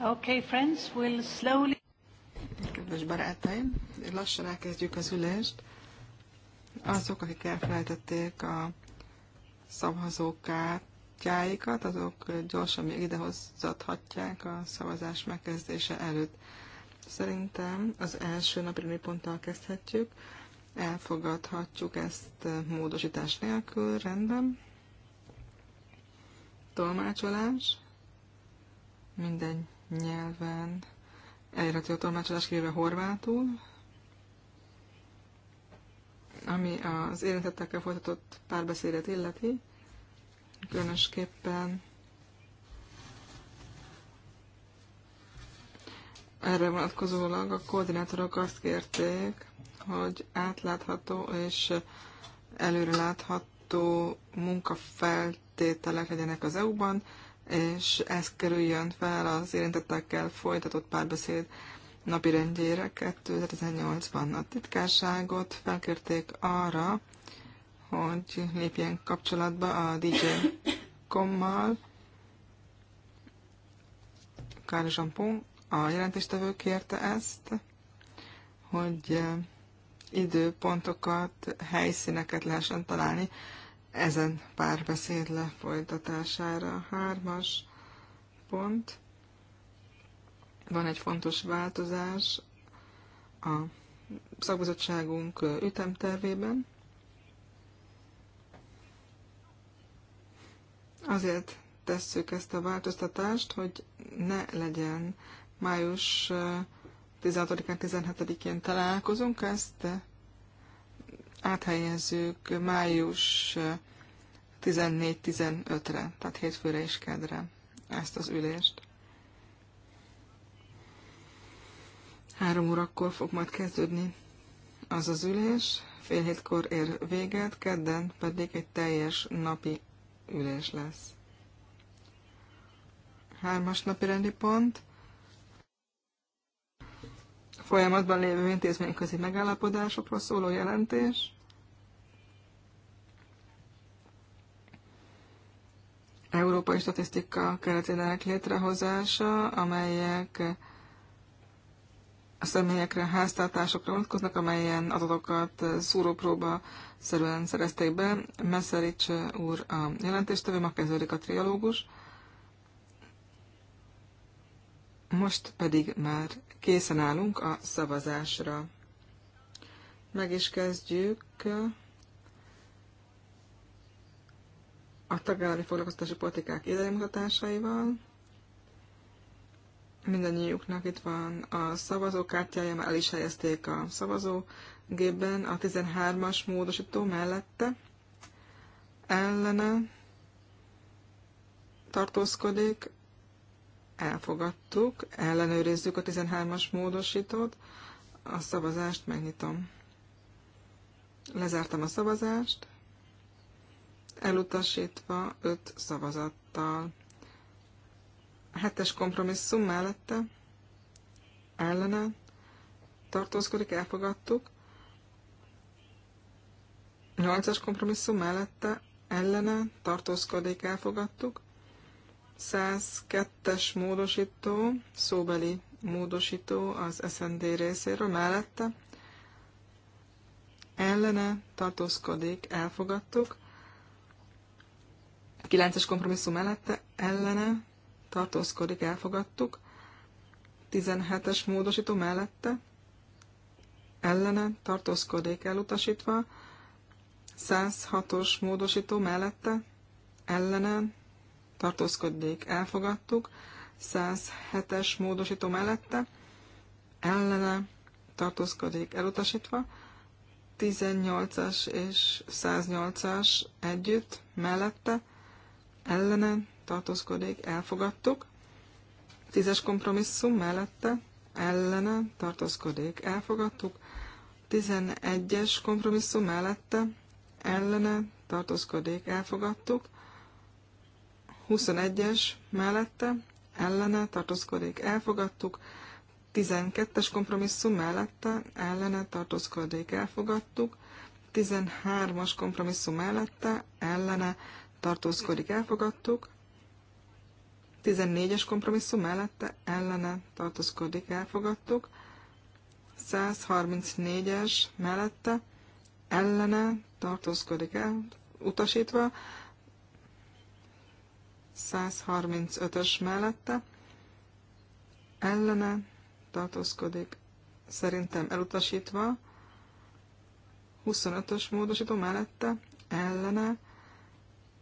Okay, friends, we'll slowly... Kedves barátaim, lassan elkezdjük az ülést. Azok, akik elfelejtették a szavazókártyáikat, azok gyorsan még idehozhatják a szavazás megkezdése előtt. Szerintem az első napi ponttal kezdhetjük. Elfogadhatjuk ezt módosítás nélkül, rendben. Tolmácsolás. Minden nyelven elérhető a tolmácsolás, kivéve horvátul, ami az érintettekkel folytatott párbeszédet illeti, különösképpen erre vonatkozólag a koordinátorok azt kérték, hogy átlátható és előrelátható munkafeltételek legyenek az EU-ban, és ez kerüljön fel az érintettekkel folytatott párbeszéd rendjére 2018-ban. A titkárságot felkérték arra, hogy lépjen kapcsolatba a DJ Kommal, Kár Zsampon, a jelentéstevő kérte ezt, hogy eh, időpontokat, helyszíneket lehessen találni ezen párbeszéd lefolytatására. Hármas pont. Van egy fontos változás a szakbizottságunk ütemtervében. Azért tesszük ezt a változtatást, hogy ne legyen május 16-án, 17-én találkozunk, ezt áthelyezzük május 14-15-re, tehát hétfőre és kedre ezt az ülést. Három órakor fog majd kezdődni az az ülés, fél hétkor ér véget, kedden pedig egy teljes napi ülés lesz. Hármas napi rendi pont, folyamatban lévő intézményközi megállapodásokról szóló jelentés. Európai Statisztika keretének létrehozása, amelyek a személyekre, háztartásokra vonatkoznak, amelyen adatokat szúrópróba szerűen szerezték be. Meszerics úr a jelentéstevő, ma kezdődik a trialógus. Most pedig már készen állunk a szavazásra. Meg is kezdjük a tagállami foglalkoztatási politikák idejemutatásaival. Mindennyiuknak itt van a szavazókártyája, már el is helyezték a szavazógépben, a 13-as módosító mellette ellene tartózkodik, elfogadtuk, ellenőrizzük a 13-as módosítót, a szavazást megnyitom. Lezártam a szavazást, elutasítva 5 szavazattal. A hetes kompromisszum mellette ellene tartózkodik, elfogadtuk. 8-as kompromisszum mellette ellene tartózkodik, elfogadtuk. 102-es módosító, szóbeli módosító az SND részéről mellette ellene tartózkodik, elfogadtuk. 9-es kompromisszum mellette ellene tartózkodik, elfogadtuk. 17-es módosító mellette ellene tartózkodik, elutasítva. 106-os módosító mellette ellene tartózkodnék, elfogadtuk. 107-es módosító mellette, ellene tartózkodik, elutasítva. 18-as és 108-as együtt, mellette, ellene tartózkodik, elfogadtuk. 10-es kompromisszum mellette, ellene tartózkodik, elfogadtuk. 11-es kompromisszum mellette, ellene tartózkodik, elfogadtuk. 21-es mellette ellene tartózkodik, elfogadtuk. 12-es kompromisszum mellette ellene tartózkodik, elfogadtuk. 13-as kompromisszum mellette ellene tartózkodik, elfogadtuk. 14-es kompromisszum mellette ellene tartózkodik, elfogadtuk. 134-es mellette ellene tartózkodik el, utasítva. 135-ös mellette ellene tartózkodik, szerintem elutasítva, 25-ös módosító mellette ellene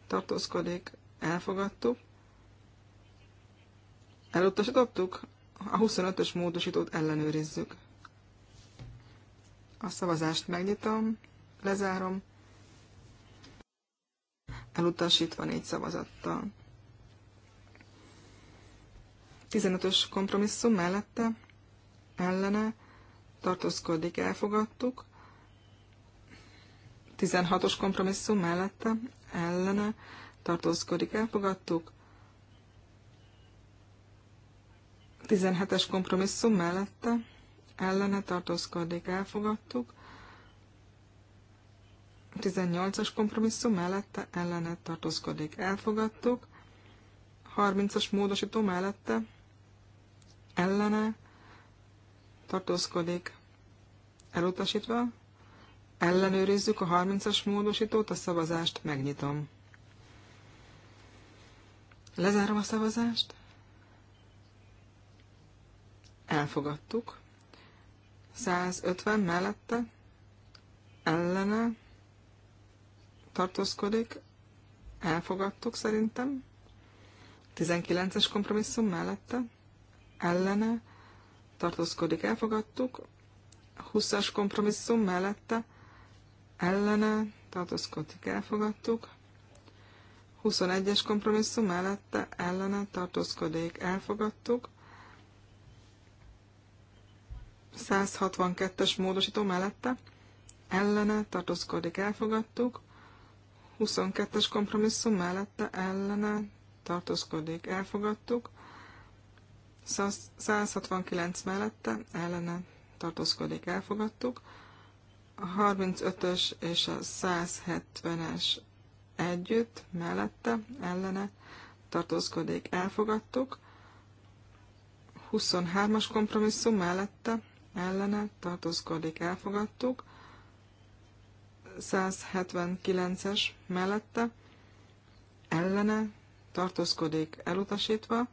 tartózkodik, elfogadtuk, elutasítottuk, a 25-ös módosítót ellenőrizzük. A szavazást megnyitom, lezárom, elutasítva négy szavazattal. 15-ös kompromisszum mellette ellene tartózkodik, elfogadtuk. 16-os kompromisszum mellette ellene tartózkodik, elfogadtuk. 17-es kompromisszum mellette ellene tartózkodik, elfogadtuk. 18-as kompromisszum mellette ellene tartózkodik, elfogadtuk. 30-as módosító mellette ellene tartózkodik elutasítva. Ellenőrizzük a 30-as módosítót, a szavazást megnyitom. Lezárom a szavazást. Elfogadtuk. 150 mellette ellene tartózkodik. Elfogadtuk szerintem. 19-es kompromisszum mellette ellene tartózkodik, elfogadtuk. 20-as kompromisszum mellette ellene tartózkodik, elfogadtuk. 21-es kompromisszum mellette ellene tartózkodik, elfogadtuk. 162-es módosító mellette ellene tartózkodik, elfogadtuk. 22-es kompromisszum mellette ellene tartózkodik, elfogadtuk. 169 mellette ellene tartózkodik, elfogadtuk. A 35-ös és a 170-es együtt, mellette, ellene tartózkodik, elfogadtuk. 23-as kompromisszum mellette, ellene tartózkodik, elfogadtuk. 179-es mellette, ellene tartózkodik, elutasítva.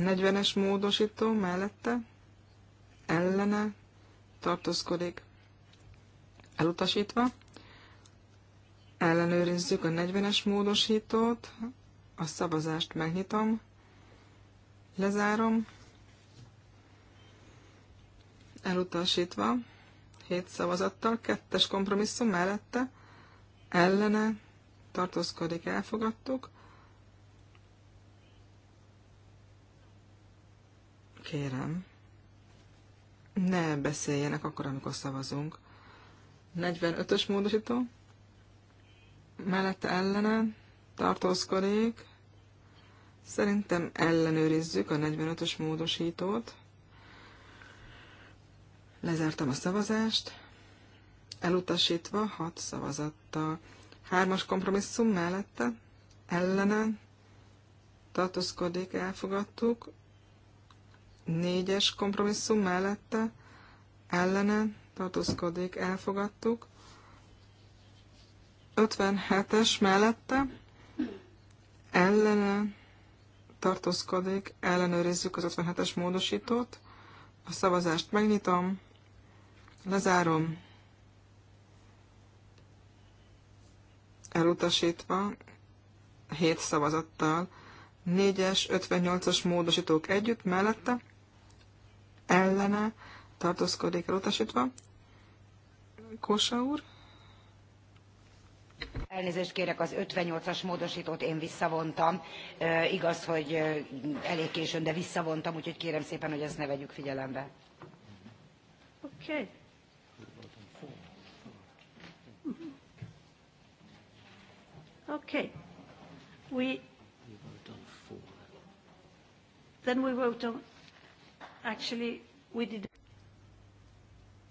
40-es módosító mellette ellene tartózkodik elutasítva. Ellenőrizzük a 40-es módosítót, a szavazást megnyitom, lezárom, elutasítva, 7 szavazattal, kettes kompromisszum mellette, ellene tartózkodik, elfogadtuk. kérem, ne beszéljenek akkor, amikor szavazunk. 45-ös módosító, mellette ellene tartózkodik. Szerintem ellenőrizzük a 45-ös módosítót. Lezártam a szavazást, elutasítva 6 szavazattal. Hármas kompromisszum mellette, ellene tartózkodik, elfogadtuk négyes kompromisszum mellette ellene tartózkodik, elfogadtuk. 57-es mellette ellene tartózkodik, ellenőrizzük az 57-es módosítót. A szavazást megnyitom, lezárom, elutasítva 7 szavazattal, 4-es, 58-as módosítók együtt mellette, ellene tartózkodik elutasítva. Kósa úr? Elnézést kérek, az 58-as módosítót én visszavontam. E, igaz, hogy elég későn, de visszavontam, úgyhogy kérem szépen, hogy ezt ne vegyük figyelembe. Oké. Okay. Okay. We... Then we vote on Actually, we did...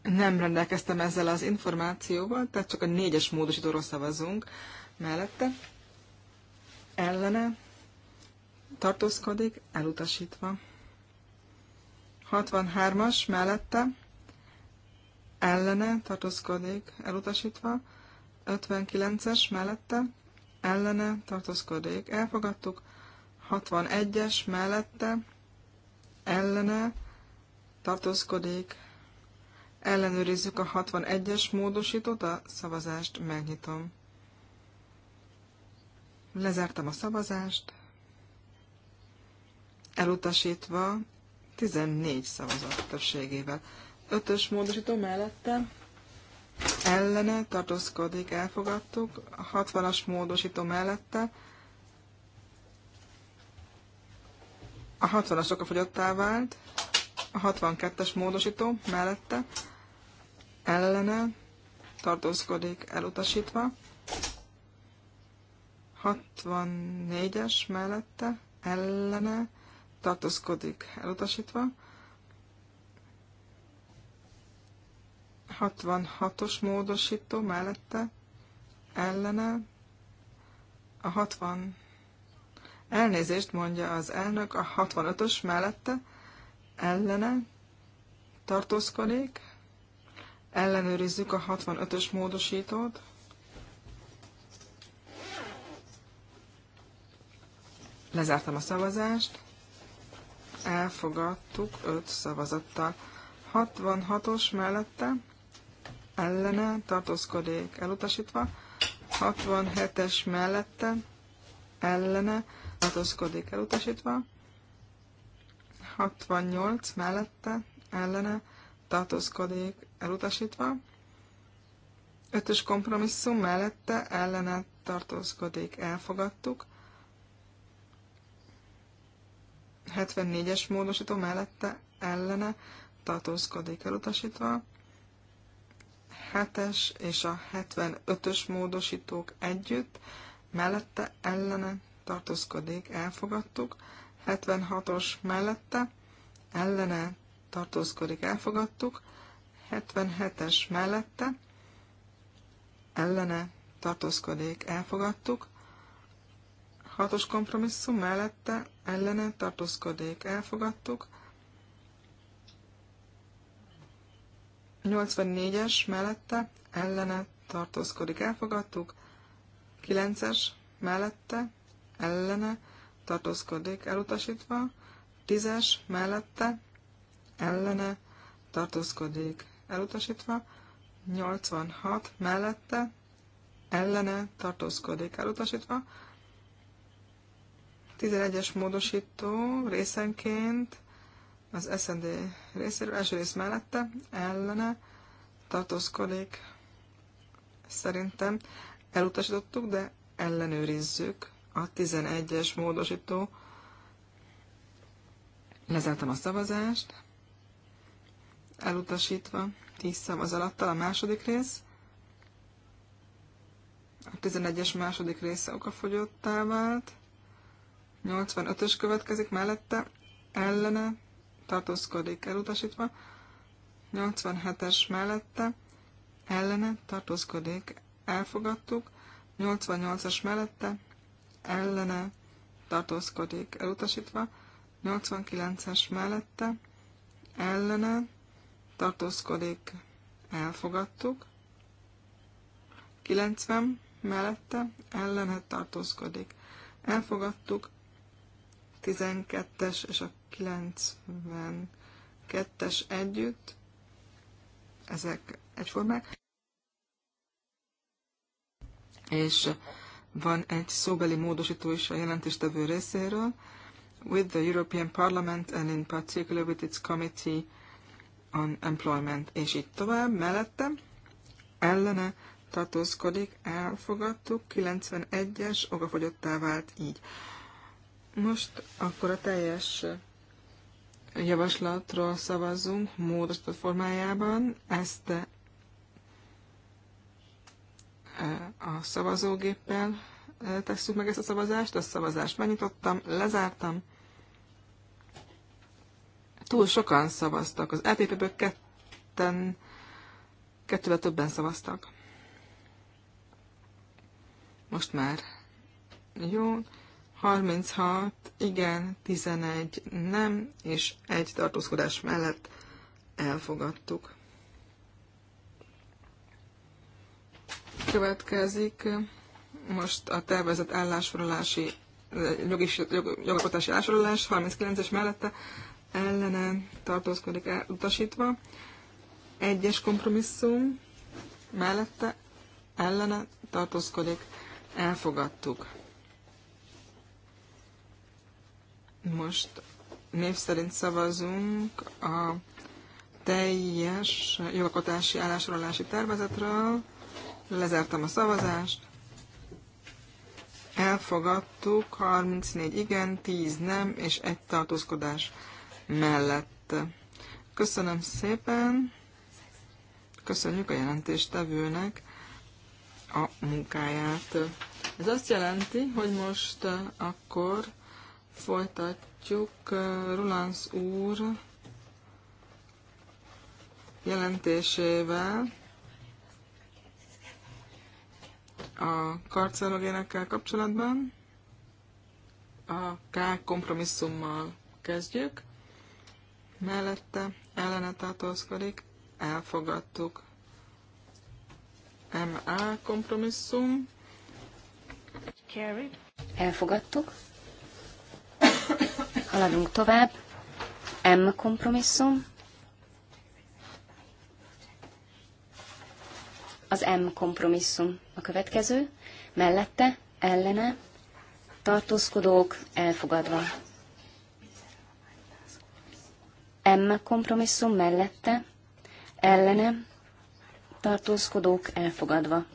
Nem rendelkeztem ezzel az információval, tehát csak a négyes módosítóról szavazunk mellette. Ellene tartózkodik, elutasítva. 63-as mellette ellene tartózkodik, elutasítva. 59-es mellette ellene tartózkodik, elfogadtuk. 61-es mellette ellene tartózkodik. Ellenőrizzük a 61-es módosítót, a szavazást megnyitom. Lezártam a szavazást, elutasítva 14 szavazat többségével. 5-ös módosító mellette ellene tartózkodik, elfogadtuk. A 60-as módosító mellette a 60 a fogyottá vált, a 62-es módosító mellette ellene tartózkodik elutasítva. 64-es mellette ellene tartózkodik elutasítva. 66-os módosító mellette ellene a 60 elnézést mondja az elnök a 65-ös mellette ellene tartózkodik. Ellenőrizzük a 65-ös módosítót. Lezártam a szavazást. Elfogadtuk 5 szavazattal. 66-os mellette ellene tartózkodik elutasítva. 67-es mellette ellene tartózkodik elutasítva. 68 mellette ellene tartózkodik elutasítva. Ötös kompromisszum mellette ellene tartózkodik elfogadtuk. 74-es módosító mellette ellene tartózkodik elutasítva. 7-es és a 75-ös módosítók együtt mellette ellene tartózkodik elfogadtuk. 76-os mellette ellene tartózkodik, elfogadtuk. 77-es mellette ellene tartózkodik, elfogadtuk. 6-os kompromisszum mellette ellene tartózkodik, elfogadtuk. 84-es mellette ellene tartózkodik, elfogadtuk. 9-es mellette ellene tartózkodik elutasítva, tízes mellette ellene tartózkodik elutasítva, 86 mellette ellene tartózkodik elutasítva, 11-es módosító részenként az SND részéről, első rész mellette ellene tartózkodik szerintem elutasítottuk, de ellenőrizzük a 11-es módosító. Lezártam a szavazást, elutasítva 10 szavazattal a második rész. A 11-es második része okafogyottá vált. 85-ös következik mellette, ellene tartózkodik elutasítva. 87-es mellette, ellene tartózkodik elfogadtuk. 88-as mellette, ellene tartózkodik elutasítva, 89-es mellette ellene tartózkodik elfogadtuk, 90 mellette ellene tartózkodik elfogadtuk, 12-es és a 92-es együtt, ezek egyformák, és van egy szóbeli módosító is a jelentéstevő részéről. With the European Parliament and in particular with its Committee on Employment, és itt tovább, mellette ellene tartózkodik, elfogadtuk, 91-es, okafogyottá vált így. Most akkor a teljes javaslatról szavazzunk módosított formájában, ezt a szavazógéppel tesszük meg ezt a szavazást, a szavazást megnyitottam, lezártam. Túl sokan szavaztak, az lpp e ből ketten, kettővel többen szavaztak. Most már jó, 36, igen, 11, nem, és egy tartózkodás mellett elfogadtuk. Következik most a tervezett állásfoglalási, jogalkotási állásfoglalás 39-es mellette ellene tartózkodik el, utasítva. Egyes kompromisszum mellette ellene tartózkodik, elfogadtuk. Most név szerint szavazunk a teljes jogalkotási állásfoglalási tervezetről. Lezártam a szavazást. Elfogadtuk 34 igen, 10 nem és egy tartózkodás mellett. Köszönöm szépen. Köszönjük a jelentéstevőnek a munkáját. Ez azt jelenti, hogy most uh, akkor folytatjuk uh, Rulánsz úr jelentésével a karcinogénekkel kapcsolatban. A K kompromisszummal kezdjük. Mellette ellene tartózkodik, elfogadtuk. MA kompromisszum. Carried. Elfogadtuk. Haladunk tovább. M kompromisszum. Az M kompromisszum a következő, mellette, ellene, tartózkodók elfogadva. M kompromisszum mellette, ellene, tartózkodók elfogadva.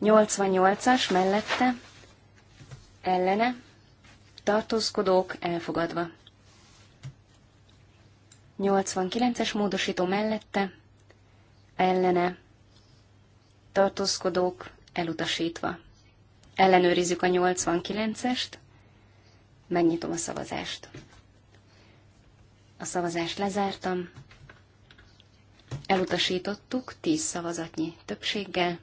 88-as mellette, ellene, tartózkodók elfogadva. 89-es módosító mellette, ellene, tartózkodók elutasítva. Ellenőrizzük a 89-est, megnyitom a szavazást. A szavazást lezártam, elutasítottuk 10 szavazatnyi többséggel,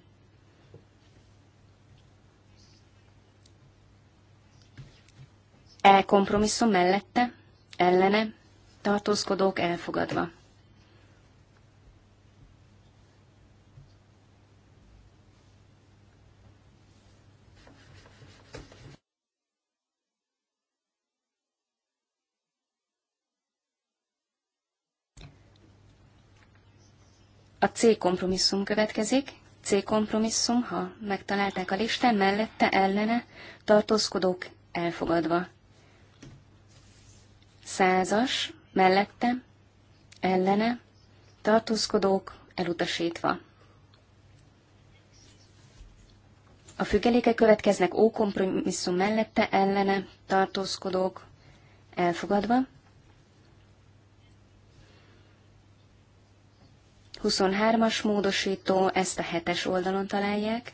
E kompromisszum mellette, ellene, tartózkodók elfogadva. A C kompromisszum következik. C kompromisszum, ha megtalálták a listán, mellette ellene tartózkodók elfogadva. Százas, mellette, ellene, tartózkodók elutasítva. A függelékek következnek O kompromisszum mellette, ellene, tartózkodók elfogadva. 23-as módosító, ezt a hetes oldalon találják.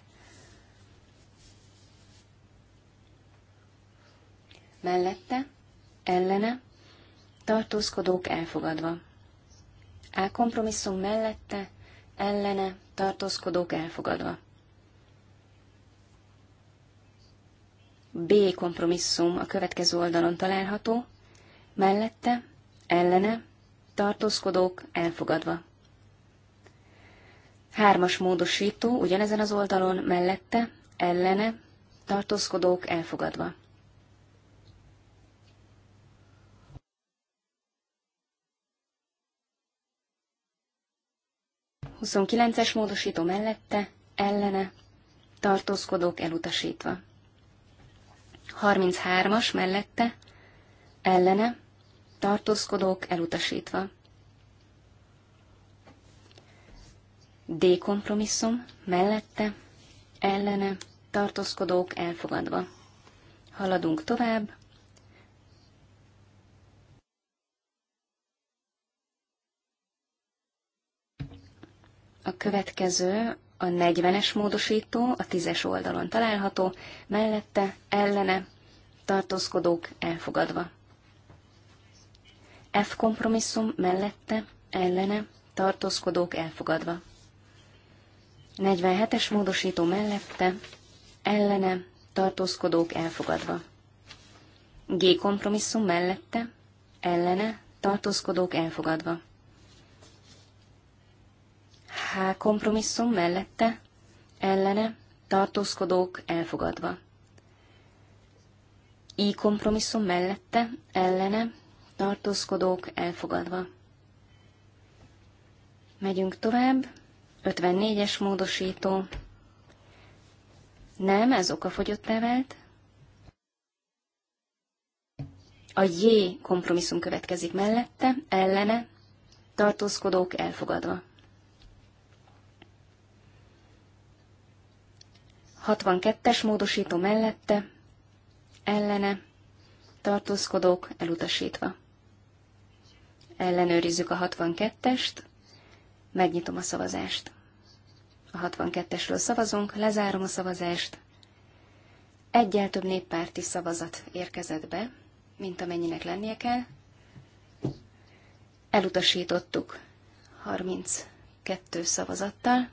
Mellette, ellene, tartózkodók elfogadva. A kompromisszum mellette, ellene, tartózkodók elfogadva. B kompromisszum a következő oldalon található, mellette, ellene, tartózkodók elfogadva. Hármas módosító ugyanezen az oldalon mellette, ellene, tartózkodók elfogadva. Huszonkilences módosító mellette, ellene, tartózkodók elutasítva. 33-as mellette, ellene, tartózkodók elutasítva. D kompromisszum, mellette, ellene, tartózkodók elfogadva. Haladunk tovább. A következő a 40-es módosító, a 10-es oldalon található, mellette, ellene, tartózkodók elfogadva. F kompromisszum mellette, ellene, tartózkodók elfogadva. 47-es módosító mellette, ellene, tartózkodók elfogadva. G kompromisszum mellette, ellene, tartózkodók elfogadva. H kompromisszum mellette, ellene, tartózkodók elfogadva. I kompromisszum mellette, ellene, tartózkodók elfogadva. Megyünk tovább. 54-es módosító. Nem, ez fogyott vált. A J kompromisszum következik mellette, ellene, tartózkodók elfogadva. 62-es módosító mellette, ellene, tartózkodók elutasítva. Ellenőrizzük a 62-est. Megnyitom a szavazást. A 62-esről szavazunk, lezárom a szavazást. Egyel több néppárti szavazat érkezett be, mint amennyinek lennie kell. Elutasítottuk 32 szavazattal.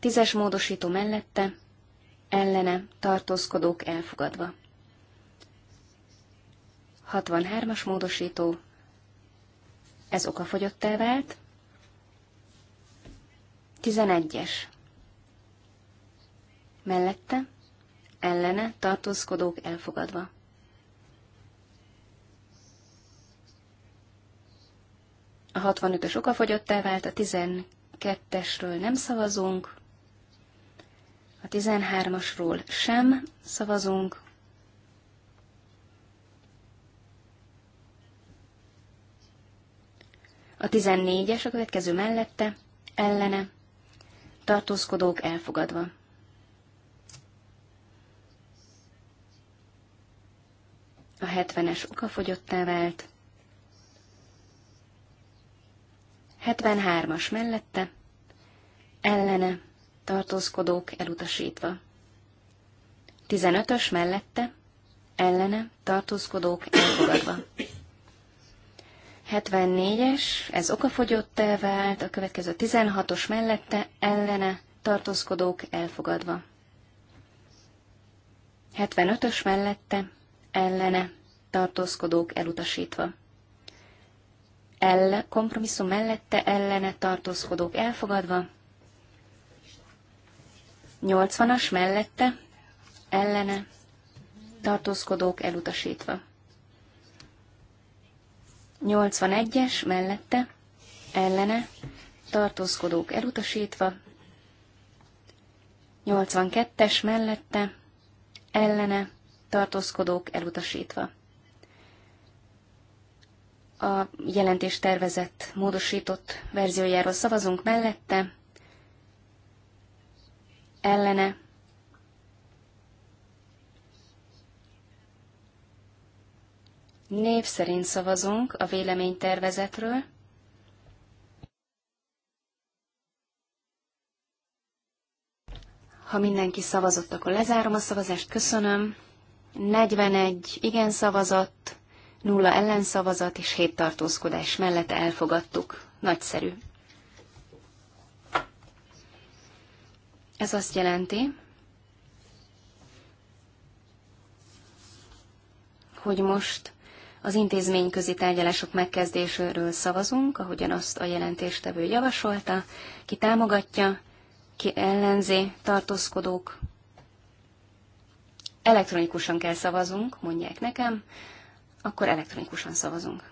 Tízes módosító mellette, ellene tartózkodók elfogadva. 63-as módosító ez okafogyott vált. 11-es. Mellette, ellene, tartózkodók elfogadva. A 65-ös okafogyott vált, a 12-esről nem szavazunk, a 13-asról sem szavazunk, A 14-es a következő mellette, ellene, tartózkodók elfogadva. A 70-es okafogyottá vált. 73-as mellette, ellene, tartózkodók elutasítva. 15-ös mellette, ellene, tartózkodók elfogadva. 74-es, ez okafogyott vált, a következő 16-os mellette ellene tartózkodók elfogadva. 75-ös mellette ellene tartózkodók elutasítva. El kompromisszum mellette ellene tartózkodók elfogadva. 80-as mellette ellene tartózkodók elutasítva. 81-es mellette, ellene, tartózkodók elutasítva, 82-es mellette, ellene, tartózkodók elutasítva. A jelentés tervezett, módosított verziójáról szavazunk mellette, ellene, Név szerint szavazunk a véleménytervezetről. Ha mindenki szavazott, akkor lezárom a szavazást. Köszönöm. 41 igen szavazat, 0 ellenszavazat és 7 tartózkodás mellett elfogadtuk. Nagyszerű. Ez azt jelenti, hogy most az intézményközi tárgyalások megkezdéséről szavazunk, ahogyan azt a jelentéstevő javasolta, ki támogatja, ki ellenzi, tartózkodók. Elektronikusan kell szavazunk, mondják nekem, akkor elektronikusan szavazunk.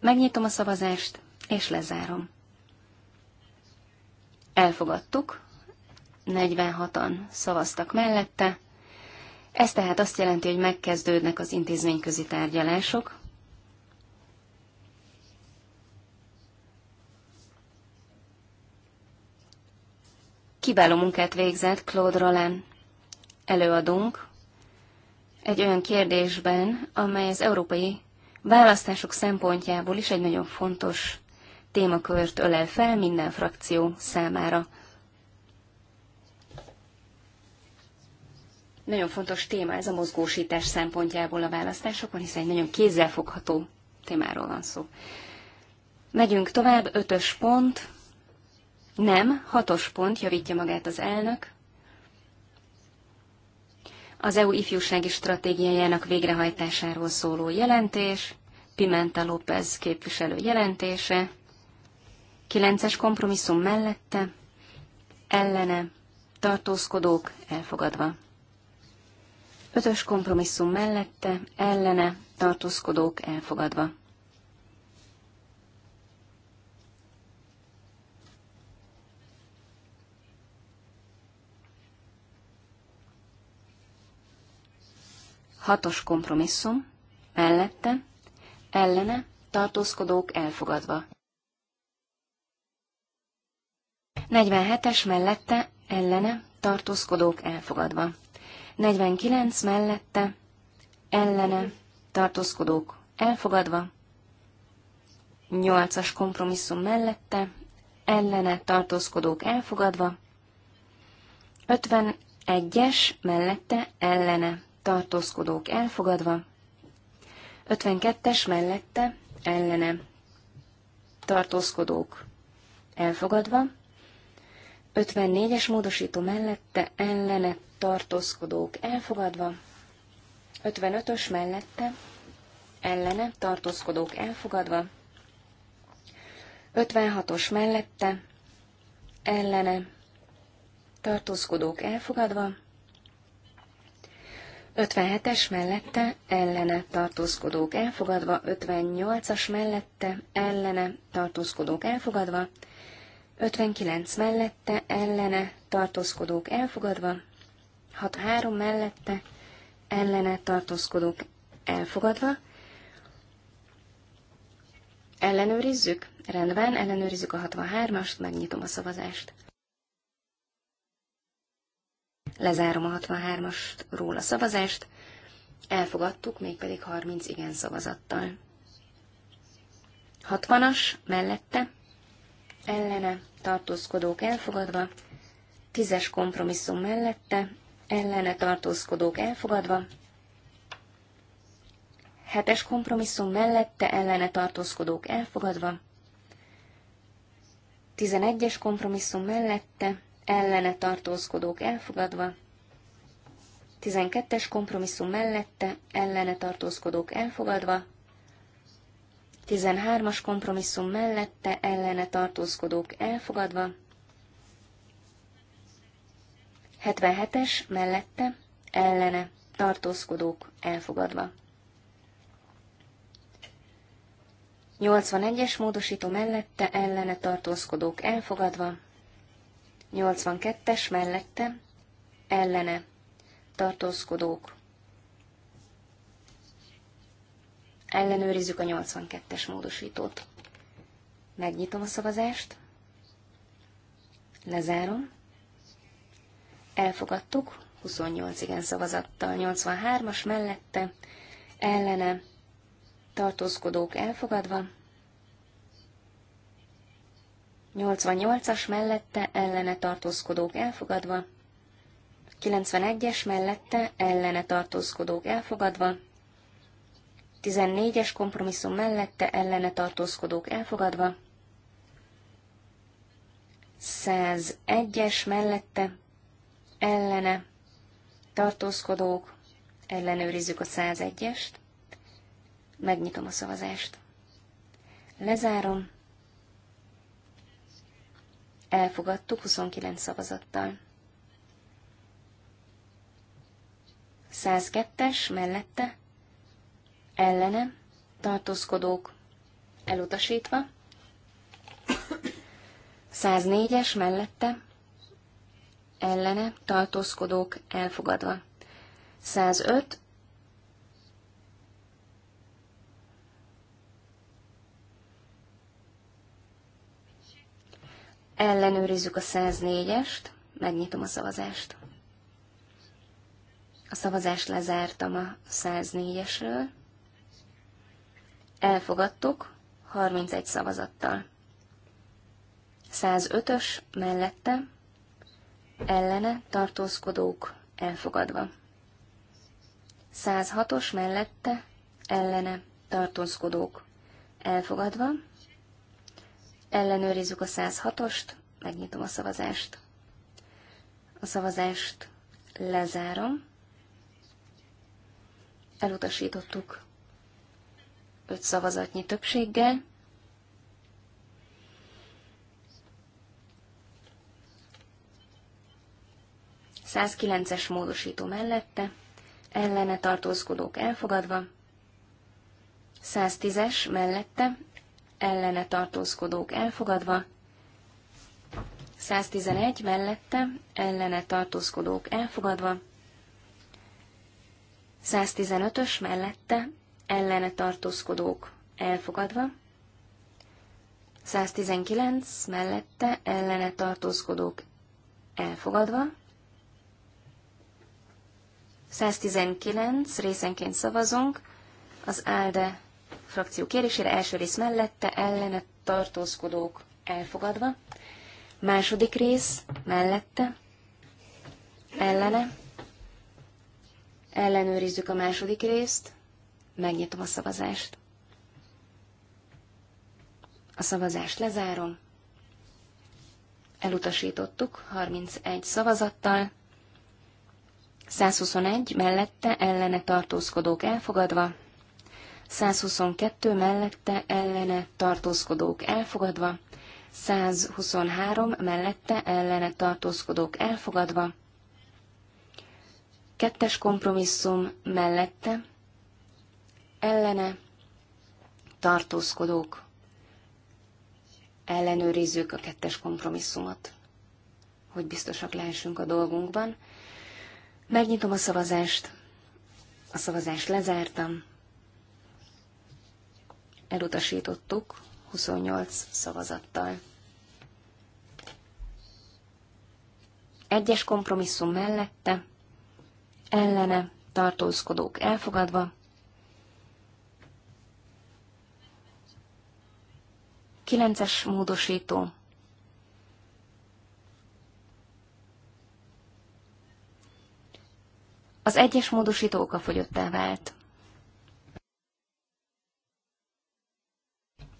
Megnyitom a szavazást, és lezárom. Elfogadtuk, 46-an szavaztak mellette, ez tehát azt jelenti, hogy megkezdődnek az intézményközi tárgyalások. Kiváló munkát végzett Claude Roland előadunk egy olyan kérdésben, amely az európai választások szempontjából is egy nagyon fontos témakört ölel fel minden frakció számára. nagyon fontos téma ez a mozgósítás szempontjából a választásokon, hiszen egy nagyon kézzelfogható témáról van szó. Megyünk tovább, ötös pont. Nem, hatos pont, javítja magát az elnök. Az EU ifjúsági stratégiájának végrehajtásáról szóló jelentés, Pimenta López képviselő jelentése, kilences kompromisszum mellette, ellene, tartózkodók elfogadva. Ötös kompromisszum mellette, ellene, tartózkodók elfogadva. Hatos kompromisszum, mellette, ellene, tartózkodók elfogadva. 47-es mellette, ellene, tartózkodók elfogadva. 49 mellette, ellene, tartózkodók elfogadva, 8-as kompromisszum mellette, ellene, tartózkodók elfogadva, 51-es mellette, ellene, tartózkodók elfogadva, 52-es mellette, ellene, tartózkodók elfogadva, 54-es módosító mellette ellene tartózkodók elfogadva, 55-ös mellette, ellene, tartózkodók elfogadva, 56-os mellette, ellene, tartózkodók elfogadva, 57-es mellette, ellene, tartózkodók elfogadva, 58-as mellette, ellene, tartózkodók elfogadva, 59 mellette, ellene, tartózkodók elfogadva, Hat három mellette ellene tartózkodók elfogadva. Ellenőrizzük? Rendben, ellenőrizzük a 63-ast, megnyitom a szavazást. Lezárom a 63-ast róla szavazást. Elfogadtuk, mégpedig 30 igen szavazattal. 60-as mellette, ellene tartózkodók elfogadva, 10-es kompromisszum mellette, ellene tartózkodók elfogadva, hetes kompromisszum mellette ellene tartózkodók elfogadva, tizenegyes kompromisszum mellette ellene tartózkodók elfogadva, tizenkettes kompromisszum mellette ellene tartózkodók elfogadva, 13-as kompromisszum mellette ellene tartózkodók elfogadva, 77-es mellette ellene tartózkodók elfogadva. 81-es módosító mellette ellene tartózkodók elfogadva. 82-es mellette ellene tartózkodók. Ellenőrizzük a 82-es módosítót. Megnyitom a szavazást. Lezárom elfogadtuk, 28 igen szavazattal, 83-as mellette, ellene tartózkodók elfogadva, 88-as mellette ellene tartózkodók elfogadva, 91-es mellette ellene tartózkodók elfogadva, 14-es kompromisszum mellette ellene tartózkodók elfogadva, 101-es mellette ellene tartózkodók, ellenőrizzük a 101-est, megnyitom a szavazást. Lezárom. Elfogadtuk 29 szavazattal. 102-es mellette, ellene, tartózkodók, elutasítva. 104-es mellette, ellene tartózkodók elfogadva. 105 Ellenőrizzük a 104-est, megnyitom a szavazást. A szavazást lezártam a 104-esről. Elfogadtuk 31 szavazattal. 105-ös mellette ellene tartózkodók elfogadva. 106-os mellette ellene tartózkodók elfogadva. Ellenőrizzük a 106-ost, megnyitom a szavazást. A szavazást lezárom. Elutasítottuk 5 szavazatnyi többséggel. 109-es módosító mellette, ellene tartózkodók elfogadva, 110-es mellette, ellene tartózkodók elfogadva, 111 mellette, ellene tartózkodók elfogadva, 115-ös mellette, ellene tartózkodók elfogadva, 119 mellette, ellene tartózkodók elfogadva, 119 részenként szavazunk az ALDE frakció kérésére első rész mellette ellene tartózkodók elfogadva, második rész mellette ellene ellenőrizzük a második részt, megnyitom a szavazást. A szavazást lezárom. Elutasítottuk 31 szavazattal, 121 mellette ellene tartózkodók elfogadva, 122 mellette ellene tartózkodók elfogadva, 123 mellette ellene tartózkodók elfogadva, kettes kompromisszum mellette ellene tartózkodók ellenőrizzük a kettes kompromisszumot, hogy biztosak lehessünk a dolgunkban. Megnyitom a szavazást. A szavazást lezártam. Elutasítottuk 28 szavazattal. Egyes kompromisszum mellette, ellene tartózkodók elfogadva, Kilences módosító Az egyes módosító okafogyottá vált.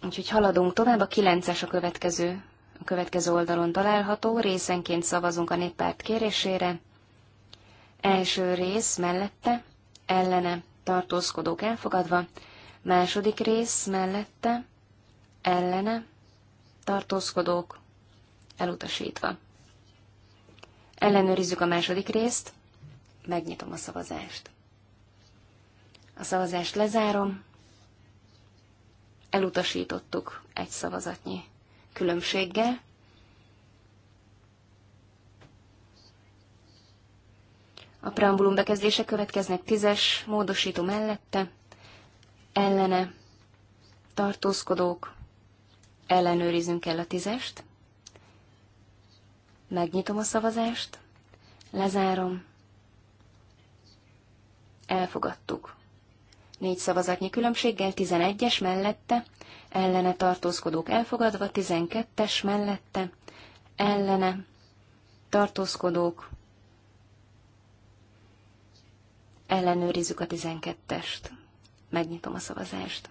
Úgyhogy haladunk tovább, a kilences a következő, a következő oldalon található, részenként szavazunk a néppárt kérésére. Első rész mellette, ellene, tartózkodók elfogadva, második rész mellette, ellene, tartózkodók elutasítva. Ellenőrizzük a második részt, megnyitom a szavazást. A szavazást lezárom. Elutasítottuk egy szavazatnyi különbséggel. A preambulum bekezdése következnek tízes módosító mellette, ellene tartózkodók, ellenőrizünk el a tízest, megnyitom a szavazást, lezárom, elfogadtuk. Négy szavazatnyi különbséggel 11-es mellette, ellene tartózkodók elfogadva, 12-es mellette, ellene tartózkodók ellenőrizzük a 12-est. Megnyitom a szavazást.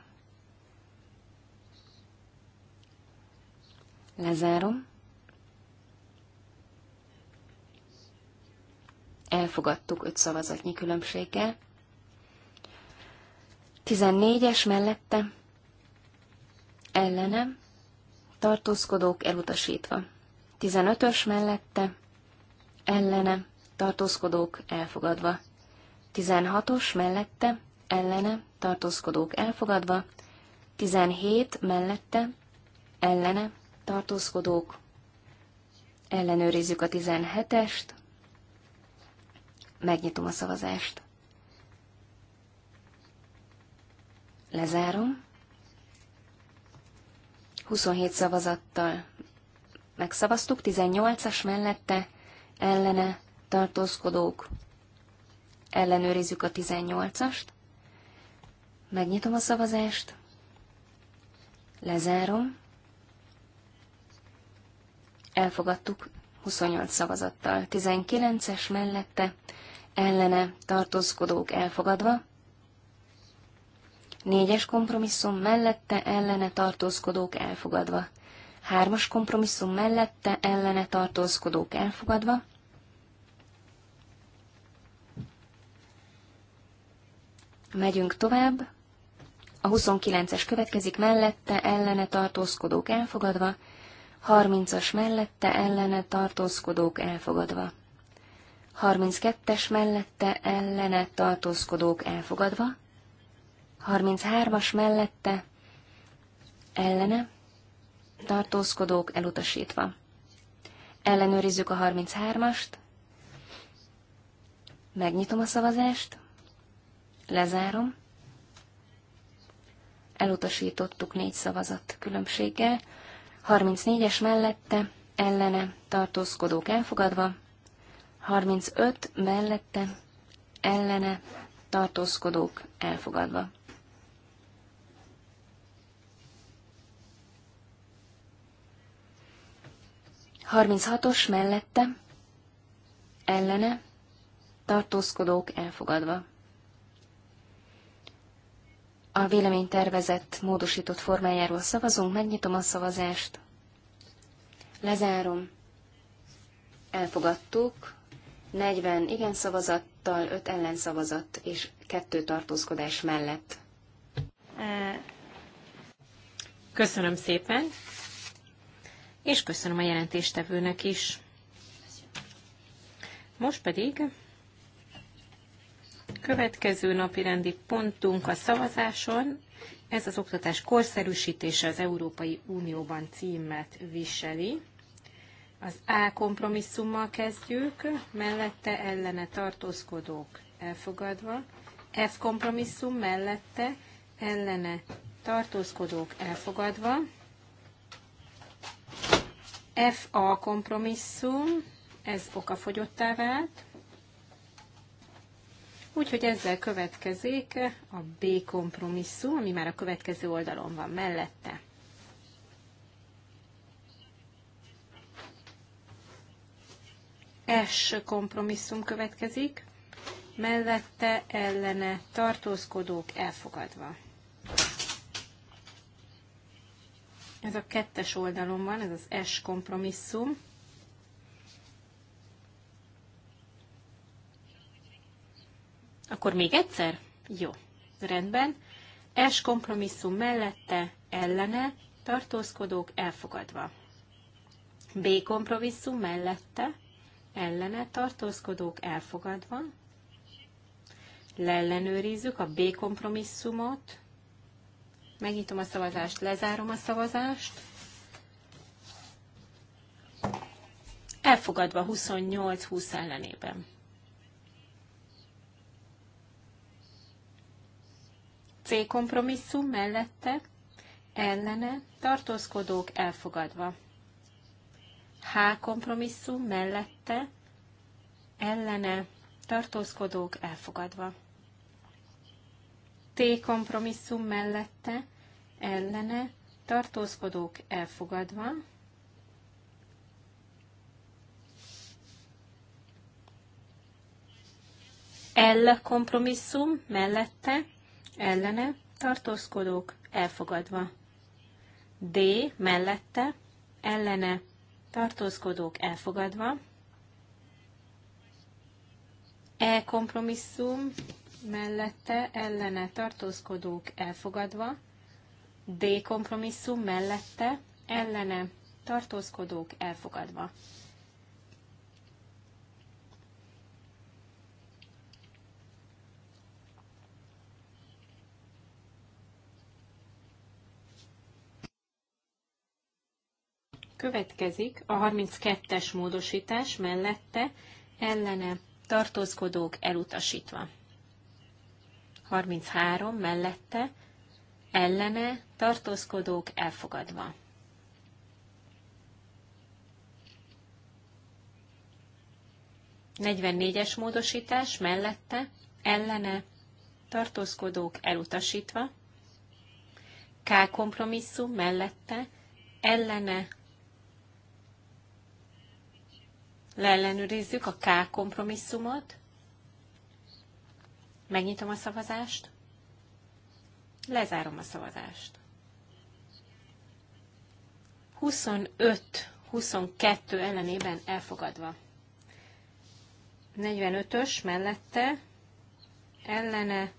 Lezárom. Elfogadtuk öt szavazatnyi különbséggel. Tizennégyes mellette ellenem, tartózkodók elutasítva. Tizenötös mellette ellenem, tartózkodók elfogadva. Tizenhatos mellette ellenem, tartózkodók elfogadva. Tizenhét mellette ellenem, tartózkodók. Ellenőrizzük a tizenhetest. Megnyitom a szavazást. Lezárom. 27 szavazattal megszavaztuk, 18-as mellette ellene tartózkodók. Ellenőrizzük a 18-ast. Megnyitom a szavazást. Lezárom. Elfogadtuk 28 szavazattal, 19-es mellette ellene tartózkodók elfogadva, Négyes kompromisszum mellette ellene tartózkodók elfogadva. Hármas kompromisszum mellette ellene tartózkodók elfogadva. Megyünk tovább. A 29-es következik mellette ellene tartózkodók elfogadva. 30-as mellette ellene tartózkodók elfogadva. 32-es mellette ellene tartózkodók elfogadva. 33-as mellette ellene tartózkodók elutasítva. Ellenőrizzük a 33-ast. Megnyitom a szavazást. Lezárom. Elutasítottuk négy szavazat különbséggel. 34-es mellette, ellene, tartózkodók elfogadva. 35 mellette, ellene, tartózkodók elfogadva. 36-os mellette, ellene, tartózkodók elfogadva. A tervezett módosított formájáról szavazunk, megnyitom a szavazást. Lezárom. Elfogadtuk. 40 igen szavazattal, 5 szavazat és 2 tartózkodás mellett. Köszönöm szépen és köszönöm a jelentéstevőnek is. Most pedig következő napi rendi pontunk a szavazáson. Ez az oktatás korszerűsítése az Európai Unióban címet viseli. Az A kompromisszummal kezdjük, mellette ellene tartózkodók elfogadva, F kompromisszum mellette ellene tartózkodók elfogadva, F a kompromisszum, ez okafogyottá vált, úgyhogy ezzel következik a B kompromisszum, ami már a következő oldalon van mellette. S kompromisszum következik, mellette ellene tartózkodók elfogadva. Ez a kettes oldalon van, ez az S kompromisszum. Akkor még egyszer? Jó, rendben. S kompromisszum mellette, ellene, tartózkodók elfogadva. B kompromisszum mellette, ellene, tartózkodók elfogadva. Leellenőrizzük a B kompromisszumot. Megnyitom a szavazást, lezárom a szavazást. Elfogadva 28-20 ellenében. C kompromisszum mellette, ellene, tartózkodók elfogadva. H kompromisszum mellette, ellene, tartózkodók elfogadva. T kompromisszum mellette ellene tartózkodók elfogadva. L kompromisszum mellette ellene tartózkodók elfogadva. D mellette ellene tartózkodók elfogadva. E kompromisszum mellette ellene tartózkodók elfogadva, D kompromisszum mellette ellene tartózkodók elfogadva. Következik a 32-es módosítás mellette ellene tartózkodók elutasítva. 33 mellette, ellene tartózkodók elfogadva. Negyvennégyes módosítás mellette, ellene tartózkodók elutasítva. K kompromisszum mellette, ellene leellenőrizzük a K kompromisszumot. Megnyitom a szavazást. Lezárom a szavazást. 25-22 ellenében elfogadva. 45-ös mellette ellene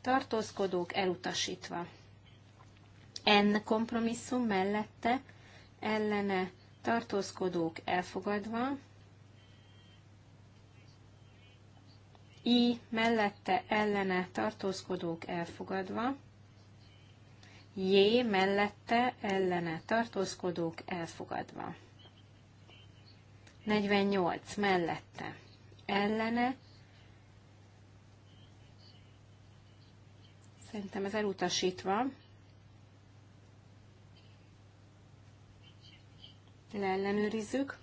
tartózkodók elutasítva. N kompromisszum mellette ellene tartózkodók elfogadva. I mellette ellene tartózkodók elfogadva, J mellette ellene tartózkodók elfogadva. 48 mellette ellene. Szerintem ez elutasítva. Leellenőrizzük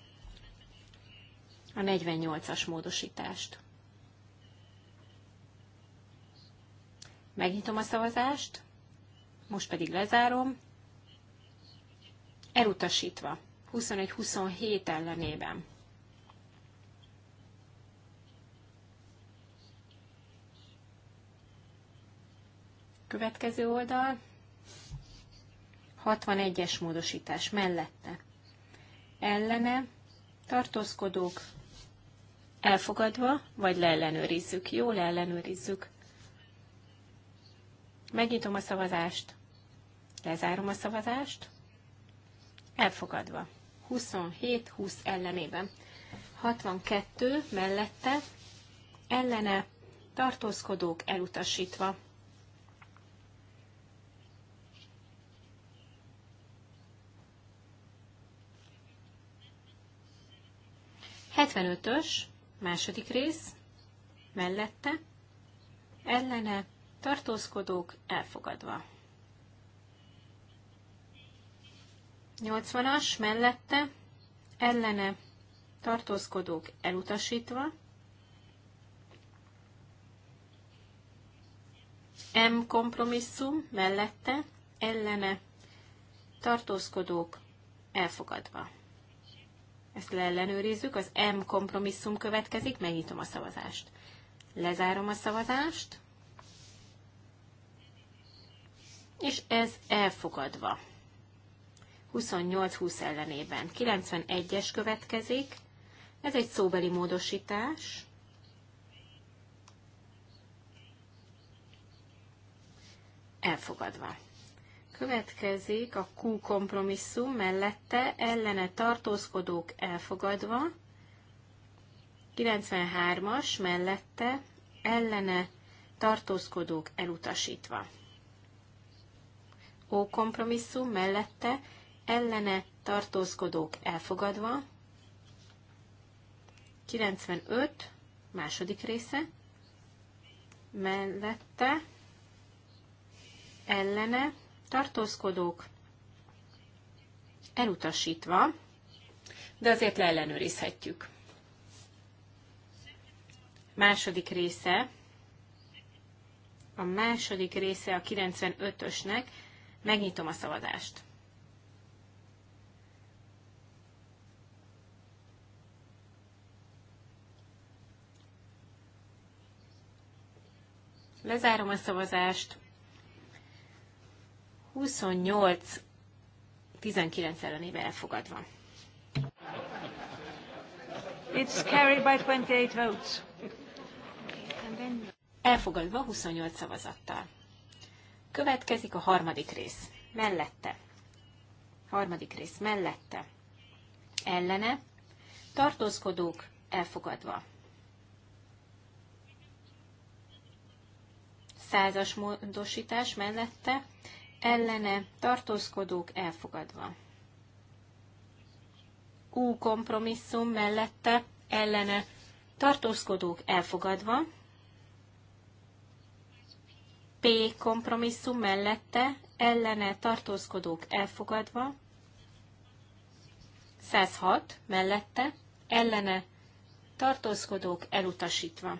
a 48-as módosítást. Megnyitom a szavazást, most pedig lezárom. Elutasítva. 21-27 ellenében. Következő oldal. 61-es módosítás mellette. Ellene tartózkodók elfogadva, vagy leellenőrizzük. Jól leellenőrizzük. Megnyitom a szavazást, lezárom a szavazást, elfogadva. 27-20 ellenében. 62 mellette, ellene, tartózkodók elutasítva. Hetvenötös, második rész, mellette, ellene, tartózkodók elfogadva. 80-as mellette ellene tartózkodók elutasítva. M kompromisszum mellette ellene tartózkodók elfogadva. Ezt leellenőrizzük, az M kompromisszum következik, megnyitom a szavazást. Lezárom a szavazást. és ez elfogadva. 28-20 ellenében. 91-es következik. Ez egy szóbeli módosítás. Elfogadva. Következik a Q kompromisszum mellette ellene tartózkodók elfogadva. 93-as mellette ellene tartózkodók elutasítva ó kompromisszum mellette ellene tartózkodók elfogadva. 95. második része mellette ellene tartózkodók elutasítva, de azért leellenőrizhetjük. Második része, a második része a 95-ösnek Megnyitom a szavazást. Lezárom a szavazást. 28 19 ellenében elfogadva. It's carried by 28 votes. Elfogadva 28 szavazattal. Következik a harmadik rész. Mellette. Harmadik rész. Mellette. Ellene. Tartózkodók elfogadva. Százas módosítás mellette. Ellene. Tartózkodók elfogadva. ú. kompromisszum mellette. Ellene. Tartózkodók elfogadva. P kompromisszum mellette ellene tartózkodók elfogadva, 106 mellette ellene tartózkodók elutasítva.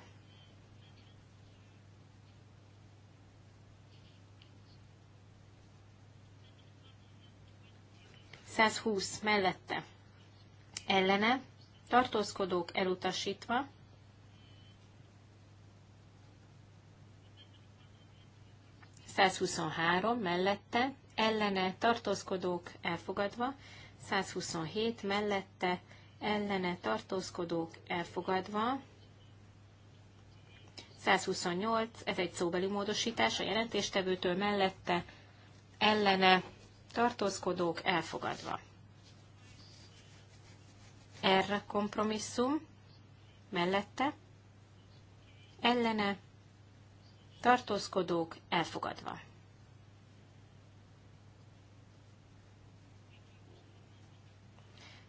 Százhúsz mellette ellene tartózkodók elutasítva. 123 mellette, ellene tartózkodók elfogadva, 127 mellette, ellene tartózkodók elfogadva, 128, ez egy szóbeli módosítás a jelentéstevőtől mellette, ellene tartózkodók elfogadva. Erre kompromisszum mellette, ellene tartózkodók elfogadva.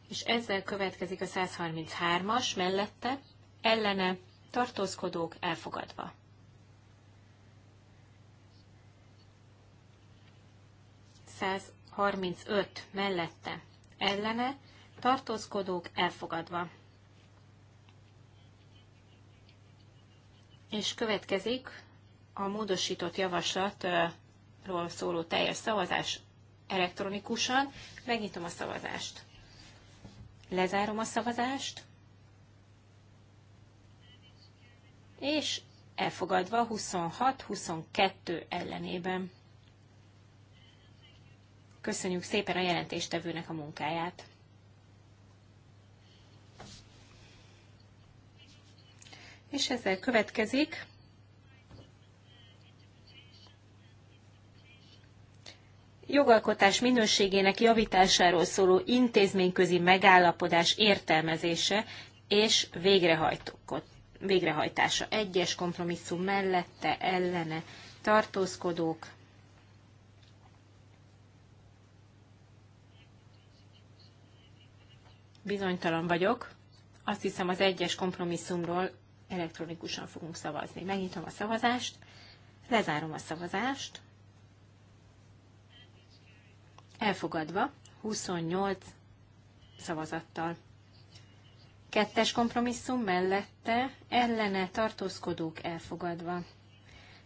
És ezzel következik a 133-as mellette, ellene tartózkodók elfogadva. Száz 35 mellette, ellene tartózkodók elfogadva. És következik a módosított javaslatról szóló teljes szavazás elektronikusan. Megnyitom a szavazást. Lezárom a szavazást. És elfogadva 26-22 ellenében. Köszönjük szépen a jelentéstevőnek a munkáját. És ezzel következik jogalkotás minőségének javításáról szóló intézményközi megállapodás értelmezése és végrehajtása. Egyes kompromisszum mellette ellene tartózkodók. Bizonytalan vagyok. Azt hiszem az egyes kompromisszumról elektronikusan fogunk szavazni. Megnyitom a szavazást, lezárom a szavazást. Elfogadva 28 szavazattal. Kettes kompromisszum mellette ellene tartózkodók elfogadva.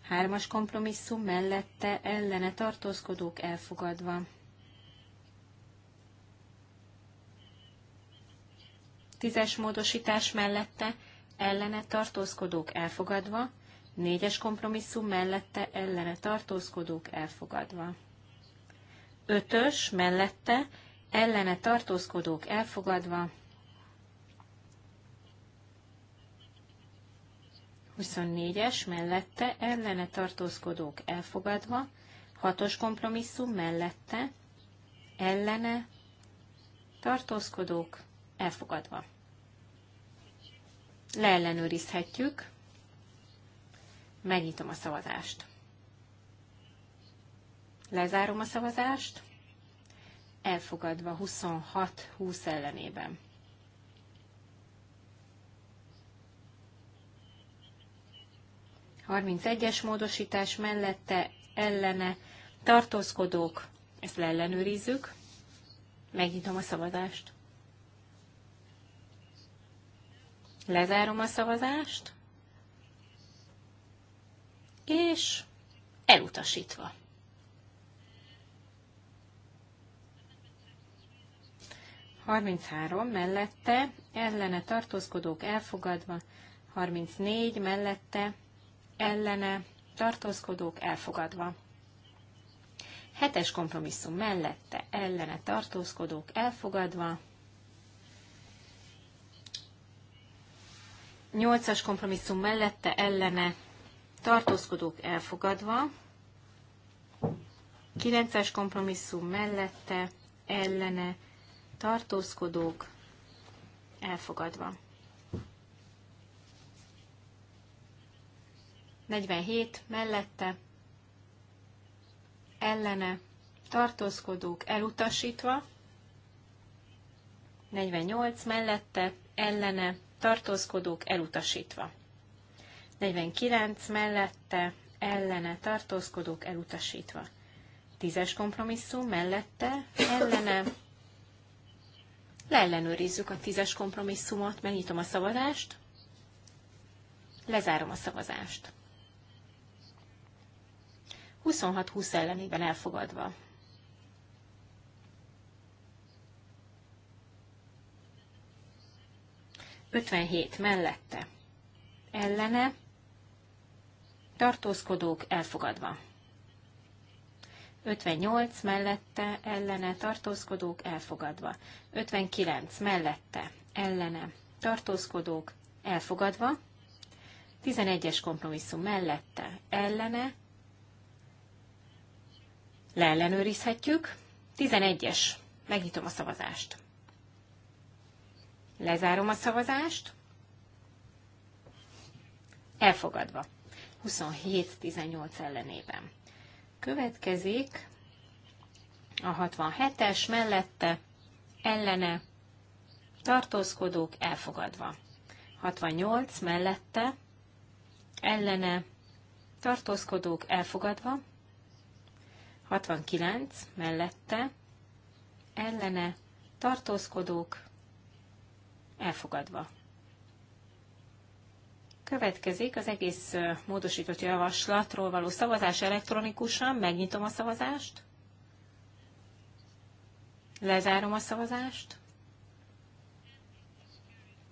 Hármas kompromisszum mellette ellene tartózkodók elfogadva. Tízes módosítás mellette ellene tartózkodók elfogadva. Négyes kompromisszum mellette ellene tartózkodók elfogadva. Ötös mellette ellene tartózkodók elfogadva. 24-es mellette ellene tartózkodók elfogadva. Hatos kompromisszum mellette ellene tartózkodók elfogadva. Leellenőrizhetjük. Megnyitom a szavazást. Lezárom a szavazást. Elfogadva 26-20 ellenében. es módosítás mellette ellene tartózkodók, ezt leellenőrizzük. Megnyitom a szavazást. Lezárom a szavazást, és elutasítva. 33 mellette, ellene tartózkodók elfogadva, 34 mellette, ellene tartózkodók elfogadva. Hetes kompromisszum mellette, ellene tartózkodók elfogadva. Nyolcas kompromisszum mellette, ellene tartózkodók elfogadva. Kilences kompromisszum mellette, ellene tartózkodók elfogadva. 47 mellette ellene tartózkodók elutasítva, 48 mellette ellene tartózkodók elutasítva, 49 mellette ellene tartózkodók elutasítva, 10-es kompromisszum mellette ellene leellenőrizzük a tízes kompromisszumot, megnyitom a szavazást, lezárom a szavazást. 26-20 ellenében elfogadva. Ötvenhét mellette. Ellene. Tartózkodók elfogadva. 58 mellette ellene tartózkodók elfogadva. 59 mellette ellene tartózkodók elfogadva. 11-es kompromisszum mellette ellene leellenőrizhetjük. 11-es. Megnyitom a szavazást. Lezárom a szavazást. Elfogadva. 27-18 ellenében. Következik a 67-es mellette ellene tartózkodók elfogadva. 68 mellette ellene tartózkodók elfogadva. 69 mellette ellene tartózkodók elfogadva. Következik az egész módosított javaslatról való szavazás elektronikusan. Megnyitom a szavazást. Lezárom a szavazást.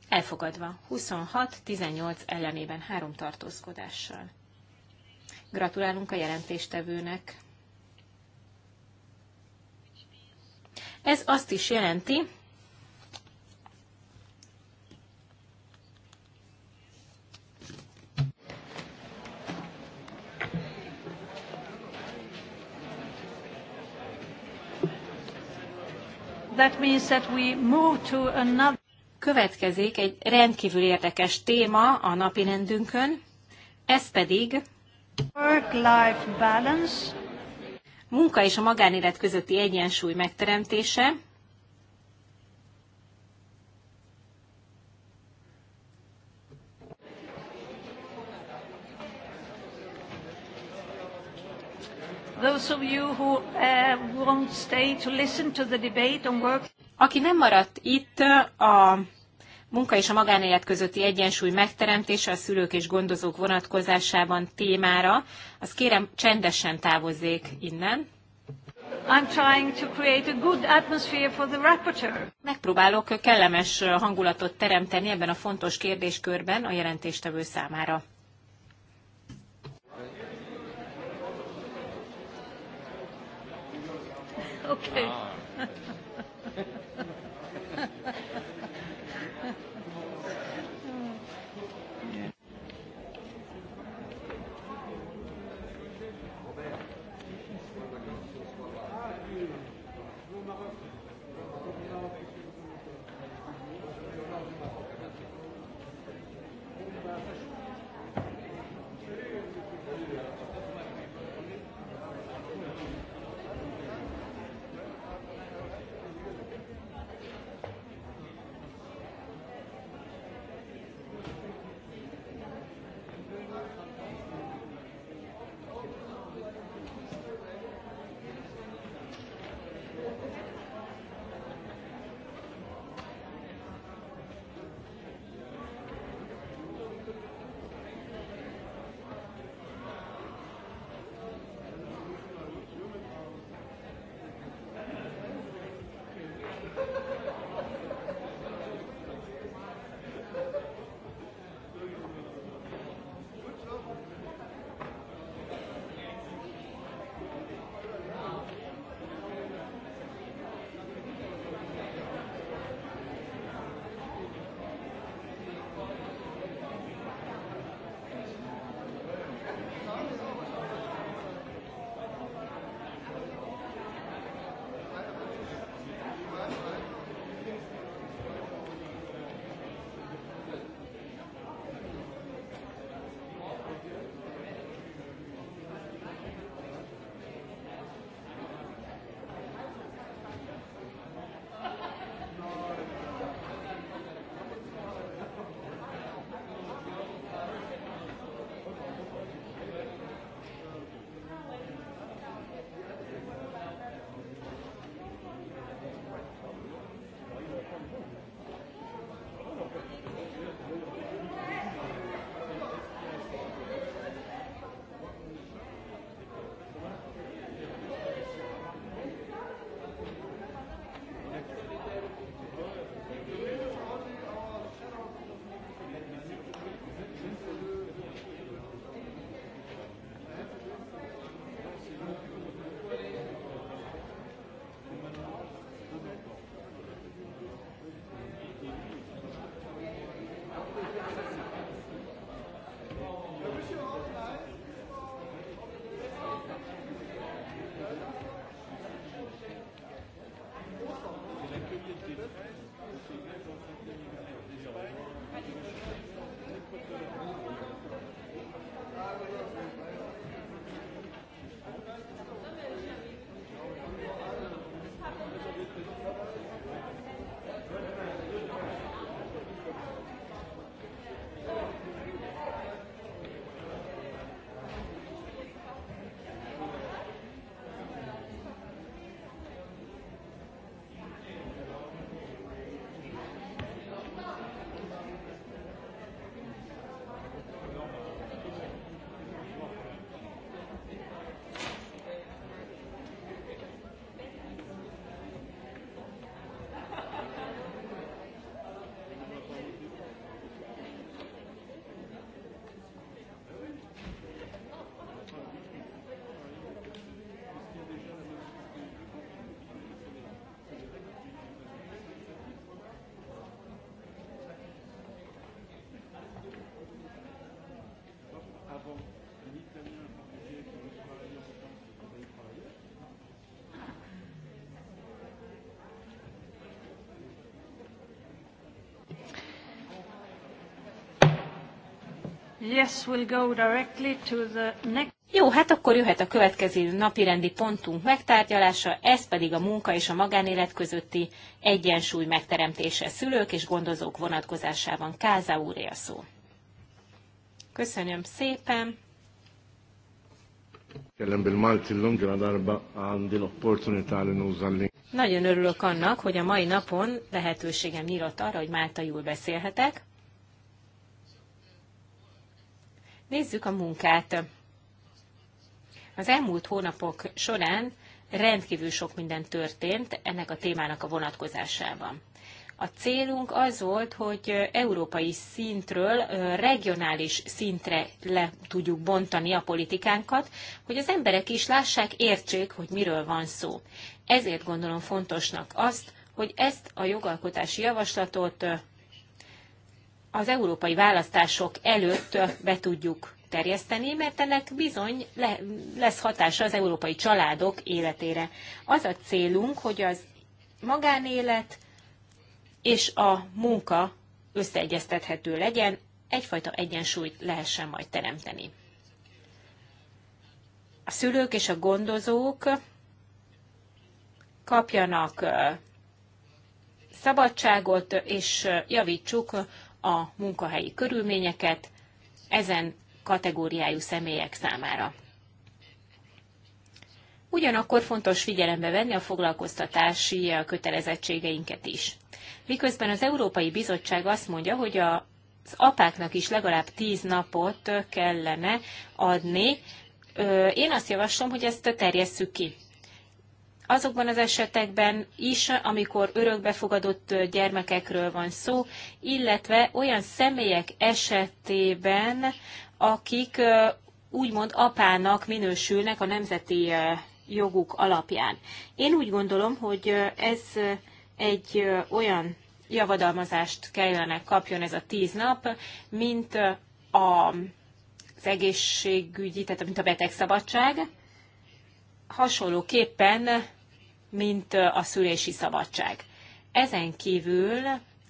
Elfogadva. 26-18 ellenében három tartózkodással. Gratulálunk a jelentéstevőnek. Ez azt is jelenti, that means that we move to another... Következik egy rendkívül érdekes téma a napi rendünkön, ez pedig Work-life balance. Munka és a magánélet közötti egyensúly megteremtése. Those of you who uh, won't stay to listen to the debate on work... Aki nem maradt itt, uh, a munka és a magánélet közötti egyensúly megteremtése a szülők és gondozók vonatkozásában témára, az kérem csendesen távozzék innen. I'm trying to create a good atmosphere for the rapporteur. Megpróbálok kellemes uh, hangulatot teremteni ebben a fontos kérdéskörben a jelentéstevő számára. okay. Ah. Yes, we'll go directly to the next. Jó, hát akkor jöhet a következő napi rendi pontunk megtárgyalása, ez pedig a munka és a magánélet közötti egyensúly megteremtése szülők és gondozók vonatkozásában. Káza úré a szó. Köszönöm szépen. Nagyon örülök annak, hogy a mai napon lehetőségem nyílt arra, hogy máltaiul beszélhetek. Nézzük a munkát. Az elmúlt hónapok során rendkívül sok minden történt ennek a témának a vonatkozásában. A célunk az volt, hogy európai szintről regionális szintre le tudjuk bontani a politikánkat, hogy az emberek is lássák, értsék, hogy miről van szó. Ezért gondolom fontosnak azt, hogy ezt a jogalkotási javaslatot az európai választások előtt be tudjuk terjeszteni, mert ennek bizony le, lesz hatása az európai családok életére. Az a célunk, hogy az magánélet és a munka összeegyeztethető legyen, egyfajta egyensúlyt lehessen majd teremteni. A szülők és a gondozók kapjanak szabadságot, és javítsuk a munkahelyi körülményeket ezen kategóriájú személyek számára. Ugyanakkor fontos figyelembe venni a foglalkoztatási kötelezettségeinket is. Miközben az Európai Bizottság azt mondja, hogy a az apáknak is legalább tíz napot kellene adni. Én azt javaslom, hogy ezt terjesszük ki azokban az esetekben is, amikor örökbefogadott gyermekekről van szó, illetve olyan személyek esetében, akik úgymond apának minősülnek a nemzeti joguk alapján. Én úgy gondolom, hogy ez egy olyan javadalmazást kellene kapjon ez a tíz nap, mint a az egészségügyi, tehát mint a betegszabadság, hasonlóképpen mint a szülési szabadság. Ezen kívül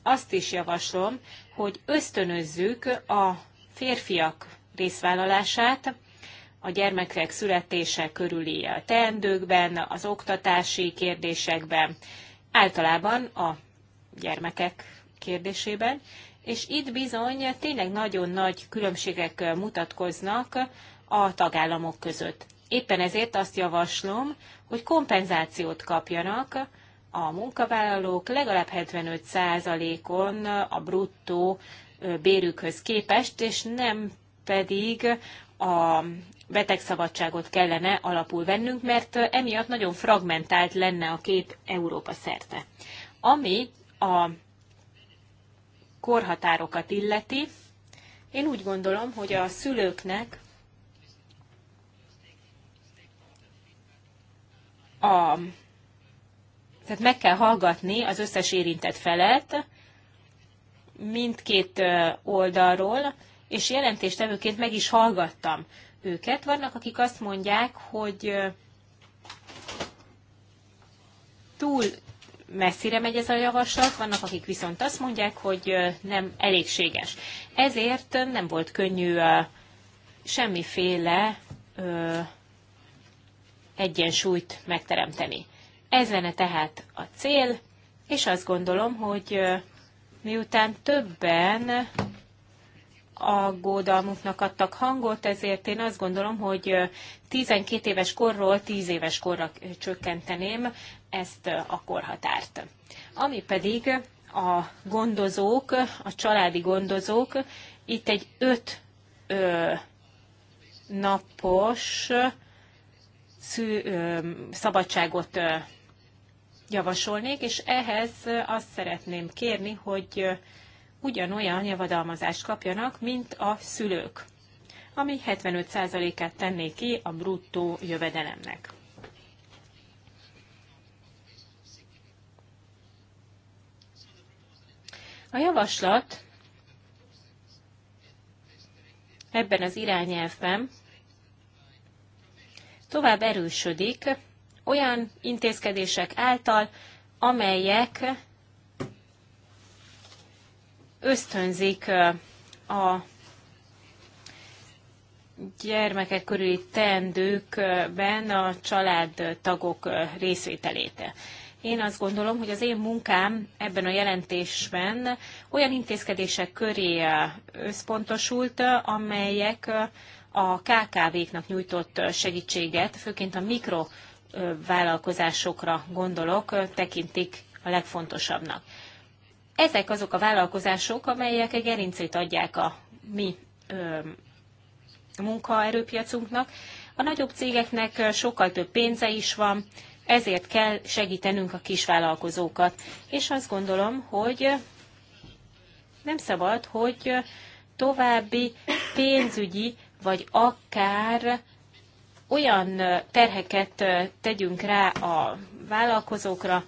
azt is javaslom, hogy ösztönözzük a férfiak részvállalását a gyermekek születése körüli teendőkben, az oktatási kérdésekben, általában a gyermekek kérdésében, és itt bizony tényleg nagyon nagy különbségek mutatkoznak a tagállamok között. Éppen ezért azt javaslom, hogy kompenzációt kapjanak a munkavállalók legalább 75%-on a bruttó bérükhöz képest, és nem pedig a betegszabadságot kellene alapul vennünk, mert emiatt nagyon fragmentált lenne a kép Európa szerte. Ami a korhatárokat illeti, én úgy gondolom, hogy a szülőknek a, tehát meg kell hallgatni az összes érintett felet mindkét oldalról, és jelentéstevőként meg is hallgattam őket. Vannak, akik azt mondják, hogy túl messzire megy ez a javaslat, vannak, akik viszont azt mondják, hogy nem elégséges. Ezért nem volt könnyű semmiféle egyensúlyt megteremteni. Ez lenne tehát a cél, és azt gondolom, hogy miután többen aggódalmuknak adtak hangot, ezért én azt gondolom, hogy 12 éves korról 10 éves korra csökkenteném ezt a korhatárt. Ami pedig a gondozók, a családi gondozók, itt egy 5 napos szű, ö, szabadságot ö, javasolnék, és ehhez azt szeretném kérni, hogy ugyanolyan javadalmazást kapjanak, mint a szülők, ami 75%-át tenné ki a bruttó jövedelemnek. A javaslat ebben az irányelvben tovább erősödik olyan intézkedések által, amelyek ösztönzik a gyermekek körüli teendőkben a családtagok részvételét. Én azt gondolom, hogy az én munkám ebben a jelentésben olyan intézkedések köré összpontosult, amelyek a KKV-knak nyújtott segítséget, főként a mikrovállalkozásokra gondolok, tekintik a legfontosabbnak. Ezek azok a vállalkozások, amelyek egy gerincét adják a mi munkaerőpiacunknak. A nagyobb cégeknek sokkal több pénze is van, ezért kell segítenünk a kisvállalkozókat. És azt gondolom, hogy nem szabad, hogy további pénzügyi vagy akár olyan terheket tegyünk rá a vállalkozókra,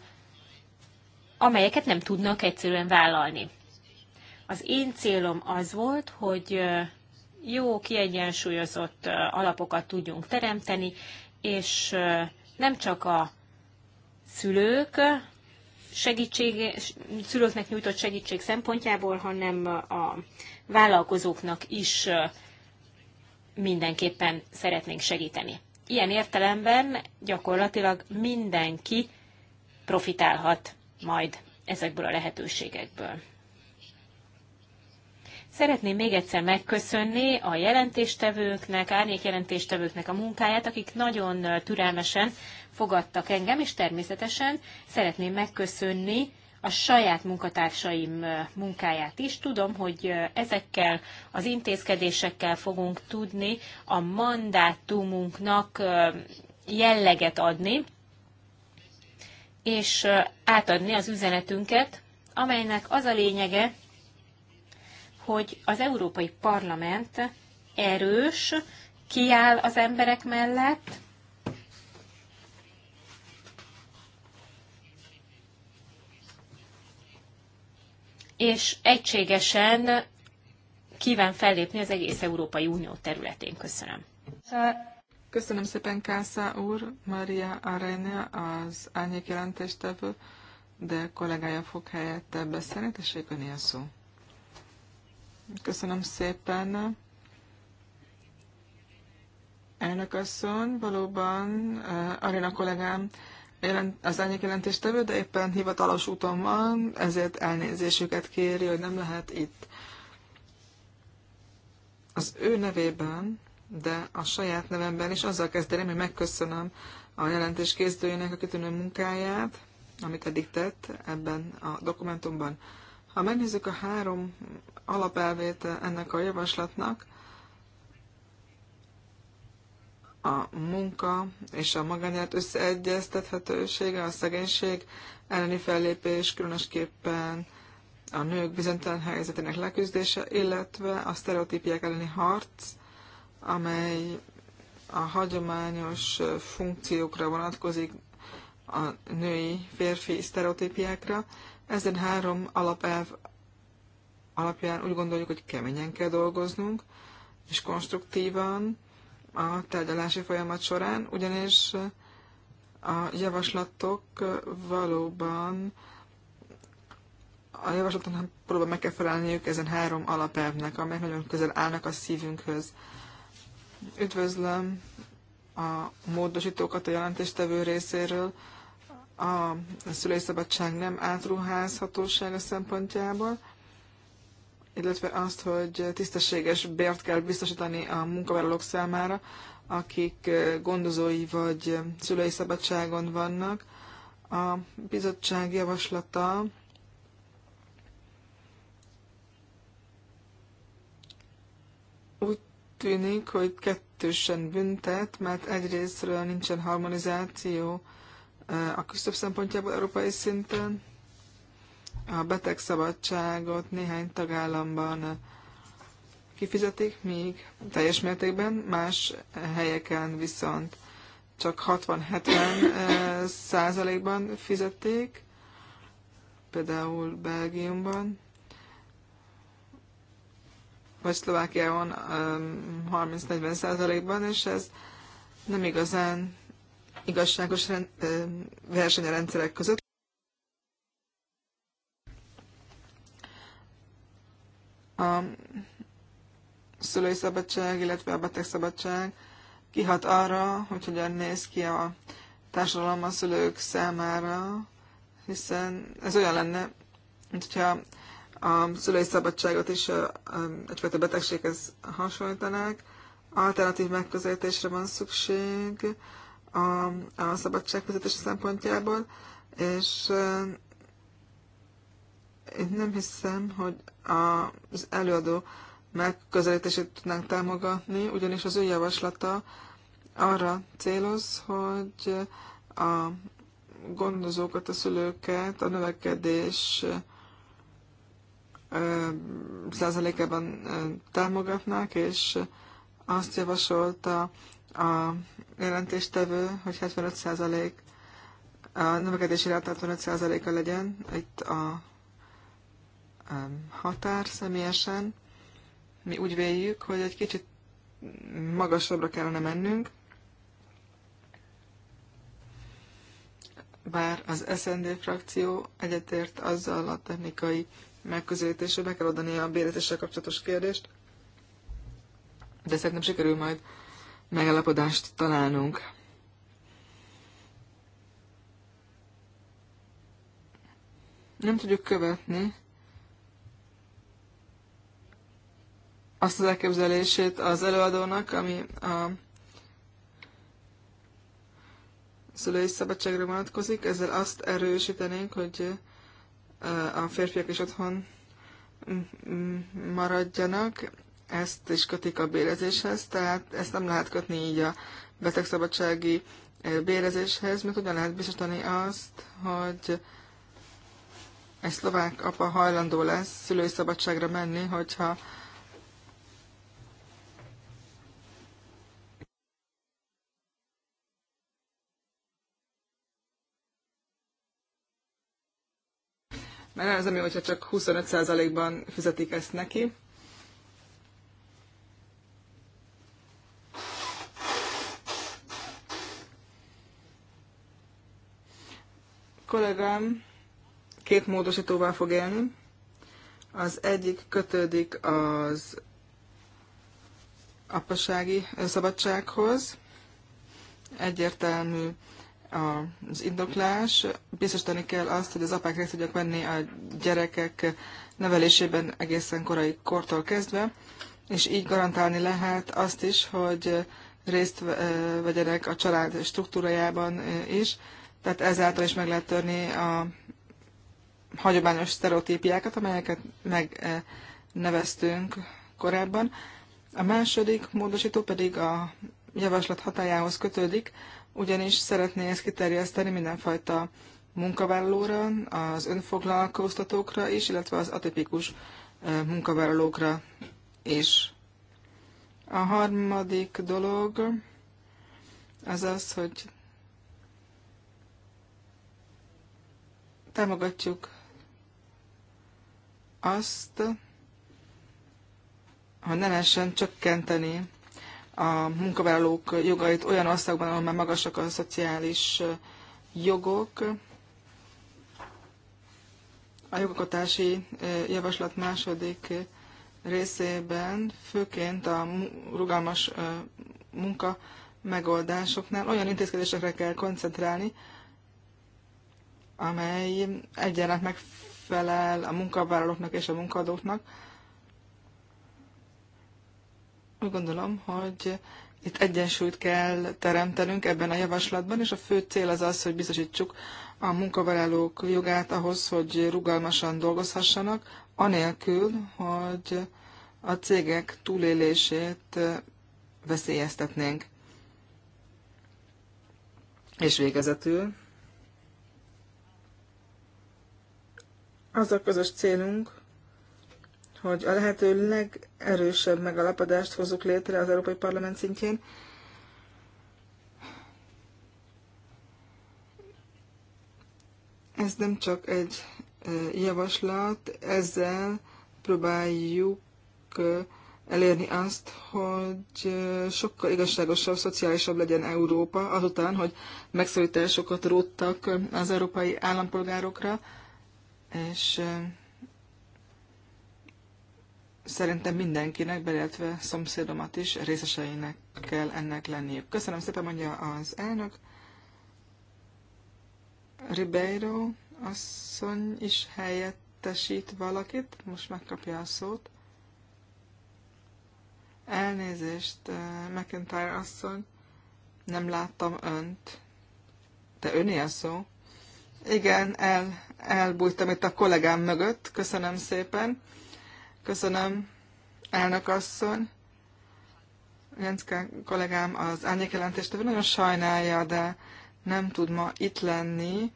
amelyeket nem tudnak egyszerűen vállalni. Az én célom az volt, hogy jó, kiegyensúlyozott alapokat tudjunk teremteni, és nem csak a szülők segítség, szülőknek nyújtott segítség szempontjából, hanem a vállalkozóknak is mindenképpen szeretnénk segíteni. Ilyen értelemben gyakorlatilag mindenki profitálhat majd ezekből a lehetőségekből. Szeretném még egyszer megköszönni a jelentéstevőknek, árnyék jelentéstevőknek a munkáját, akik nagyon türelmesen fogadtak engem, és természetesen szeretném megköszönni a saját munkatársaim munkáját is. Tudom, hogy ezekkel az intézkedésekkel fogunk tudni a mandátumunknak jelleget adni, és átadni az üzenetünket, amelynek az a lényege, hogy az Európai Parlament erős, kiáll az emberek mellett, és egységesen kíván fellépni az egész Európai Unió területén. Köszönöm. Köszönöm szépen Kásza úr, Maria Arena az árnyék jelentéstevő, de kollégája fog helyette beszélni, tessék a szó. Köszönöm szépen. Elnök asszony, valóban eh, Arena kollégám jelent, az elnök jelentéstevő, de éppen hivatalos úton van, ezért elnézésüket kéri, hogy nem lehet itt. Az ő nevében, de a saját nevemben is azzal kezdeném, hogy megköszönöm a jelentés készítőjének a kitűnő munkáját, amit eddig tett ebben a dokumentumban. Ha megnézzük a három alapelvét ennek a javaslatnak, a munka és a magánélet összeegyeztethetősége, a szegénység elleni fellépés, különösképpen a nők bizonytalan helyzetének leküzdése, illetve a sztereotípiák elleni harc, amely a hagyományos funkciókra vonatkozik, a női, férfi sztereotípiákra. Ezen három alapelv alapján úgy gondoljuk, hogy keményen kell dolgoznunk, és konstruktívan, a tárgyalási folyamat során, ugyanis a javaslatok valóban a javaslatoknak próbál meg kell felelniük ezen három alapelvnek, amelyek nagyon közel állnak a szívünkhöz. Üdvözlöm a módosítókat a jelentéstevő részéről, a szülői szabadság nem átruházhatósága szempontjából, illetve azt, hogy tisztességes bért kell biztosítani a munkavállalók számára, akik gondozói vagy szülői szabadságon vannak. A bizottság javaslata úgy tűnik, hogy kettősen büntet, mert egyrésztről nincsen harmonizáció a küszöb szempontjából európai szinten, a betegszabadságot néhány tagállamban kifizetik, míg teljes mértékben, más helyeken viszont csak 60-70 eh, százalékban fizették, például Belgiumban, vagy Szlovákiában 30-40 százalékban, és ez nem igazán igazságos rend, versenyrendszerek között. a szülői szabadság, illetve a betegszabadság kihat arra, hogy hogyan néz ki a társadalom a szülők számára, hiszen ez olyan lenne, mint hogyha a szülői szabadságot is egyfajta betegséghez hasonlítanák. Alternatív megközelítésre van szükség a, a szabadságvezetés szempontjából, és én nem hiszem, hogy az előadó megközelítését tudnánk támogatni, ugyanis az ő javaslata arra céloz, hogy a gondozókat, a szülőket a növekedés százalékában támogatnák, és azt javasolta a jelentéstevő, hogy 75 százalék, a növekedési rát 75 százaléka legyen itt a határ személyesen. Mi úgy véljük, hogy egy kicsit magasabbra kellene mennünk, bár az SND frakció egyetért azzal a technikai megközelítésre be kell adani a bérletéssel kapcsolatos kérdést, de szerintem sikerül majd megállapodást találnunk. Nem tudjuk követni azt az elképzelését az előadónak, ami a szülői szabadságra vonatkozik, ezzel azt erősítenénk, hogy eh, a férfiak is otthon maradjanak, ezt is kötik a bérezéshez, tehát ezt nem lehet kötni így a betegszabadsági eh, bérezéshez, mert ugyan lehet biztosítani azt, hogy egy szlovák apa hajlandó lesz szülői szabadságra menni, hogyha ez ami, hogyha csak 25%-ban fizetik ezt neki. kollégám két módosítóval fog élni. Az egyik kötődik az apasági szabadsághoz. Egyértelmű az indoklás. Biztosítani kell azt, hogy az apák részt tudjak venni a gyerekek nevelésében egészen korai kortól kezdve, és így garantálni lehet azt is, hogy részt vegyenek a család struktúrájában is, tehát ezáltal is meg lehet törni a hagyományos sztereotípiákat, amelyeket megneveztünk korábban. A második módosító pedig a javaslat hatájához kötődik, ugyanis szeretné ezt kiterjeszteni mindenfajta munkavállalóra, az önfoglalkoztatókra is, illetve az atipikus munkavállalókra is. A harmadik dolog az az, hogy támogatjuk azt, ha ne lehessen csökkenteni a munkavállalók jogait olyan országban, ahol már magasak a szociális jogok. A jogokatási javaslat második részében, főként a rugalmas munka megoldásoknál olyan intézkedésekre kell koncentrálni, amely egyenlet megfelel a munkavállalóknak és a munkadóknak, úgy gondolom, hogy itt egyensúlyt kell teremtenünk ebben a javaslatban, és a fő cél az az, hogy biztosítsuk a munkavállalók jogát ahhoz, hogy rugalmasan dolgozhassanak, anélkül, hogy a cégek túlélését veszélyeztetnénk. És végezetül, az a közös célunk, hogy a lehető legerősebb megalapodást hozzuk létre az Európai Parlament szintjén. Ez nem csak egy javaslat, ezzel próbáljuk elérni azt, hogy sokkal igazságosabb, szociálisabb legyen Európa, azután, hogy megszorításokat róttak az európai állampolgárokra, és szerintem mindenkinek, beleértve szomszédomat is, részeseinek kell ennek lenniük. Köszönöm szépen, mondja az elnök. Ribeiro asszony is helyettesít valakit, most megkapja a szót. Elnézést, eh, McIntyre asszony, nem láttam önt. De öné a szó? Igen, el, elbújtam itt a kollégám mögött, köszönöm szépen. Köszönöm, elnök asszony. Jenszke kollégám az árnyékjelentéstevő nagyon sajnálja, de nem tud ma itt lenni,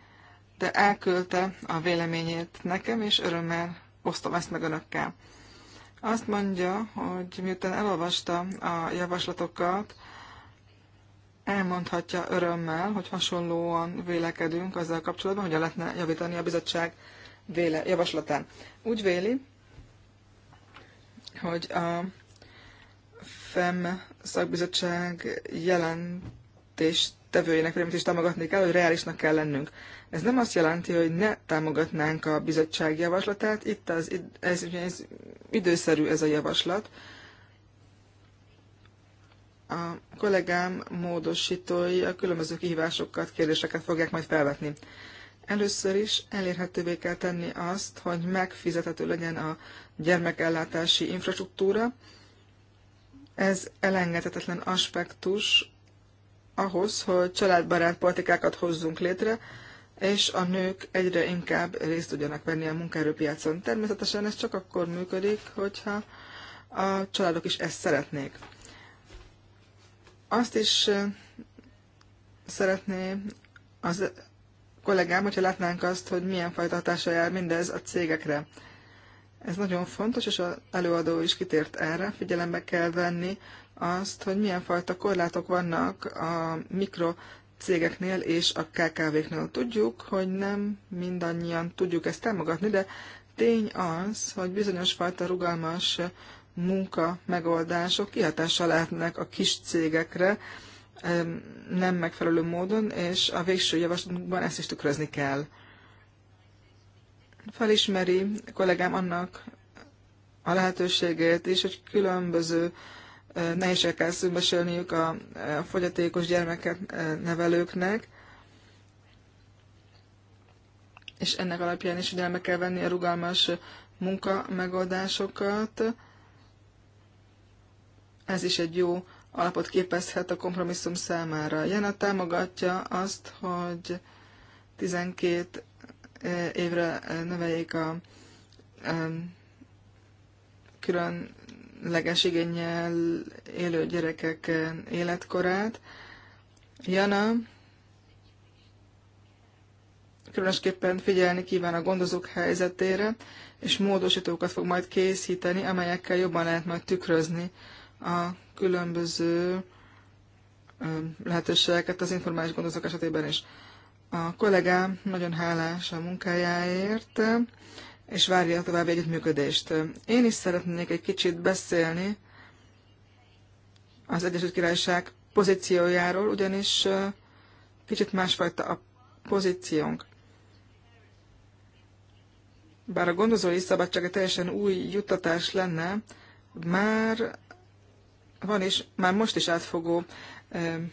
de elküldte a véleményét nekem, és örömmel osztom ezt meg önökkel. Azt mondja, hogy miután elolvasta a javaslatokat, elmondhatja örömmel, hogy hasonlóan vélekedünk azzal kapcsolatban, hogy lehetne javítani a bizottság véle, javaslatán. Úgy véli, hogy a FEM szakbizottság jelentés tevőjének véleményt is támogatni kell, hogy reálisnak kell lennünk. Ez nem azt jelenti, hogy ne támogatnánk a bizottság javaslatát, itt az, ez, ez időszerű ez a javaslat. A kollégám módosítói a különböző kihívásokat, kérdéseket fogják majd felvetni. Először is elérhetővé kell tenni azt, hogy megfizethető legyen a gyermekellátási infrastruktúra. Ez elengedhetetlen aspektus ahhoz, hogy családbarát politikákat hozzunk létre, és a nők egyre inkább részt tudjanak venni a munkaerőpiacon. Természetesen ez csak akkor működik, hogyha a családok is ezt szeretnék. Azt is eh, szeretné az kollégám, hogyha látnánk azt, hogy milyen fajta hatása jár mindez a cégekre. Ez nagyon fontos, és az előadó is kitért erre. Figyelembe kell venni azt, hogy milyen fajta korlátok vannak a mikro cégeknél és a KKV-knél. Tudjuk, hogy nem mindannyian tudjuk ezt támogatni, de tény az, hogy bizonyos fajta rugalmas munka megoldások kihatással lehetnek a kis cégekre, nem megfelelő módon, és a végső javaslatunkban ezt is tükrözni kell. Felismeri kollégám annak a lehetőségét is, hogy különböző nehézségekkel szembesülniük a fogyatékos gyermeket nevelőknek, és ennek alapján is figyelme kell venni a rugalmas munka megoldásokat. Ez is egy jó alapot képezhet a kompromisszum számára. Jana támogatja azt, hogy 12 eh, évre eh, növeljék a különleges igényel élő gyerekek eh, életkorát. Jana különösképpen figyelni kíván a gondozók helyzetére, és módosítókat fog majd készíteni, amelyekkel jobban lehet majd tükrözni a különböző lehetőségeket az informális gondozók esetében is. A kollégám nagyon hálás a munkájáért, és várja a további együttműködést. Én is szeretnék egy kicsit beszélni az Egyesült Királyság pozíciójáról, ugyanis kicsit másfajta a pozíciónk. Bár a gondozói szabadság teljesen új juttatás lenne, már van is, már most is átfogó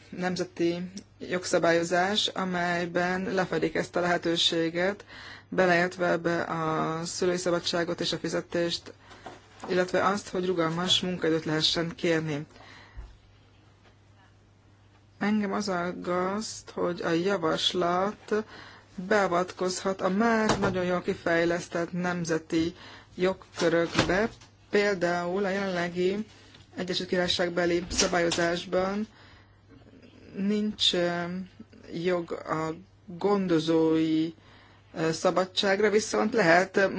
nemzeti jogszabályozás, amelyben lefedik ezt a lehetőséget, beleértve be a szülői szabadságot és a fizetést, illetve azt, hogy rugalmas munkaidőt lehessen kérni. Engem az aggaszt, hogy a javaslat beavatkozhat a már nagyon jól kifejlesztett nemzeti jogkörökbe, például a jelenlegi Egyesült Királyságbeli szabályozásban nincs jog a gondozói szabadságra, viszont lehet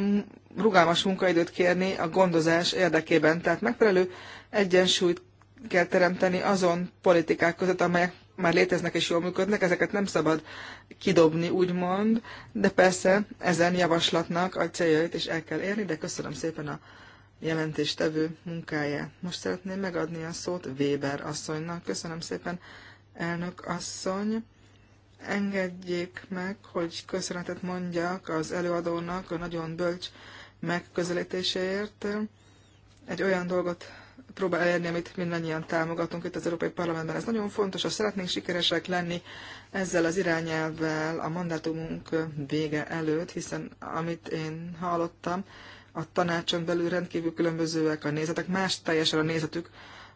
rugalmas munkaidőt kérni a gondozás érdekében. Tehát megfelelő egyensúlyt kell teremteni azon politikák között, amelyek már léteznek és jól működnek, ezeket nem szabad kidobni, úgymond, de persze ezen javaslatnak a céljait is el kell érni, de köszönöm szépen a jelentéstevő munkáját. Most szeretném megadni a szót Weber asszonynak. Köszönöm szépen, elnök asszony. Engedjék meg, hogy köszönetet mondjak az előadónak a nagyon bölcs megközelítéséért. Egy olyan dolgot próbál elérni, amit mindannyian támogatunk itt az Európai Parlamentben. Ez nagyon fontos, ha szeretnénk sikeresek lenni ezzel az irányelvvel a mandátumunk vége előtt, hiszen amit én hallottam, a tanácson belül rendkívül különbözőek a nézetek, más teljesen a nézetük,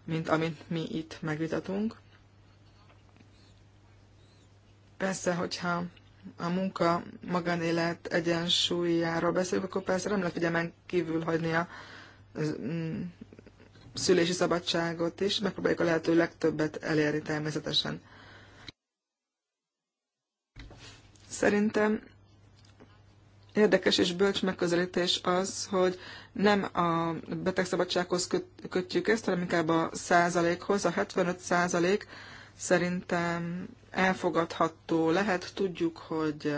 mint amit mi itt megvitatunk. Persze, hogyha a munka magánélet egyensúlyáról beszélünk, akkor persze nem lehet figyelmen kívül hagyni a mm, szülési szabadságot is, megpróbáljuk a lehető legtöbbet elérni természetesen. Szerintem Érdekes és bölcs megközelítés az, hogy nem a betegszabadsághoz kötjük ezt, hanem inkább a százalékhoz. A 75 százalék szerintem elfogadható lehet. Tudjuk, hogy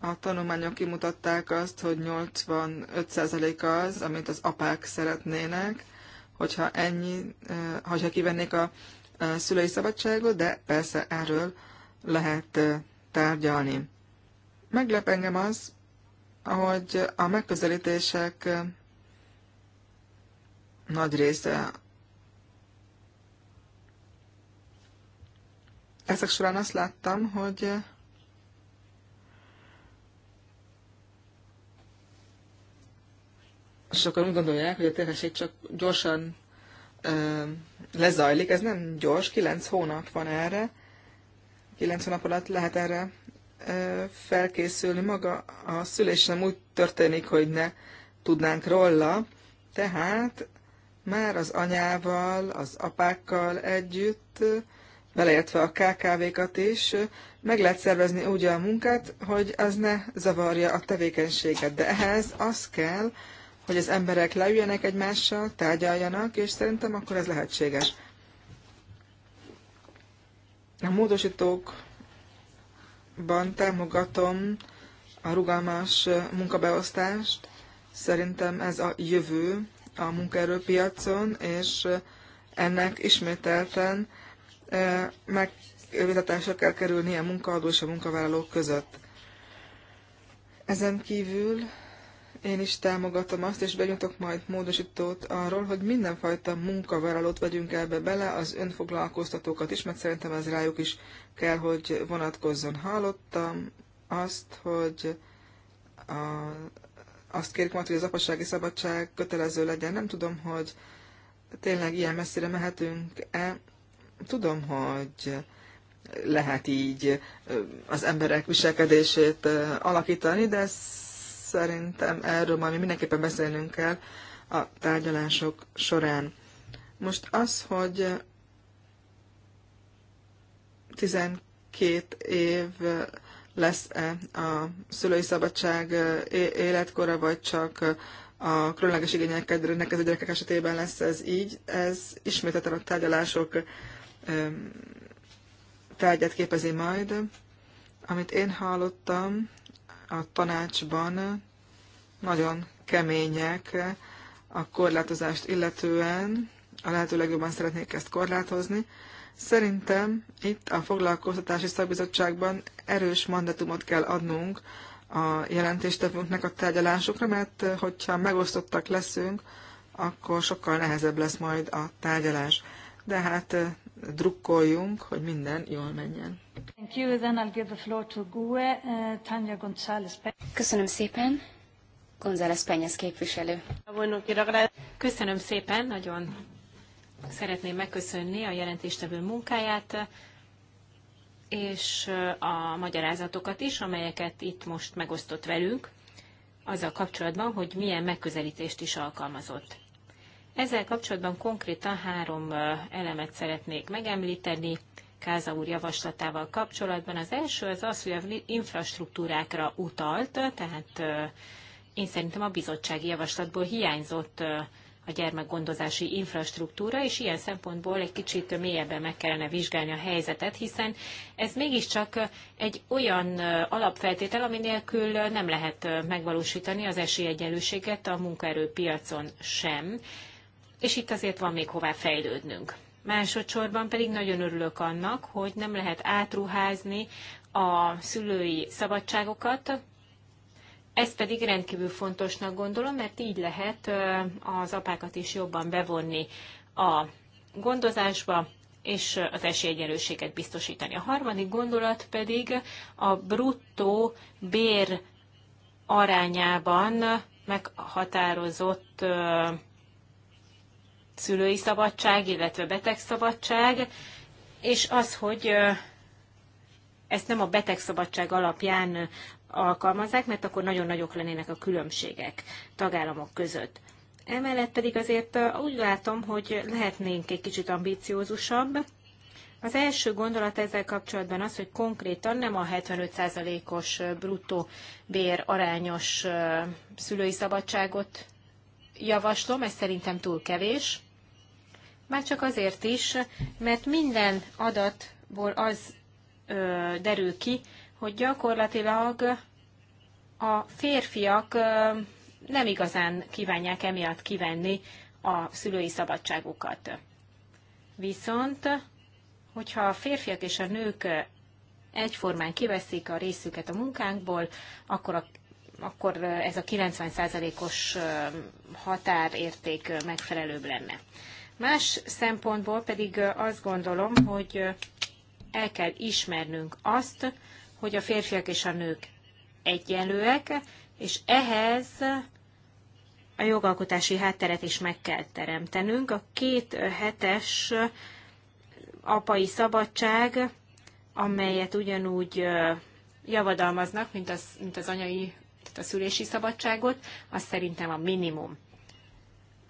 a tanulmányok kimutatták azt, hogy 85% az, amit az apák szeretnének, hogyha ennyi, hogyha kivennék a szülői szabadságot, de persze erről lehet tárgyalni. Meglep engem az, ahogy a megközelítések nagy része ezek során azt láttam, hogy sokan úgy gondolják, hogy a terhesség csak gyorsan ö, lezajlik. Ez nem gyors, kilenc hónap van erre. kilenc hónap alatt lehet erre felkészülni. Maga a szülés nem úgy történik, hogy ne tudnánk róla, tehát már az anyával, az apákkal együtt, beleértve a KKV-kat is, meg lehet szervezni úgy a munkát, hogy az ne zavarja a tevékenységet. De ehhez az kell, hogy az emberek leüljenek egymással, tárgyaljanak, és szerintem akkor ez lehetséges. A módosítók ban támogatom a rugalmas munkabeosztást. Szerintem ez a jövő a munkaerőpiacon, és ennek ismételten megvitatásra kell kerülni a munkaadó és a munkavállalók között. Ezen kívül én is támogatom azt, és benyújtok majd módosítót arról, hogy mindenfajta munkavállalót vegyünk ebbe bele, az önfoglalkoztatókat is, mert szerintem ez rájuk is kell, hogy vonatkozzon. Hallottam azt, hogy a, azt kérik majd, hogy az apasági szabadság kötelező legyen. Nem tudom, hogy tényleg ilyen messzire mehetünk-e. Tudom, hogy lehet így az emberek viselkedését alakítani, de ez szerintem erről majd mindenképpen beszélnünk kell a tárgyalások során. Most az, hogy 12 év lesz-e a szülői szabadság életkora, vagy csak a különleges ez a gyerekek esetében lesz ez így. Ez ismételten a tárgyalások tárgyát képezi majd. Amit én hallottam, a tanácsban nagyon kemények a korlátozást illetően, a lehető legjobban szeretnék ezt korlátozni. Szerintem itt a foglalkoztatási szakbizottságban erős mandatumot kell adnunk a jelentéstevőnknek a tárgyalásokra, mert hogyha megosztottak leszünk, akkor sokkal nehezebb lesz majd a tárgyalás. De hát drukkoljunk, hogy minden jól menjen. Uh, Köszönöm szépen. González Penyes képviselő. Köszönöm szépen, nagyon szeretném megköszönni a jelentéstevő munkáját, és uh, a magyarázatokat is, amelyeket itt most megosztott velünk, azzal kapcsolatban, hogy milyen megközelítést is alkalmazott. Ezzel kapcsolatban konkrétan három elemet szeretnék megemlíteni. Káza úr javaslatával kapcsolatban. Az első az az, hogy a infrastruktúrákra utalt, tehát én szerintem a bizottsági javaslatból hiányzott a gyermekgondozási infrastruktúra, és ilyen szempontból egy kicsit mélyebben meg kellene vizsgálni a helyzetet, hiszen ez mégiscsak egy olyan alapfeltétel, ami nélkül nem lehet megvalósítani az esélyegyenlőséget a munkaerőpiacon sem és itt azért van még hová fejlődnünk. Másodszorban pedig nagyon örülök annak, hogy nem lehet átruházni a szülői szabadságokat, ezt pedig rendkívül fontosnak gondolom, mert így lehet az apákat is jobban bevonni a gondozásba, és az esélyegyenlőséget biztosítani. A harmadik gondolat pedig a bruttó bér arányában meghatározott szülői szabadság, illetve betegszabadság, és az, hogy ezt nem a betegszabadság alapján alkalmazzák, mert akkor nagyon nagyok lennének a különbségek tagállamok között. Emellett pedig azért úgy látom, hogy lehetnénk egy kicsit ambiciózusabb. Az első gondolat ezzel kapcsolatban az, hogy konkrétan nem a 75%-os bruttó bér arányos szülői szabadságot javaslom, ez szerintem túl kevés. Már csak azért is, mert minden adatból az ö, derül ki, hogy gyakorlatilag a férfiak ö, nem igazán kívánják emiatt kivenni a szülői szabadságukat. Viszont, hogyha a férfiak és a nők egyformán kiveszik a részüket a munkánkból, akkor, a, akkor ez a 90%-os határérték megfelelőbb lenne. Más szempontból pedig azt gondolom, hogy el kell ismernünk azt, hogy a férfiak és a nők egyenlőek, és ehhez a jogalkotási hátteret is meg kell teremtenünk. A két hetes apai szabadság, amelyet ugyanúgy javadalmaznak, mint az, mint az anyai, tehát a szülési szabadságot, az szerintem a minimum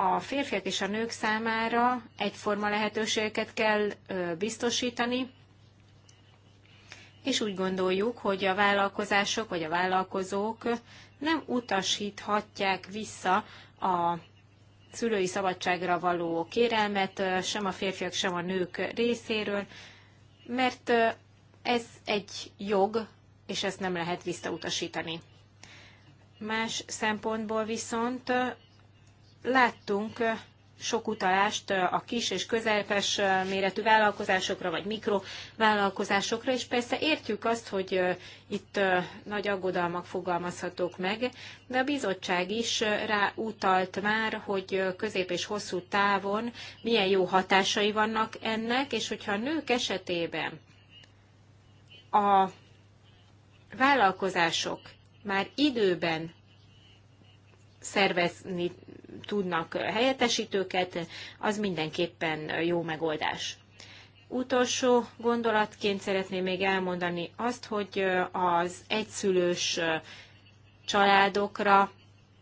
a férfiak és a nők számára egyforma lehetőségeket kell biztosítani, és úgy gondoljuk, hogy a vállalkozások vagy a vállalkozók nem utasíthatják vissza a szülői szabadságra való kérelmet sem a férfiak, sem a nők részéről, mert ez egy jog, és ezt nem lehet visszautasítani. Más szempontból viszont láttunk sok utalást a kis és közepes méretű vállalkozásokra, vagy mikrovállalkozásokra, és persze értjük azt, hogy itt nagy aggodalmak fogalmazhatók meg, de a bizottság is ráutalt már, hogy közép és hosszú távon milyen jó hatásai vannak ennek, és hogyha a nők esetében a vállalkozások már időben szervezni tudnak helyettesítőket, az mindenképpen jó megoldás. Utolsó gondolatként szeretném még elmondani azt, hogy az egyszülős családokra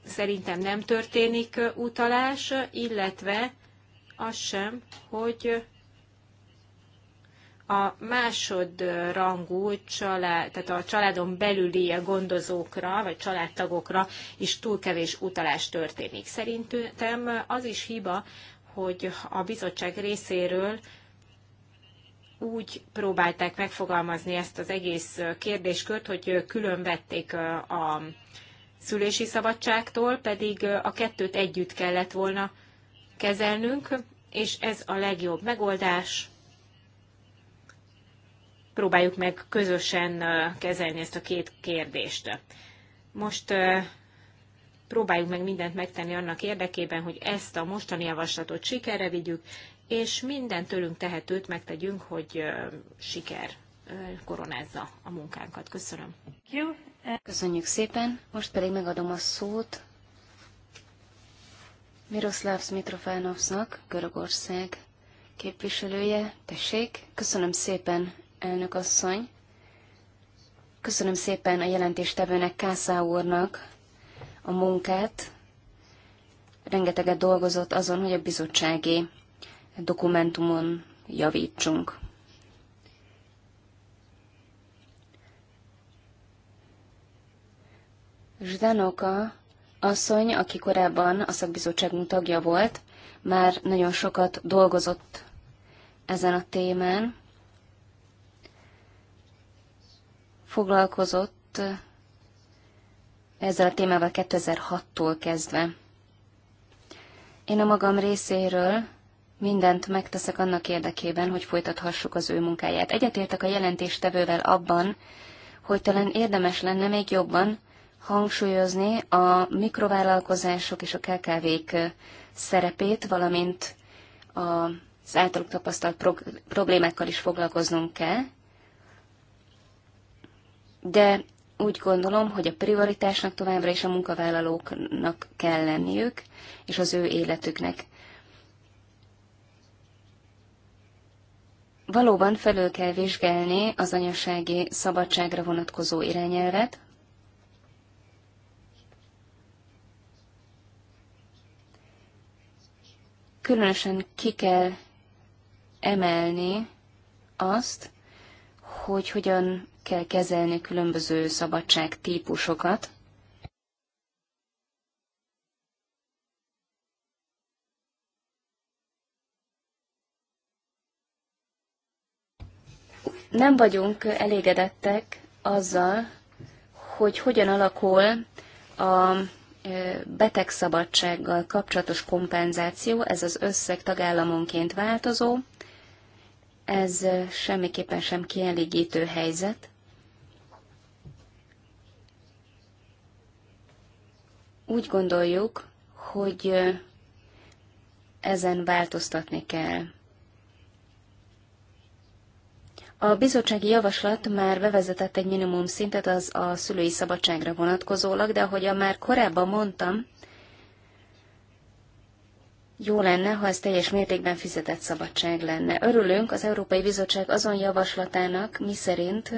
szerintem nem történik utalás, illetve az sem, hogy a másodrangú család, tehát a családon belüli gondozókra, vagy családtagokra is túl kevés utalás történik. Szerintem az is hiba, hogy a bizottság részéről úgy próbálták megfogalmazni ezt az egész kérdéskört, hogy külön vették a szülési szabadságtól, pedig a kettőt együtt kellett volna kezelnünk, és ez a legjobb megoldás próbáljuk meg közösen kezelni ezt a két kérdést. Most próbáljuk meg mindent megtenni annak érdekében, hogy ezt a mostani javaslatot sikerre vigyük, és minden tőlünk tehetőt megtegyünk, hogy siker koronázza a munkánkat. Köszönöm. Köszönjük szépen. Most pedig megadom a szót Miroslav Smitrofánovsznak, Görögország képviselője. Tessék, köszönöm szépen, elnök asszony. Köszönöm szépen a jelentéstevőnek, Kászá úrnak a munkát. Rengeteget dolgozott azon, hogy a bizottsági dokumentumon javítsunk. Zsdanoka asszony, aki korábban a szakbizottságunk tagja volt, már nagyon sokat dolgozott ezen a témán. foglalkozott eh, ezzel a témával 2006-tól kezdve. Én a magam részéről mindent megteszek annak érdekében, hogy folytathassuk az ő munkáját. Egyetértek a jelentéstevővel abban, hogy talán érdemes lenne még jobban hangsúlyozni a mikrovállalkozások és a kkv eh, szerepét, valamint az általuk tapasztalt problémákkal is foglalkoznunk kell, de úgy gondolom, hogy a prioritásnak továbbra is a munkavállalóknak kell lenniük, és az ő életüknek. Valóban felül kell vizsgálni az anyasági szabadságra vonatkozó irányelvet, különösen ki kell emelni azt, hogy hogyan kell kezelni különböző szabadság típusokat. Nem vagyunk elégedettek azzal, hogy hogyan alakul a betegszabadsággal kapcsolatos kompenzáció, ez az összeg tagállamonként változó, ez semmiképpen sem kielégítő helyzet. Úgy gondoljuk, hogy ezen változtatni kell. A bizottsági javaslat már bevezetett egy minimum szintet az a szülői szabadságra vonatkozólag, de ahogy már korábban mondtam, jó lenne, ha ez teljes mértékben fizetett szabadság lenne. Örülünk az Európai Bizottság azon javaslatának, miszerint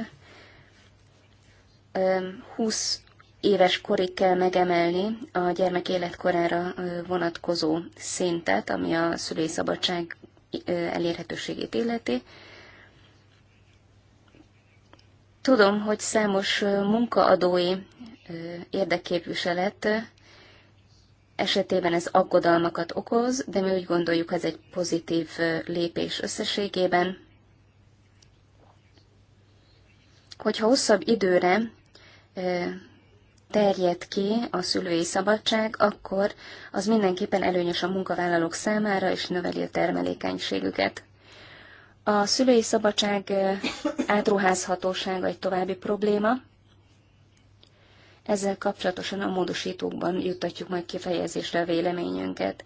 20 éves korig kell megemelni a gyermek életkorára vonatkozó szintet, ami a szülői szabadság elérhetőségét illeti. Tudom, hogy számos munkaadói érdekképviselet esetében ez aggodalmakat okoz, de mi úgy gondoljuk, ez egy pozitív lépés összességében. Hogyha hosszabb időre terjed ki a szülői szabadság, akkor az mindenképpen előnyös a munkavállalók számára, és növeli a termelékenységüket. A szülői szabadság átruházhatósága egy további probléma. Ezzel kapcsolatosan a módosítókban juttatjuk majd kifejezésre a véleményünket.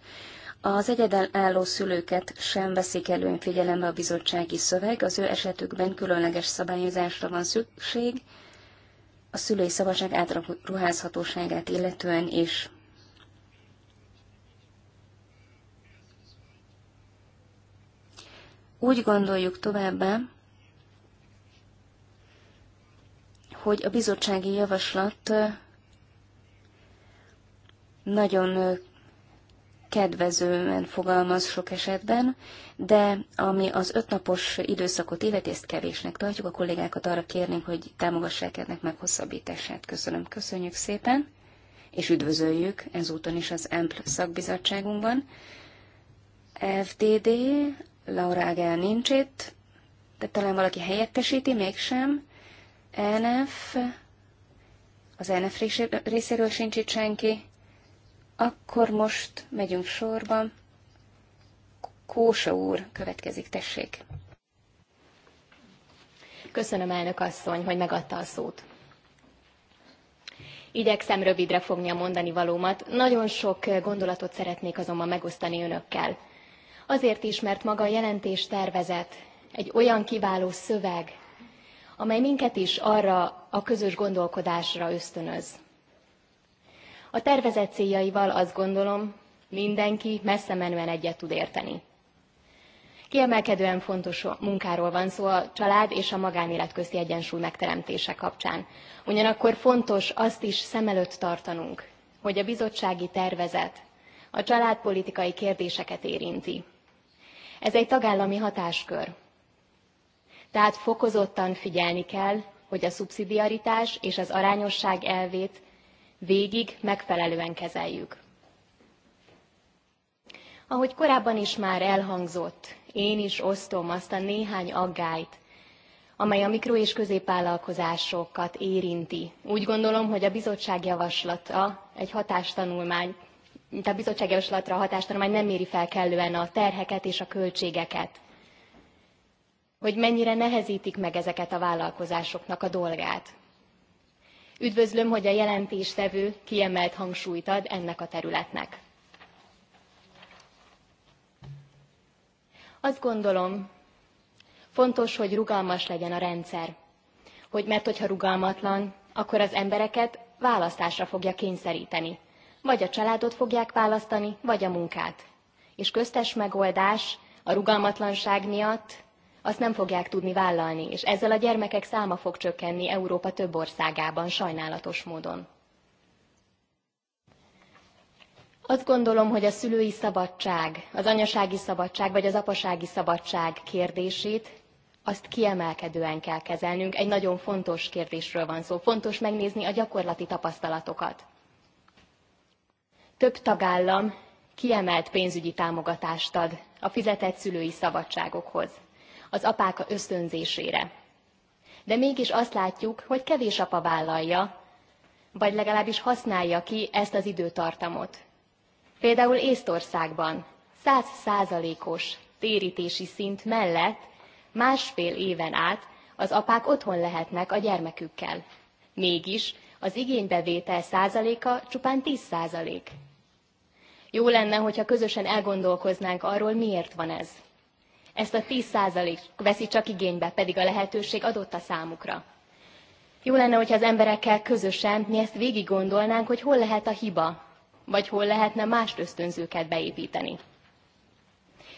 Az álló szülőket sem veszik előn figyelembe a bizottsági szöveg, az ő esetükben különleges szabályozásra van szükség, a szülői szabadság átruházhatóságát illetően is. Úgy gondoljuk továbbá, hogy a bizottsági javaslat nagyon kedvezően fogalmaz sok esetben, de ami az ötnapos időszakot illeti, ezt kevésnek tartjuk. A kollégákat arra kérnénk, hogy támogassák ennek meghosszabbítását. Köszönöm, köszönjük szépen, és üdvözöljük ezúton is az EMPL szakbizottságunkban. FDD, Laura Ágel nincs itt, de talán valaki helyettesíti, mégsem. NF, az NF részéről sincs itt senki. Akkor most megyünk sorba. Kósa úr következik, tessék. Köszönöm, elnök asszony, hogy megadta a szót. Igyekszem rövidre fogni a mondani valómat. Nagyon sok gondolatot szeretnék azonban megosztani önökkel. Azért is, mert maga a jelentés tervezet egy olyan kiváló szöveg, amely minket is arra a közös gondolkodásra ösztönöz. A tervezett céljaival azt gondolom, mindenki messze menően egyet tud érteni. Kiemelkedően fontos munkáról van szó a család és a magánélet közti egyensúly megteremtése kapcsán. Ugyanakkor fontos azt is szem előtt tartanunk, hogy a bizottsági tervezet a családpolitikai kérdéseket érinti. Ez egy tagállami hatáskör. Tehát fokozottan figyelni kell, hogy a szubszidiaritás és az arányosság elvét végig megfelelően kezeljük. Ahogy korábban is már elhangzott, én is osztom azt a néhány aggályt, amely a mikro- és középvállalkozásokat érinti. Úgy gondolom, hogy a bizottság javaslata egy hatástanulmány, mint a bizottság javaslatra a hatástanulmány nem méri fel kellően a terheket és a költségeket. Hogy mennyire nehezítik meg ezeket a vállalkozásoknak a dolgát. Üdvözlöm, hogy a jelentéstevő kiemelt hangsúlyt ad ennek a területnek. Azt gondolom, fontos, hogy rugalmas legyen a rendszer, hogy mert hogyha rugalmatlan, akkor az embereket választásra fogja kényszeríteni. Vagy a családot fogják választani, vagy a munkát. És köztes megoldás a rugalmatlanság miatt azt nem fogják tudni vállalni, és ezzel a gyermekek száma fog csökkenni Európa több országában sajnálatos módon. Azt gondolom, hogy a szülői szabadság, az anyasági szabadság vagy az apasági szabadság kérdését azt kiemelkedően kell kezelnünk. Egy nagyon fontos kérdésről van szó. Fontos megnézni a gyakorlati tapasztalatokat. Több tagállam kiemelt pénzügyi támogatást ad a fizetett szülői szabadságokhoz az apáka ösztönzésére. De mégis azt látjuk, hogy kevés apa vállalja, vagy legalábbis használja ki ezt az időtartamot. Például Észtországban 100%-os térítési szint mellett másfél éven át az apák otthon lehetnek a gyermekükkel. Mégis az igénybevétel százaléka csupán 10 százalék. Jó lenne, hogyha közösen elgondolkoznánk arról, miért van ez. Ezt a 10% veszi csak igénybe, pedig a lehetőség adott a számukra. Jó lenne, hogyha az emberekkel közösen mi ezt végig gondolnánk, hogy hol lehet a hiba, vagy hol lehetne más ösztönzőket beépíteni.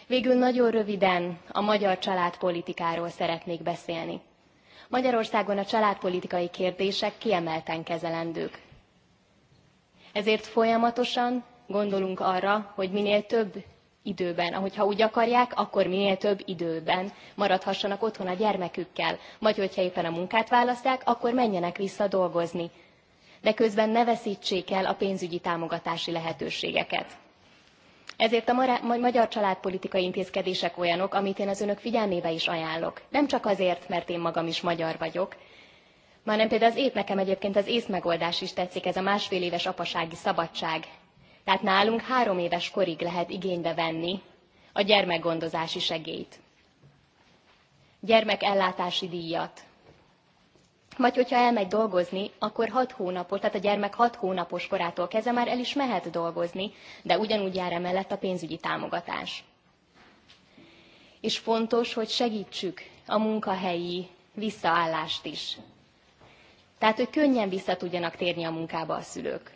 Végül nagyon röviden a magyar családpolitikáról szeretnék beszélni. Magyarországon a családpolitikai kérdések kiemelten kezelendők. Ezért folyamatosan gondolunk arra, hogy minél több időben. Ahogyha úgy akarják, akkor minél több időben maradhassanak otthon a gyermekükkel. Vagy hogyha éppen a munkát választják, akkor menjenek vissza dolgozni. De közben ne veszítsék el a pénzügyi támogatási lehetőségeket. Ezért a magyar családpolitikai intézkedések olyanok, amit én az önök figyelmébe is ajánlok. Nem csak azért, mert én magam is magyar vagyok, hanem például az épp nekem egyébként az ész megoldás is tetszik, ez a másfél éves apasági szabadság tehát nálunk három éves korig lehet igénybe venni a gyermekgondozási segélyt, gyermekellátási díjat. Vagy hogyha elmegy dolgozni, akkor hat hónapos, tehát a gyermek hat hónapos korától kezdve már el is mehet dolgozni, de ugyanúgy jár emellett a pénzügyi támogatás. És fontos, hogy segítsük a munkahelyi visszaállást is. Tehát, hogy könnyen vissza tudjanak térni a munkába a szülők.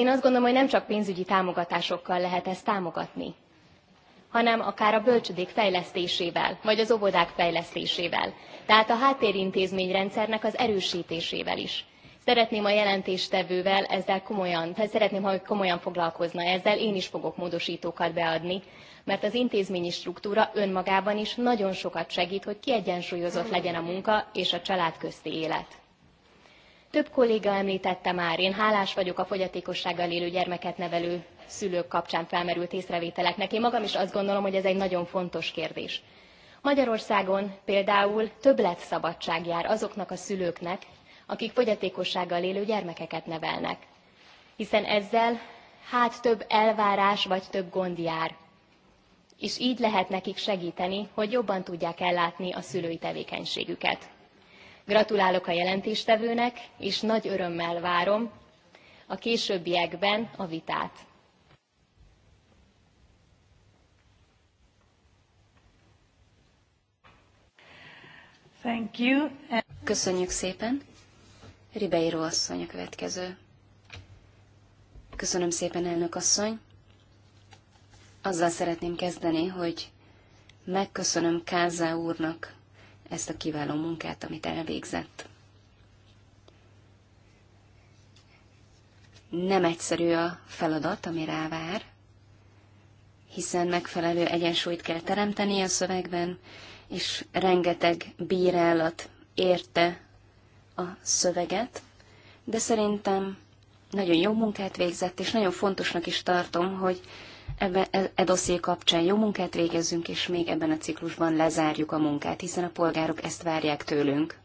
Én azt gondolom, hogy nem csak pénzügyi támogatásokkal lehet ezt támogatni, hanem akár a bölcsödék fejlesztésével, vagy az óvodák fejlesztésével. Tehát a háttérintézményrendszernek az erősítésével is. Szeretném a jelentéstevővel ezzel komolyan, tehát szeretném, ha komolyan foglalkozna ezzel, én is fogok módosítókat beadni, mert az intézményi struktúra önmagában is nagyon sokat segít, hogy kiegyensúlyozott legyen a munka és a család közti élet. Több kolléga említette már, én hálás vagyok a fogyatékossággal élő gyermeket nevelő szülők kapcsán felmerült észrevételeknek. Én magam is azt gondolom, hogy ez egy nagyon fontos kérdés. Magyarországon például több szabadság jár azoknak a szülőknek, akik fogyatékossággal élő gyermekeket nevelnek. Hiszen ezzel hát több elvárás vagy több gond jár. És így lehet nekik segíteni, hogy jobban tudják ellátni a szülői tevékenységüket. Gratulálok a jelentéstevőnek, és nagy örömmel várom a későbbiekben a vitát. Thank you. Köszönjük szépen. Ribeiro asszony a következő. Köszönöm szépen, elnök asszony. Azzal szeretném kezdeni, hogy megköszönöm Kázá úrnak ezt a kiváló munkát, amit elvégzett. Nem egyszerű a feladat, ami rávár, hiszen megfelelő egyensúlyt kell teremteni a szövegben, és rengeteg bírálat érte a szöveget, de szerintem nagyon jó munkát végzett, és nagyon fontosnak is tartom, hogy ebbe, e, e dosszié kapcsán jó munkát végezzünk, és még ebben a ciklusban lezárjuk a munkát, hiszen a polgárok ezt várják tőlünk.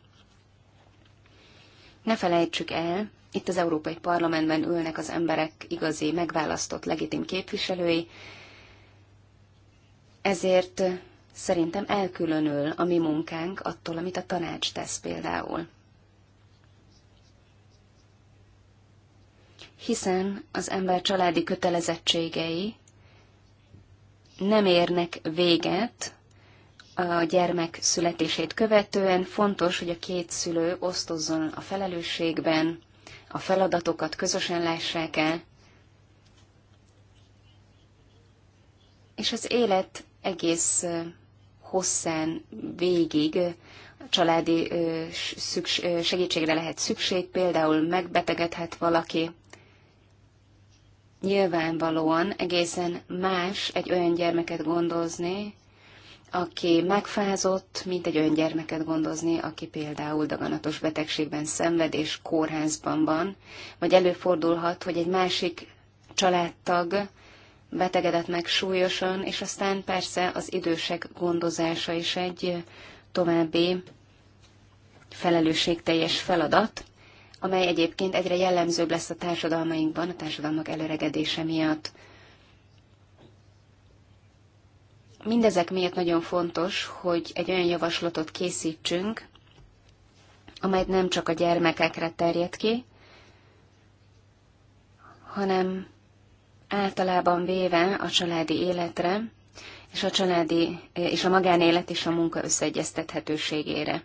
Ne felejtsük el, itt az Európai Parlamentben ülnek az emberek igazi, megválasztott, legitim képviselői, ezért szerintem elkülönül a mi munkánk attól, amit a tanács tesz például. Hiszen az ember családi kötelezettségei nem érnek véget a gyermek születését követően. Fontos, hogy a két szülő osztozzon a felelősségben, a feladatokat közösen lássák el, és az élet egész hosszán végig családi segítségre lehet szükség, például megbetegedhet valaki, nyilvánvalóan egészen más egy olyan gyermeket gondozni, aki megfázott, mint egy olyan gyermeket gondozni, aki például daganatos betegségben szenved és kórházban van, vagy előfordulhat, hogy egy másik családtag betegedett meg súlyosan, és aztán persze az idősek gondozása is egy további felelősségteljes feladat, amely egyébként egyre jellemzőbb lesz a társadalmainkban, a társadalmak előregedése miatt. Mindezek miatt nagyon fontos, hogy egy olyan javaslatot készítsünk, amely nem csak a gyermekekre terjed ki, hanem általában véve a családi életre, és a családi és a magánélet és a munka összeegyeztethetőségére.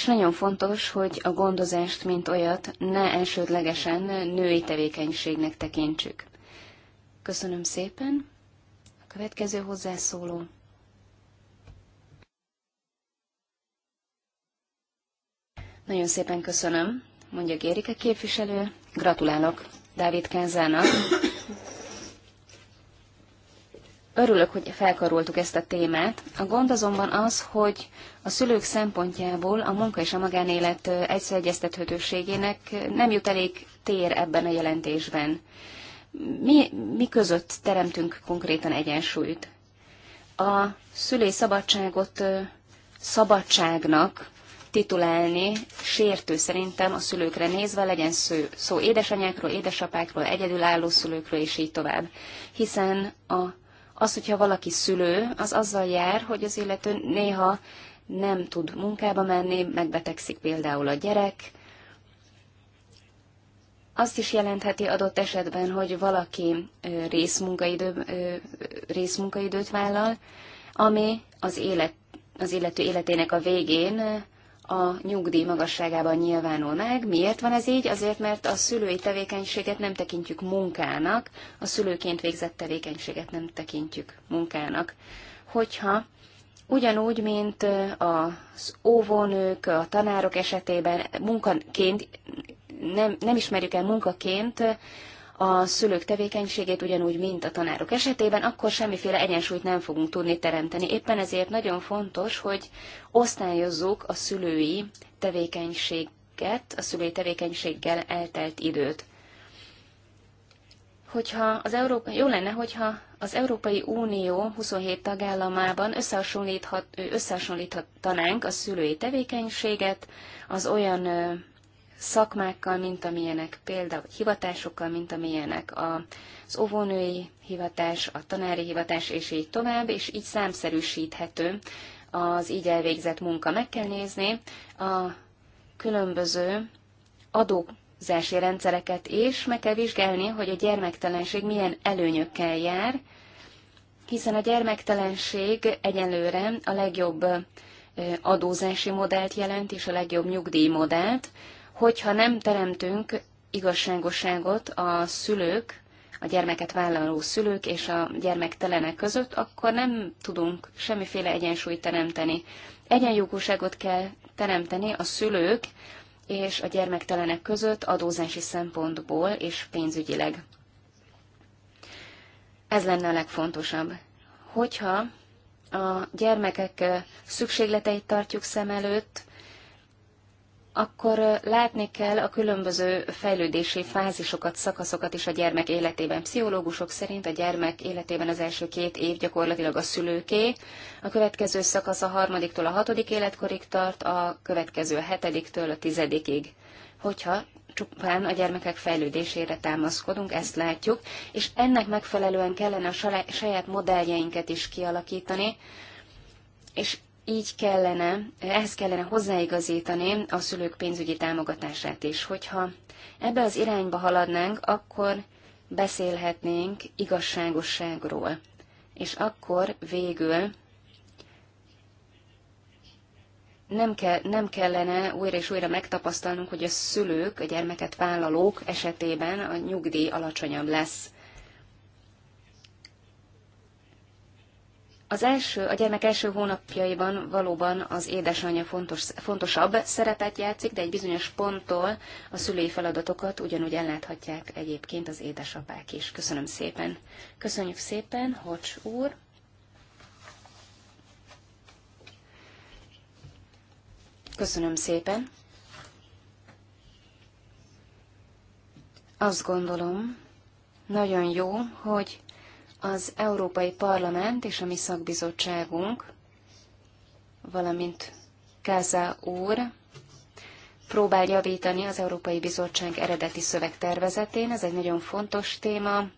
és nagyon fontos, hogy a gondozást, mint olyat, ne elsődlegesen női tevékenységnek tekintsük. Köszönöm szépen. A következő hozzászóló. Nagyon szépen köszönöm, mondja Gérike képviselő. Gratulálok Dávid Kázának Örülök, hogy felkaroltuk ezt a témát. A gond azonban az, hogy a szülők szempontjából a munka és a magánélet egyszeregyeztethetőségének nem jut elég tér ebben a jelentésben. Mi, mi között teremtünk konkrétan egyensúlyt? A szülői szabadságot szabadságnak titulálni sértő szerintem a szülőkre nézve, legyen szó, szó édesanyákról, édesapákról, egyedülálló szülőkről, és így tovább. Hiszen a az, hogyha valaki szülő, az azzal jár, hogy az illető néha nem tud munkába menni, megbetegszik például a gyerek. Azt is jelentheti adott esetben, hogy valaki részmunkaidő, részmunkaidőt vállal, ami az, élet, az illető életének a végén a nyugdíj magasságában nyilvánul meg. Miért van ez így? Azért, mert a szülői tevékenységet nem tekintjük munkának, a szülőként végzett tevékenységet nem tekintjük munkának. Hogyha ugyanúgy, mint az óvónők, a tanárok esetében munkaként, nem, nem ismerjük el munkaként a szülők tevékenységét, ugyanúgy, mint a tanárok esetében, akkor semmiféle egyensúlyt nem fogunk tudni teremteni. Éppen ezért nagyon fontos, hogy osztályozzuk a szülői tevékenységet, a szülői tevékenységgel eltelt időt. Hogyha az Európa, jó lenne, hogyha az Európai Unió 27 tagállamában összehasonlíthat, összehasonlíthatnánk a szülői tevékenységet az olyan szakmákkal, mint amilyenek például, hivatásokkal, mint amilyenek az óvónői hivatás, a tanári hivatás, és így tovább, és így számszerűsíthető az így elvégzett munka. Meg kell nézni a különböző adózási rendszereket is, meg kell vizsgálni, hogy a gyermektelenség milyen előnyökkel jár, hiszen a gyermektelenség egyelőre a legjobb adózási modellt jelent, és a legjobb nyugdíjmodellt, hogyha nem teremtünk igazságosságot a szülők, a gyermeket vállaló szülők és a gyermektelenek között, akkor nem tudunk semmiféle egyensúlyt teremteni. Egyenjogúságot kell teremteni a szülők és a gyermektelenek között adózási szempontból és pénzügyileg. Ez lenne a legfontosabb. Hogyha a gyermekek szükségleteit tartjuk szem előtt, akkor látni kell a különböző fejlődési fázisokat, szakaszokat is a gyermek életében. Pszichológusok szerint a gyermek életében az első két év gyakorlatilag a szülőké, a következő szakasz a harmadiktól a hatodik életkorig tart, a következő a hetediktől a tizedikig. Hogyha csupán a gyermekek fejlődésére támaszkodunk, ezt látjuk, és ennek megfelelően kellene a saját modelljeinket is kialakítani, és így kellene, ehhez kellene hozzáigazítani a szülők pénzügyi támogatását is. Hogyha ebbe az irányba haladnánk, akkor beszélhetnénk igazságosságról. És akkor végül nem, ke- nem kellene újra és újra megtapasztalnunk, hogy a szülők, a gyermeket vállalók esetében a nyugdíj alacsonyabb lesz. Az első, a gyermek első hónapjaiban valóban az édesanyja fontos, fontosabb szerepet játszik, de egy bizonyos ponttól a szülői feladatokat ugyanúgy elláthatják egyébként az édesapák is. Köszönöm szépen. Köszönjük szépen, Hocs úr. Köszönöm szépen. Azt gondolom, nagyon jó, hogy az Európai Parlament és a mi szakbizottságunk, valamint Káza úr próbál javítani az Európai Bizottság eredeti szövegtervezetén. Ez egy nagyon fontos téma,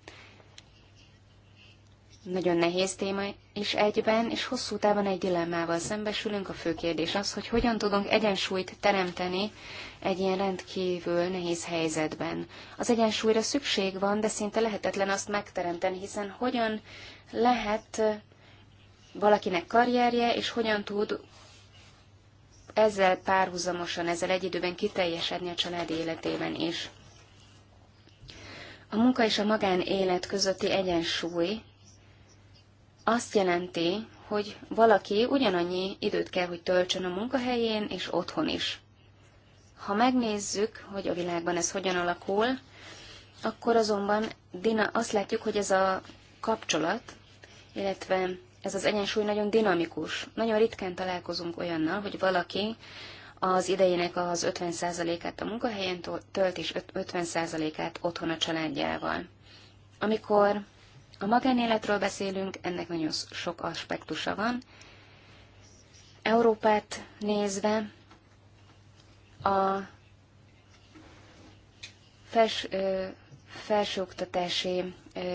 nagyon nehéz téma is egyben, és hosszú távon egy dilemmával szembesülünk. A fő kérdés az, hogy hogyan tudunk egyensúlyt teremteni egy ilyen rendkívül nehéz helyzetben. Az egyensúlyra szükség van, de szinte lehetetlen azt megteremteni, hiszen hogyan lehet valakinek karrierje, és hogyan tud ezzel párhuzamosan, ezzel egy időben kiteljesedni a család életében is. A munka és a magánélet közötti egyensúly azt jelenti, hogy valaki ugyanannyi időt kell, hogy töltsön a munkahelyén és otthon is. Ha megnézzük, hogy a világban ez hogyan alakul, akkor azonban dina, azt látjuk, hogy ez a kapcsolat, illetve ez az egyensúly nagyon dinamikus. Nagyon ritkán találkozunk olyannal, hogy valaki az idejének az 50%-át a munkahelyen tölt, és 50%-át otthon a családjával. Amikor a magánéletről beszélünk, ennek nagyon sok aspektusa van. Európát nézve a fels, felsőoktatási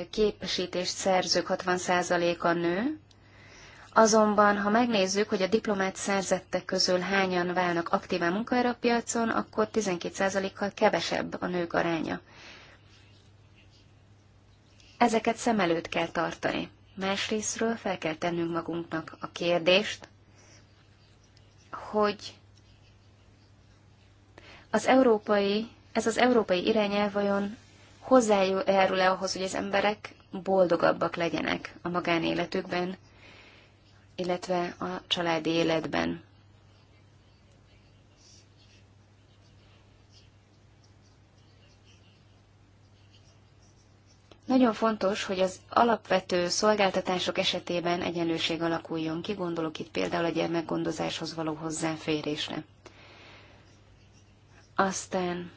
képesítést szerzők 60%-a nő, Azonban, ha megnézzük, hogy a diplomát szerzettek közül hányan válnak aktíván munkaerőpiacon, akkor 12%-kal kevesebb a nők aránya. Ezeket szem előtt kell tartani. Másrésztről fel kell tennünk magunknak a kérdést, hogy az európai, ez az európai irányelv vajon hozzájárul-e ahhoz, hogy az emberek boldogabbak legyenek a magánéletükben, illetve a családi életben. Nagyon fontos, hogy az alapvető szolgáltatások esetében egyenlőség alakuljon ki, gondolok itt például a gyermekgondozáshoz való hozzáférésre. Aztán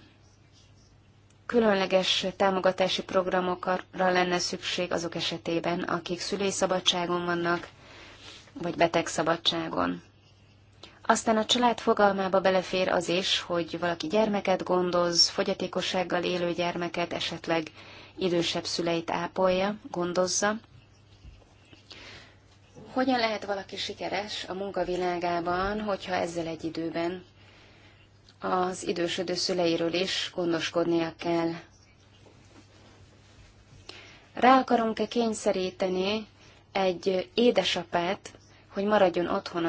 különleges támogatási programokra lenne szükség azok esetében, akik szülői szabadságon vannak, vagy beteg szabadságon. Aztán a család fogalmába belefér az is, hogy valaki gyermeket gondoz, fogyatékossággal élő gyermeket, esetleg idősebb szüleit ápolja, gondozza. Hogyan lehet valaki sikeres a munkavilágában, hogyha ezzel egy időben az idősödő szüleiről is gondoskodnia kell? Rá akarunk-e kényszeríteni egy édesapát, hogy maradjon otthon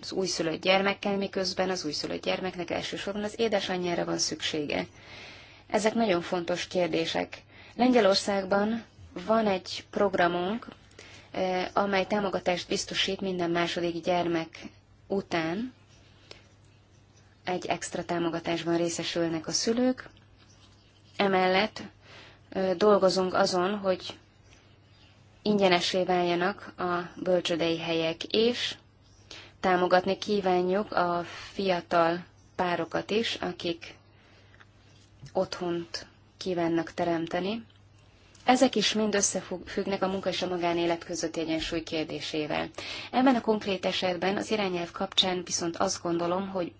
az újszülött gyermekkel, miközben az újszülött gyermeknek elsősorban az édesanyjára van szüksége. Ezek nagyon fontos kérdések. Lengyelországban van egy programunk, eh, amely támogatást biztosít minden második gyermek után. Egy extra támogatásban részesülnek a szülők. Emellett eh, dolgozunk azon, hogy ingyenesé váljanak a bölcsödei helyek, és támogatni kívánjuk a fiatal párokat is, akik otthont kívánnak teremteni. Ezek is mind összefüggnek a munka és a magánélet közötti egyensúly kérdésével. Ebben a konkrét esetben az irányelv kapcsán viszont azt gondolom, hogy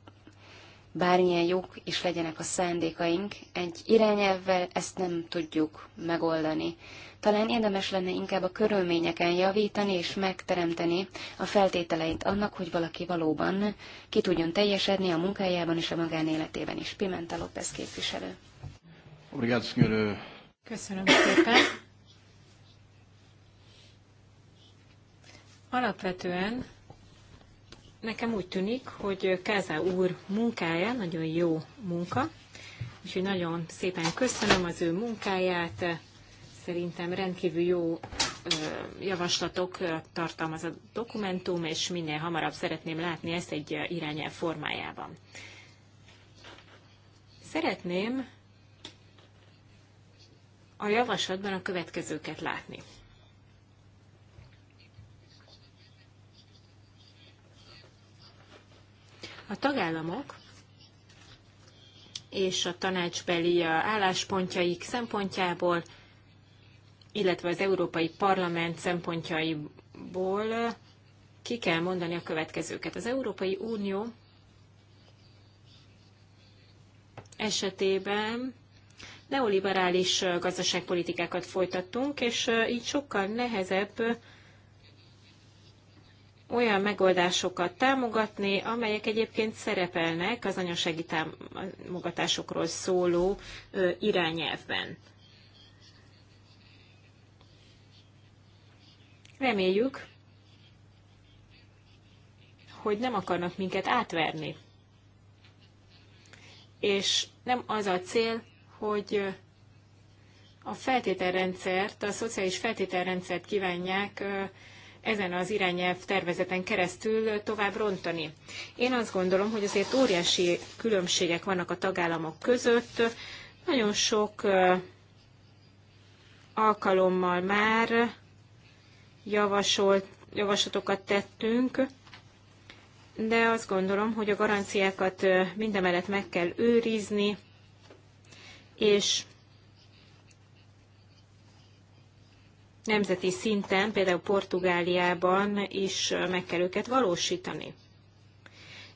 bármilyen jók is legyenek a szándékaink, egy irányelvvel ezt nem tudjuk megoldani. Talán érdemes lenne inkább a körülményeken javítani és megteremteni a feltételeit annak, hogy valaki valóban ki tudjon teljesedni a munkájában és a magánéletében is. Pimenta López képviselő. Obrigado, senhor. Köszönöm szépen. Alapvetően nekem úgy tűnik, hogy Kázá úr munkája nagyon jó munka, úgyhogy nagyon szépen köszönöm az ő munkáját, Szerintem rendkívül jó javaslatok tartalmaz a dokumentum, és minél hamarabb szeretném látni ezt egy irányel formájában. Szeretném a javaslatban a következőket látni. A tagállamok és a tanácsbeli álláspontjaik szempontjából illetve az Európai Parlament szempontjaiból ki kell mondani a következőket. Az Európai Unió esetében neoliberális gazdaságpolitikákat folytattunk, és így sokkal nehezebb olyan megoldásokat támogatni, amelyek egyébként szerepelnek az anyasági támogatásokról szóló irányelvben. Reméljük, hogy nem akarnak minket átverni. És nem az a cél, hogy a feltételrendszert, a szociális feltételrendszert kívánják ezen az irányelv tervezeten keresztül tovább rontani. Én azt gondolom, hogy azért óriási különbségek vannak a tagállamok között. Nagyon sok alkalommal már javasolt, javaslatokat tettünk, de azt gondolom, hogy a garanciákat mindemellett meg kell őrizni, és nemzeti szinten, például Portugáliában is meg kell őket valósítani.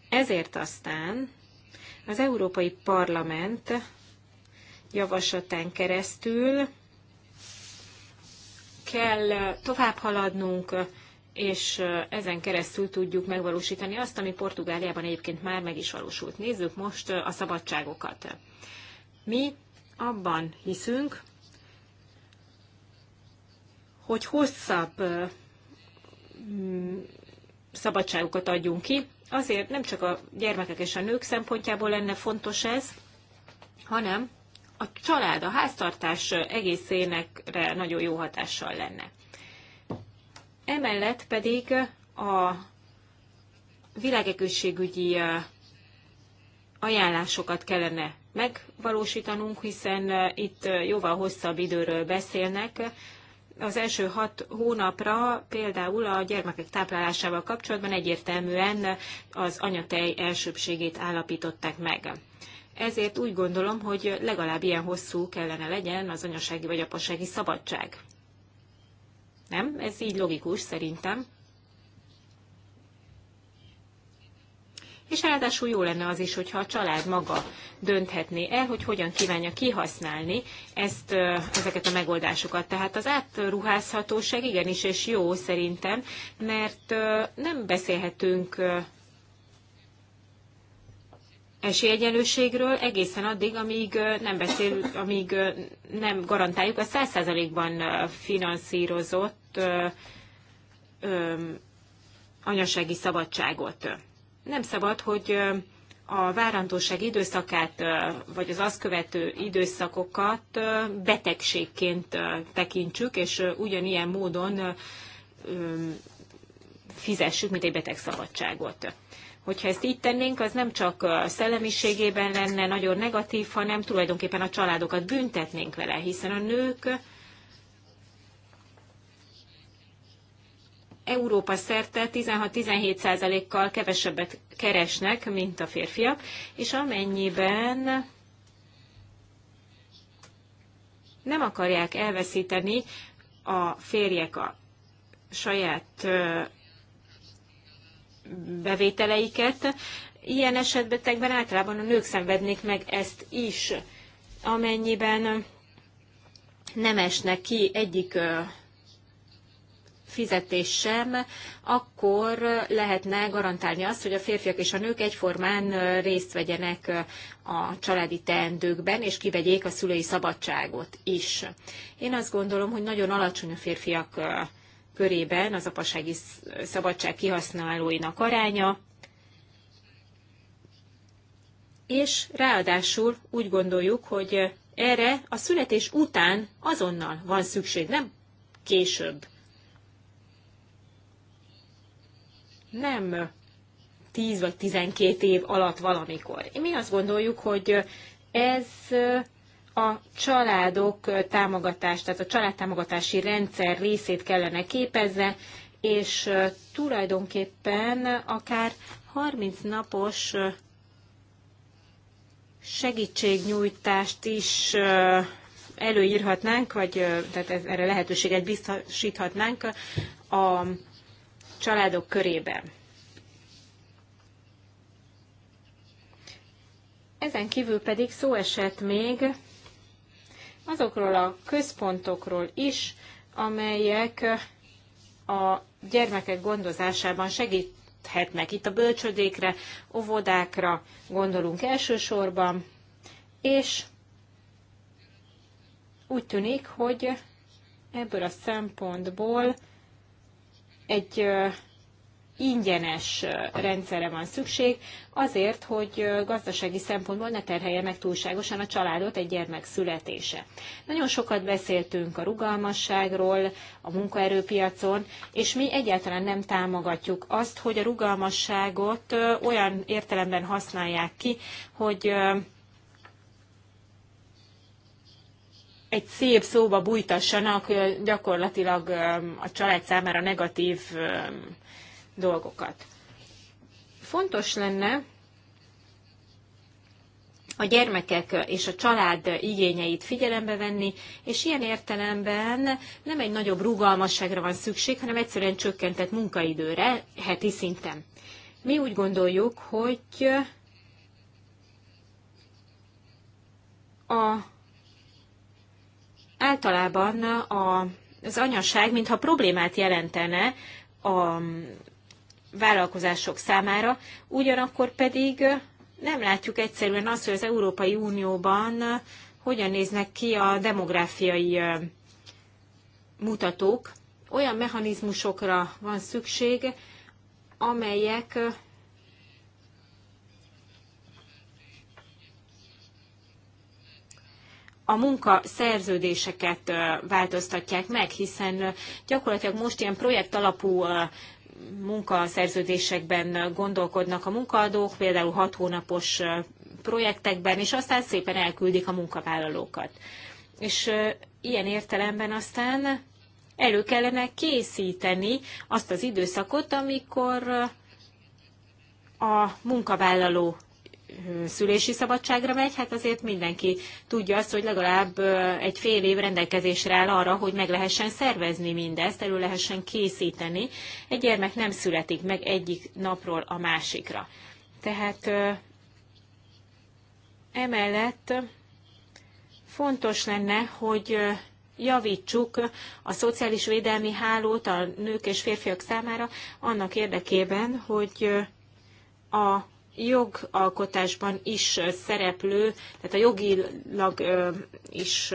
Ezért aztán az Európai Parlament javaslatán keresztül kell tovább haladnunk, és ezen keresztül tudjuk megvalósítani azt, ami Portugáliában egyébként már meg is valósult. Nézzük most a szabadságokat. Mi abban hiszünk, hogy hosszabb szabadságokat adjunk ki. Azért nem csak a gyermekek és a nők szempontjából lenne fontos ez, hanem a család, a háztartás egészének nagyon jó hatással lenne. Emellett pedig a világegészségügyi ajánlásokat kellene megvalósítanunk, hiszen itt jóval hosszabb időről beszélnek. Az első hat hónapra például a gyermekek táplálásával kapcsolatban egyértelműen az anyatej elsőbségét állapították meg. Ezért úgy gondolom, hogy legalább ilyen hosszú kellene legyen az anyasági vagy apasági szabadság. Nem? Ez így logikus szerintem. És ráadásul jó lenne az is, hogyha a család maga dönthetné el, hogy hogyan kívánja kihasználni ezt, ezeket a megoldásokat. Tehát az átruházhatóság igenis és jó szerintem, mert nem beszélhetünk esélyegyenlőségről egészen addig, amíg nem, beszél, amíg nem garantáljuk a 100%-ban finanszírozott anyasági szabadságot. Nem szabad, hogy a várandóság időszakát, vagy az azt követő időszakokat betegségként tekintsük, és ugyanilyen módon fizessük, mint egy betegszabadságot. Hogyha ezt így tennénk, az nem csak szellemiségében lenne nagyon negatív, hanem tulajdonképpen a családokat büntetnénk vele, hiszen a nők Európa szerte 16-17%-kal kevesebbet keresnek, mint a férfiak, és amennyiben nem akarják elveszíteni a férjek a saját bevételeiket. Ilyen esetben általában a nők szenvednék meg ezt is, amennyiben nem esnek ki egyik fizetés sem, akkor lehetne garantálni azt, hogy a férfiak és a nők egyformán részt vegyenek a családi teendőkben, és kivegyék a szülői szabadságot is. Én azt gondolom, hogy nagyon alacsony a férfiak körében az apasági szabadság kihasználóinak aránya, és ráadásul úgy gondoljuk, hogy erre a születés után azonnal van szükség, nem később. Nem 10 vagy 12 év alatt valamikor. Mi azt gondoljuk, hogy ez a családok támogatás, tehát a családtámogatási rendszer részét kellene képezze, és tulajdonképpen akár 30 napos segítségnyújtást is előírhatnánk, vagy tehát erre lehetőséget biztosíthatnánk a családok körében. Ezen kívül pedig szó esett még azokról a központokról is, amelyek a gyermekek gondozásában segíthetnek. Itt a bölcsödékre, óvodákra gondolunk elsősorban, és úgy tűnik, hogy ebből a szempontból egy ingyenes rendszerre van szükség, azért, hogy gazdasági szempontból ne terhelje meg túlságosan a családot egy gyermek születése. Nagyon sokat beszéltünk a rugalmasságról, a munkaerőpiacon, és mi egyáltalán nem támogatjuk azt, hogy a rugalmasságot olyan értelemben használják ki, hogy egy szép szóba bújtassanak gyakorlatilag a család számára negatív dolgokat. Fontos lenne a gyermekek és a család igényeit figyelembe venni, és ilyen értelemben nem egy nagyobb rugalmasságra van szükség, hanem egyszerűen csökkentett munkaidőre heti szinten. Mi úgy gondoljuk, hogy a, általában a, az anyaság, mintha problémát jelentene a vállalkozások számára, ugyanakkor pedig nem látjuk egyszerűen azt, hogy az Európai Unióban hogyan néznek ki a demográfiai mutatók. Olyan mechanizmusokra van szükség, amelyek a munka szerződéseket változtatják meg, hiszen gyakorlatilag most ilyen projekt alapú munkaszerződésekben gondolkodnak a munkaadók, például hat hónapos projektekben, és aztán szépen elküldik a munkavállalókat. És ilyen értelemben aztán elő kellene készíteni azt az időszakot, amikor a munkavállaló szülési szabadságra megy, hát azért mindenki tudja azt, hogy legalább egy fél év rendelkezésre áll arra, hogy meg lehessen szervezni mindezt, elő lehessen készíteni. Egy gyermek nem születik meg egyik napról a másikra. Tehát emellett fontos lenne, hogy javítsuk a szociális védelmi hálót a nők és férfiak számára annak érdekében, hogy a jogalkotásban is szereplő, tehát a jogilag is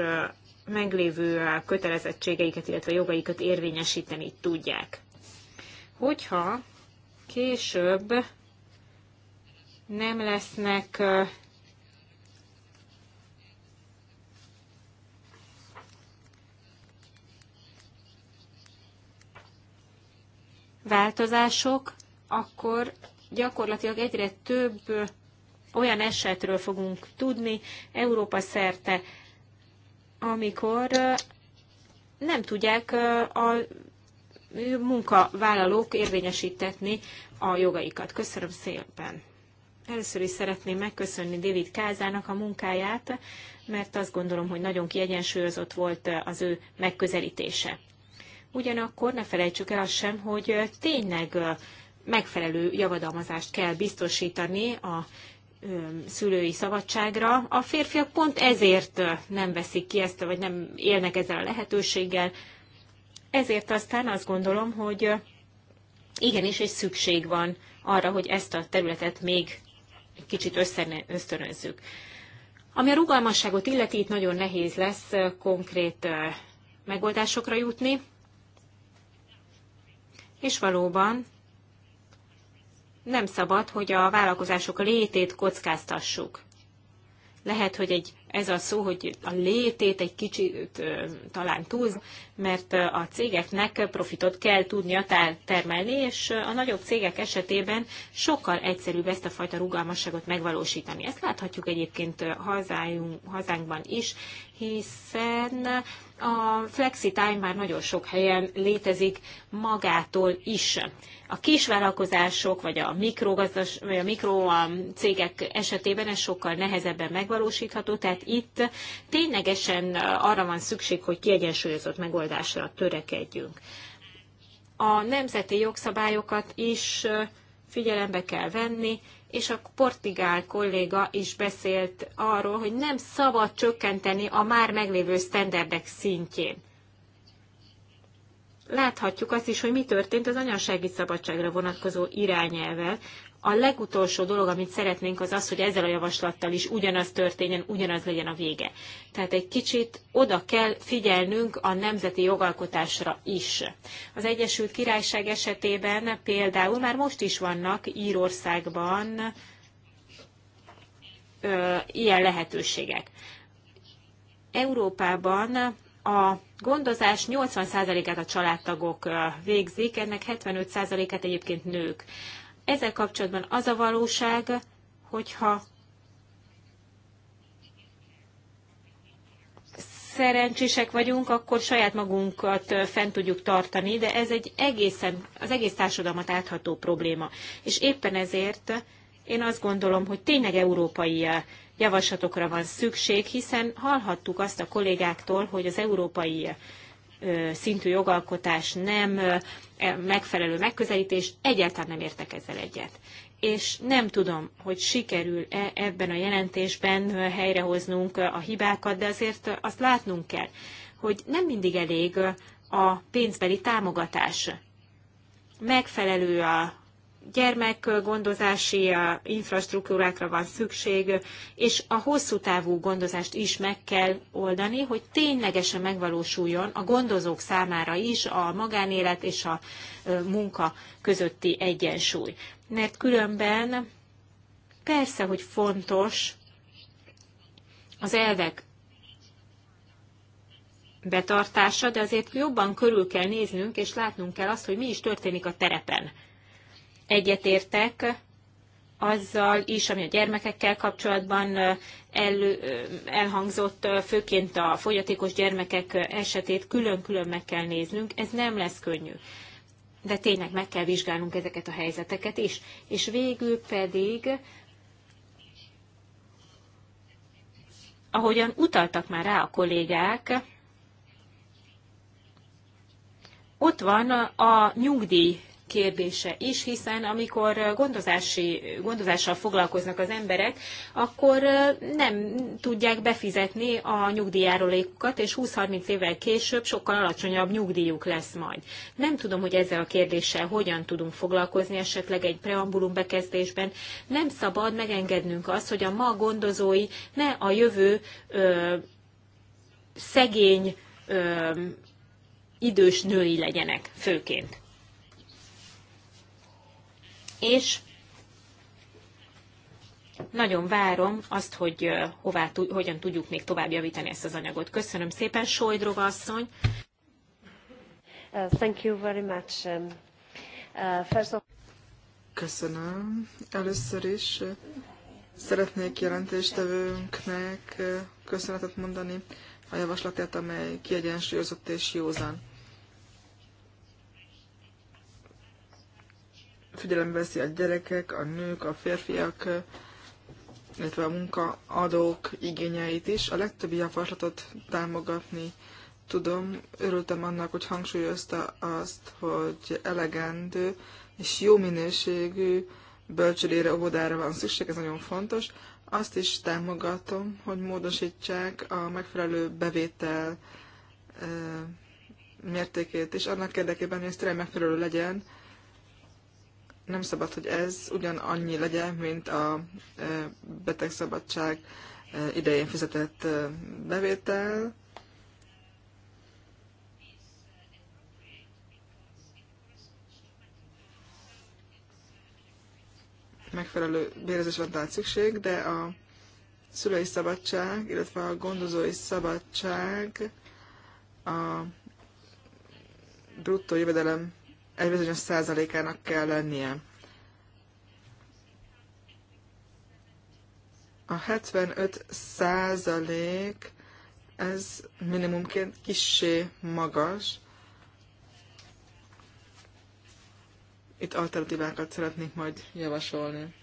meglévő kötelezettségeiket, illetve jogaikat érvényesíteni tudják. Hogyha később nem lesznek változások, akkor gyakorlatilag egyre több olyan esetről fogunk tudni Európa szerte, amikor nem tudják a munkavállalók érvényesítetni a jogaikat. Köszönöm szépen! Először is szeretném megköszönni David Kázának a munkáját, mert azt gondolom, hogy nagyon kiegyensúlyozott volt az ő megközelítése. Ugyanakkor ne felejtsük el azt sem, hogy tényleg megfelelő javadalmazást kell biztosítani a szülői szabadságra. A férfiak pont ezért nem veszik ki ezt, vagy nem élnek ezzel a lehetőséggel. Ezért aztán azt gondolom, hogy igenis egy szükség van arra, hogy ezt a területet még egy kicsit ösztönözzük. Ami a rugalmasságot illeti, itt nagyon nehéz lesz konkrét megoldásokra jutni, és valóban nem szabad, hogy a vállalkozások létét kockáztassuk. Lehet, hogy egy, ez a szó, hogy a létét egy kicsit talán túlz, mert a cégeknek profitot kell tudnia termelni, és a nagyobb cégek esetében sokkal egyszerűbb ezt a fajta rugalmasságot megvalósítani. Ezt láthatjuk egyébként hazájunk, hazánkban is, hiszen a flexi time már nagyon sok helyen létezik magától is. A kisvállalkozások vagy a, mikrogazdas, vagy a cégek esetében ez sokkal nehezebben megvalósítható, tehát itt ténylegesen arra van szükség, hogy kiegyensúlyozott megoldásra törekedjünk. A nemzeti jogszabályokat is figyelembe kell venni, és a portugál kolléga is beszélt arról, hogy nem szabad csökkenteni a már meglévő sztenderdek szintjén láthatjuk azt is, hogy mi történt az anyasági szabadságra vonatkozó irányelvel. A legutolsó dolog, amit szeretnénk, az az, hogy ezzel a javaslattal is ugyanaz történjen, ugyanaz legyen a vége. Tehát egy kicsit oda kell figyelnünk a nemzeti jogalkotásra is. Az Egyesült Királyság esetében például már most is vannak Írországban ö, ilyen lehetőségek. Európában a gondozás 80%-át a családtagok végzik, ennek 75%-át egyébként nők. Ezzel kapcsolatban az a valóság, hogyha szerencsések vagyunk, akkor saját magunkat fent tudjuk tartani, de ez egy egészen, az egész társadalmat átható probléma. És éppen ezért én azt gondolom, hogy tényleg európai javaslatokra van szükség, hiszen hallhattuk azt a kollégáktól, hogy az európai szintű jogalkotás nem e, megfelelő megközelítés, egyáltalán nem értek ezzel egyet. És nem tudom, hogy sikerül-e ebben a jelentésben helyrehoznunk a hibákat, de azért azt látnunk kell, hogy nem mindig elég a pénzbeli támogatás. Megfelelő a gyermekgondozási infrastruktúrákra van szükség, és a hosszú távú gondozást is meg kell oldani, hogy ténylegesen megvalósuljon a gondozók számára is a magánélet és a munka közötti egyensúly. Mert különben persze, hogy fontos az elvek betartása, de azért jobban körül kell néznünk, és látnunk kell azt, hogy mi is történik a terepen egyetértek azzal is, ami a gyermekekkel kapcsolatban el, elhangzott, főként a fogyatékos gyermekek esetét külön-külön meg kell néznünk, ez nem lesz könnyű. De tényleg meg kell vizsgálnunk ezeket a helyzeteket is. És végül pedig, ahogyan utaltak már rá a kollégák, ott van a nyugdíj kérdése is, hiszen amikor gondozási, gondozással foglalkoznak az emberek, akkor nem tudják befizetni a nyugdíjárulékukat, és 20-30 évvel később sokkal alacsonyabb nyugdíjuk lesz majd. Nem tudom, hogy ezzel a kérdéssel hogyan tudunk foglalkozni, esetleg egy preambulum bekezdésben. Nem szabad megengednünk azt, hogy a ma gondozói ne a jövő ö, szegény ö, idős női legyenek főként és nagyon várom azt, hogy hová, hogyan tudjuk még tovább javítani ezt az anyagot. Köszönöm szépen, Sojdrova asszony. Uh, thank you very much. Um, uh, Köszönöm. Először is uh, szeretnék jelentéstevőnknek köszönetet mondani a javaslatát, amely kiegyensúlyozott és józan. figyelembe veszi a gyerekek, a nők, a férfiak, illetve a munkaadók igényeit is. A legtöbb javaslatot támogatni tudom. Örültem annak, hogy hangsúlyozta azt, hogy elegendő és jó minőségű bölcsödére, óvodára van szükség, ez nagyon fontos. Azt is támogatom, hogy módosítsák a megfelelő bevétel eh, mértékét, és annak érdekében, hogy ez tényleg megfelelő legyen nem szabad, hogy ez ugyanannyi legyen, mint a e, betegszabadság e, idején fizetett e, bevétel. Megfelelő bérezés van tehát szükség, de a szülői szabadság, illetve a gondozói szabadság a bruttó jövedelem egy bizonyos százalékának kell lennie. A 75 százalék ez minimumként kissé magas. Itt alternatívákat szeretnék majd javasolni.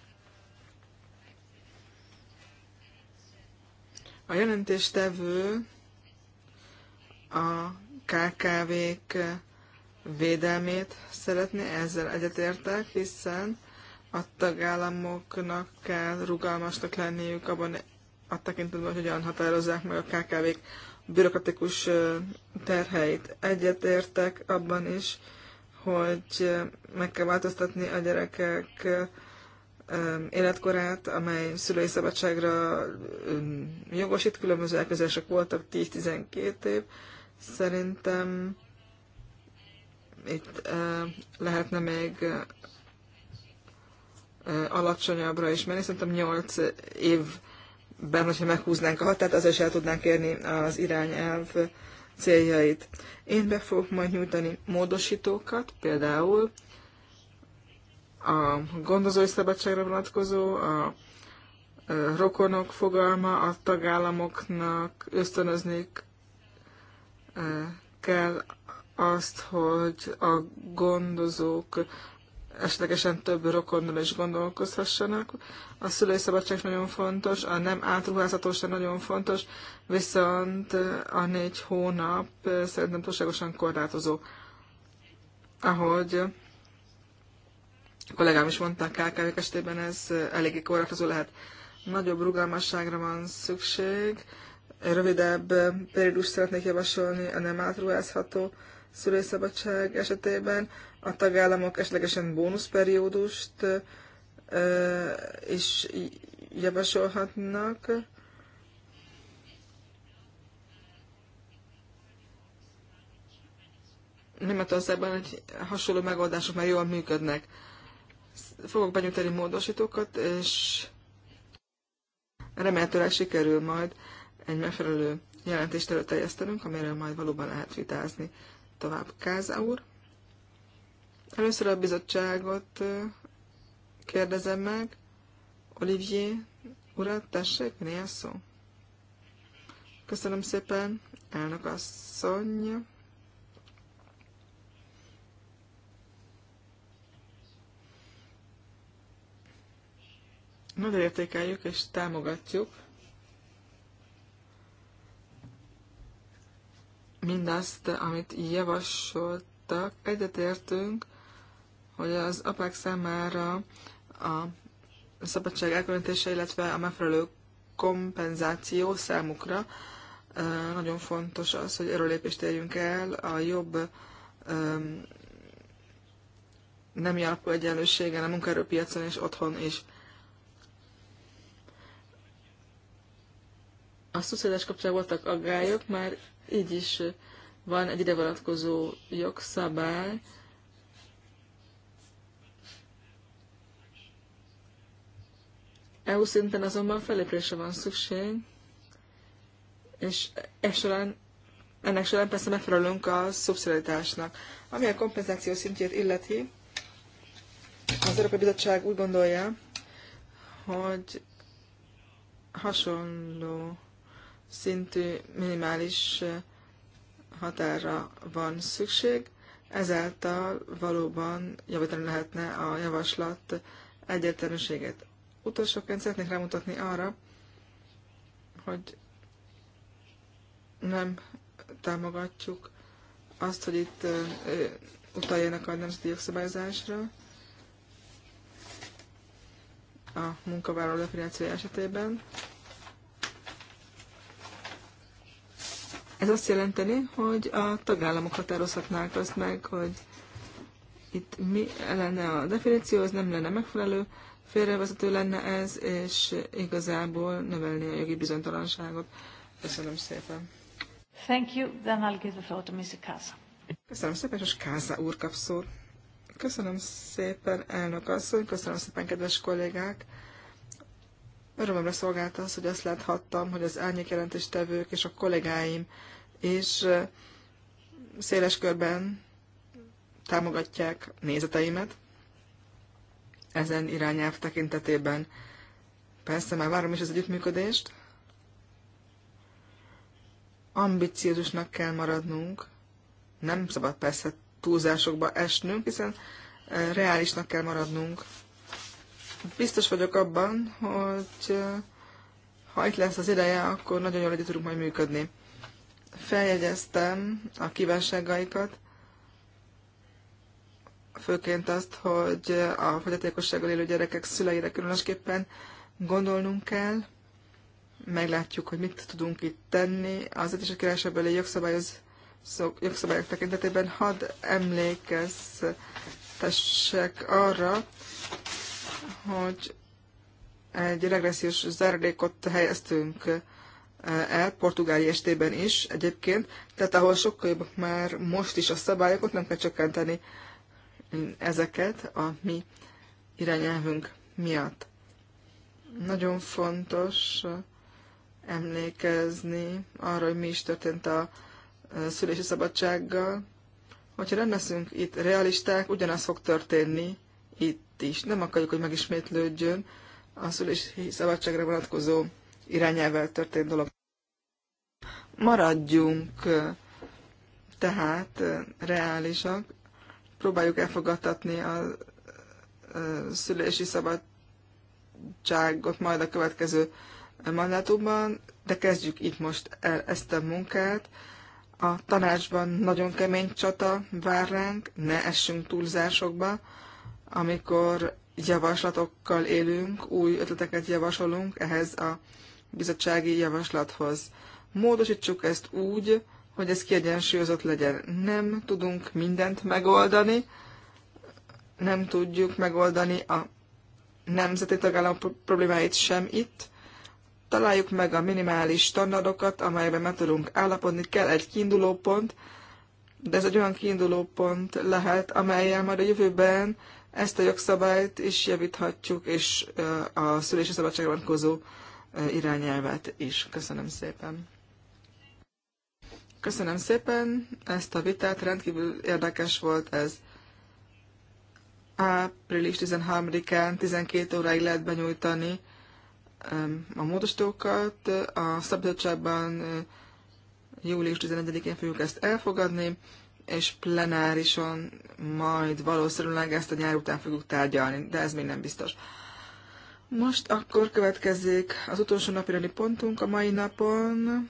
A jelentéstevő a KKV-k védelmét szeretné, ezzel egyetértek, hiszen a tagállamoknak kell rugalmasnak lenniük abban a tekintetben, hogy hogyan határozzák meg a KKV-k bürokratikus terheit. Egyetértek abban is, hogy meg kell változtatni a gyerekek életkorát, amely szülői szabadságra jogosít, különböző elközések voltak 10-12 év. Szerintem itt lehetne még alacsonyabbra is menni. Szerintem 8 évben, hogyha meghúznánk a határt, azért is el tudnánk érni az irányelv céljait. Én be fogok majd nyújtani módosítókat, például a gondozói szabadságra vonatkozó, a rokonok fogalma a tagállamoknak ösztönözni kell azt, hogy a gondozók esetlegesen több rokonnal is gondolkozhassanak. A szülői szabadság nagyon fontos, a nem átruházhatóság nagyon fontos, viszont a négy hónap szerintem túlságosan korlátozó. Ahogy a kollégám is mondták, KKV esetében ez eléggé korlátozó lehet. Nagyobb rugalmasságra van szükség, rövidebb periódus szeretnék javasolni a nem átruházható szülőszabadság esetében, a tagállamok esetlegesen bónuszperiódust is javasolhatnak. Németországban egy hasonló megoldások már jól működnek. Fogok benyújtani módosítókat, és remélhetőleg sikerül majd egy megfelelő jelentést előterjesztenünk, amiről majd valóban lehet vitázni tovább Káza úr. Először a bizottságot kérdezem meg. Olivier urat, tessék, mi a szó? Köszönöm szépen, elnök asszony. Nagyon értékeljük és támogatjuk mindazt, amit javasoltak. Egyetértünk, hogy az apák számára a szabadság elkülönítése, illetve a megfelelő kompenzáció számukra nagyon fontos az, hogy erőlépést érjünk el a jobb nem alapú egyenlőségen, a munkaerőpiacon és otthon is. A szociális kapcsán voltak aggályok, már így is van egy ide vonatkozó jogszabály, EU szinten azonban felépülésre van szükség, és e során, ennek során persze megfelelünk a szubszidiaritásnak. Ami a kompenzáció szintjét illeti, az Európai Bizottság úgy gondolja, hogy hasonló szintű minimális határa van szükség, ezáltal valóban javítani lehetne a javaslat egyértelműséget. Utolsóként szeretnék rámutatni arra, hogy nem támogatjuk azt, hogy itt utaljanak a nemzeti jogszabályozásra a munkavállaló definíciója esetében. Ez azt jelenteni, hogy a tagállamok határozhatnák azt meg, hogy itt mi lenne a definíció, ez nem lenne megfelelő, félrevezető lenne ez, és igazából növelni a jogi bizonytalanságot. Köszönöm szépen. Thank you. Then I'll give the floor to Mr. Kaza. Köszönöm szépen, és Káza úr kap Köszönöm szépen, elnök asszony, köszönöm szépen, kedves kollégák. Örömömre szolgált az, hogy azt láthattam, hogy az tevők és a kollégáim és széles körben támogatják nézeteimet ezen irányelv tekintetében. Persze már várom is az együttműködést. Ambiciózusnak kell maradnunk. Nem szabad persze túlzásokba esnünk, hiszen reálisnak kell maradnunk Biztos vagyok abban, hogy ha itt lesz az ideje, akkor nagyon jól együtt tudunk majd működni. Feljegyeztem a kívánságaikat, főként azt, hogy a fogyatékossággal élő gyerekek szüleire különösképpen gondolnunk kell, meglátjuk, hogy mit tudunk itt tenni. Az a Királyságbeli jogszabályoz, jogszabályok tekintetében hadd emlékeztessek arra, hogy egy regressziós zárulékot helyeztünk eh, el, Portugália estében is egyébként, tehát ahol sokkal jobb már most is a szabályok, nem kell csökkenteni ezeket a mi irányelvünk miatt. Nagyon fontos eh, emlékezni arra, hogy mi is történt a eh, szülési szabadsággal. Hogyha nem leszünk itt realisták, ugyanaz fog történni, itt is. Nem akarjuk, hogy megismétlődjön a szülési szabadságra vonatkozó irányelvel történt dolog. Maradjunk tehát reálisak, próbáljuk elfogadtatni a szülési szabadságot majd a következő mandátumban, de kezdjük itt most el ezt a munkát. A tanácsban nagyon kemény csata vár ránk, ne essünk túlzásokba, amikor javaslatokkal élünk, új ötleteket javasolunk ehhez a bizottsági javaslathoz. Módosítsuk ezt úgy, hogy ez kiegyensúlyozott legyen. Nem tudunk mindent megoldani, nem tudjuk megoldani a nemzeti tagállam problémáit sem itt. Találjuk meg a minimális standardokat, amelyben meg tudunk állapodni. Kell egy kiinduló pont, de ez egy olyan kiinduló pont lehet, amelyel majd a jövőben ezt a jogszabályt is javíthatjuk, és a szülési szabadságra vonatkozó irányelvet is. Köszönöm szépen. Köszönöm szépen ezt a vitát, rendkívül érdekes volt ez. Április 13-án 12 óráig lehet benyújtani a módosítókat. A szabadságban július 11-én fogjuk ezt elfogadni és plenárison majd valószínűleg ezt a nyár után fogjuk tárgyalni, de ez még nem biztos. Most akkor következik az utolsó napirani pontunk a mai napon,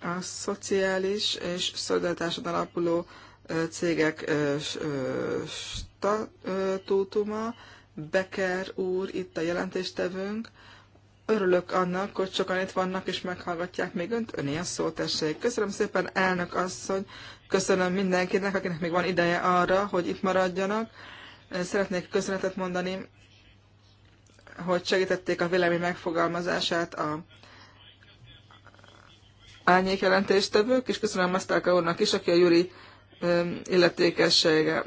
a szociális és szolidaritáson alapuló cégek statútuma. Becker úr itt a jelentéstevőnk, Örülök annak, hogy sokan itt vannak és meghallgatják még önt. Ön ilyen szó, tessék. Köszönöm szépen, elnök asszony. Köszönöm mindenkinek, akinek még van ideje arra, hogy itt maradjanak. Szeretnék köszönetet mondani, hogy segítették a vélemény megfogalmazását a árnyék jelentéstevők, és köszönöm Masztálka úrnak is, aki a Juri illetékessége,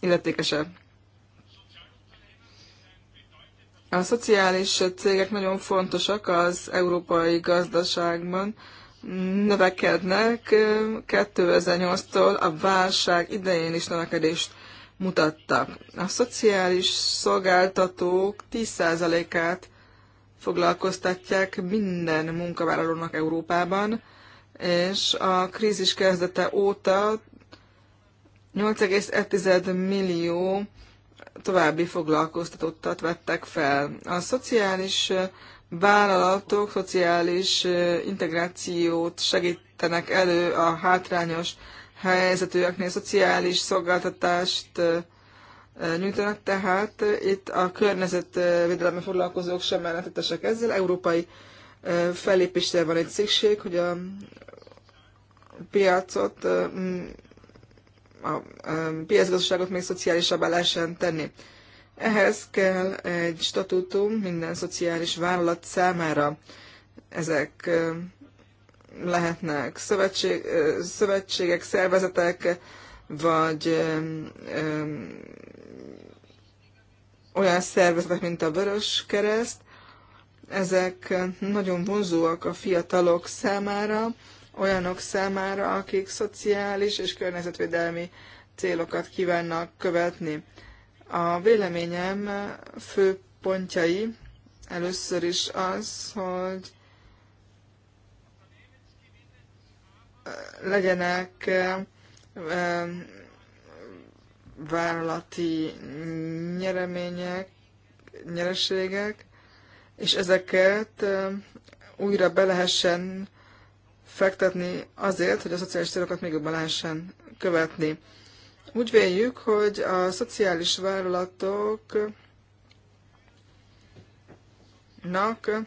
illetékese. A szociális cégek nagyon fontosak az európai gazdaságban, növekednek 2008-tól a válság idején is növekedést mutattak. A szociális szolgáltatók 10%-át foglalkoztatják minden munkavállalónak Európában, és a krízis kezdete óta 8,1 millió további foglalkoztatottat vettek fel. A szociális vállalatok szociális integrációt segítenek elő a hátrányos helyzetűeknél, szociális szolgáltatást nyújtanak, tehát itt a környezetvédelemmel foglalkozók sem mellettetesek ezzel. Európai fellépésre van egy szükség, hogy a piacot a, piacgazdaságot még szociálisabbá lehessen tenni. Ehhez kell egy statútum minden szociális vállalat számára. Ezek lehetnek szövetség, szövetségek, szervezetek, vagy olyan szervezetek, mint a Vörös Kereszt. Ezek nagyon vonzóak a fiatalok számára, olyanok számára, akik szociális és környezetvédelmi célokat kívánnak követni. A véleményem fő pontjai először is az, hogy legyenek vállalati nyeremények, nyereségek, és ezeket újra be lehessen fektetni azért, hogy a szociális célokat még jobban lehessen követni. Úgy véljük, hogy a szociális vállalatoknak eh,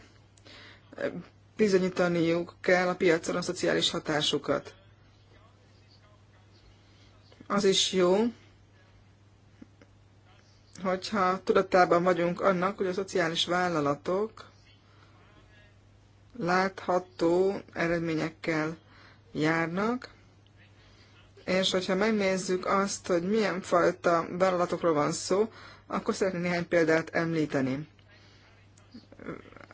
bizonyítaniuk kell a piacon a szociális hatásukat. Az is jó, hogyha tudatában vagyunk annak, hogy a szociális vállalatok látható eredményekkel járnak, és hogyha megnézzük azt, hogy milyen fajta vállalatokról van szó, akkor szeretnék néhány példát említeni.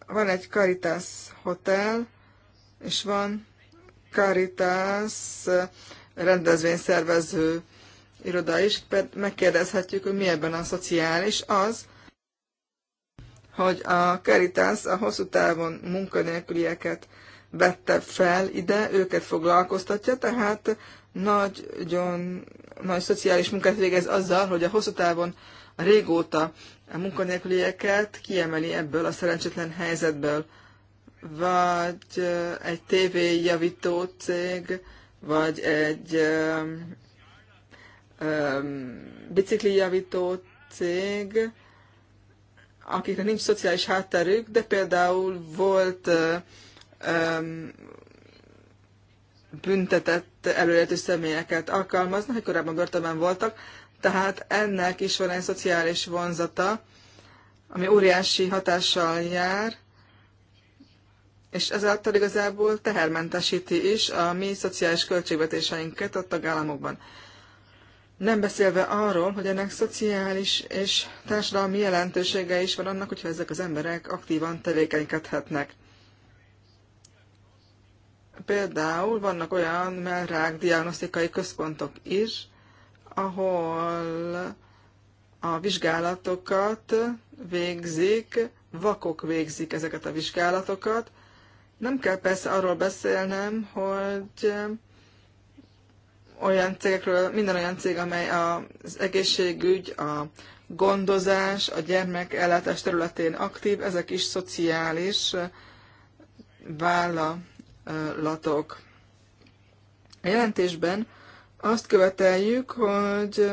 Van egy Caritas Hotel, és van Caritas rendezvényszervező iroda is, megkérdezhetjük, hogy mi ebben a szociális, az, hogy a Caritas a hosszú távon munkanélkülieket vette fel ide, őket foglalkoztatja, tehát nagyon nagy szociális munkát végez azzal, hogy a hosszú távon a régóta a munkanélkülieket kiemeli ebből a szerencsétlen helyzetből. Vagy egy tévéjavító cég, vagy egy um, um, biciklijavító cég, akiknek nincs szociális hátterük, de például volt büntetett előéletű személyeket alkalmaznak, akik korábban börtönben voltak, tehát ennek is van egy szociális vonzata, ami óriási hatással jár, és ezáltal igazából tehermentesíti is a mi szociális költségvetéseinket a tagállamokban. Nem beszélve arról, hogy ennek szociális és társadalmi jelentősége is van annak, hogyha ezek az emberek aktívan tevékenykedhetnek. Például vannak olyan melrák diagnosztikai központok is, ahol a vizsgálatokat végzik, vakok végzik ezeket a vizsgálatokat. Nem kell persze arról beszélnem, hogy olyan cégekről, minden olyan cég, amely az egészségügy, a gondozás, a gyermek ellátás területén aktív, ezek is szociális vállalatok. A jelentésben azt követeljük, hogy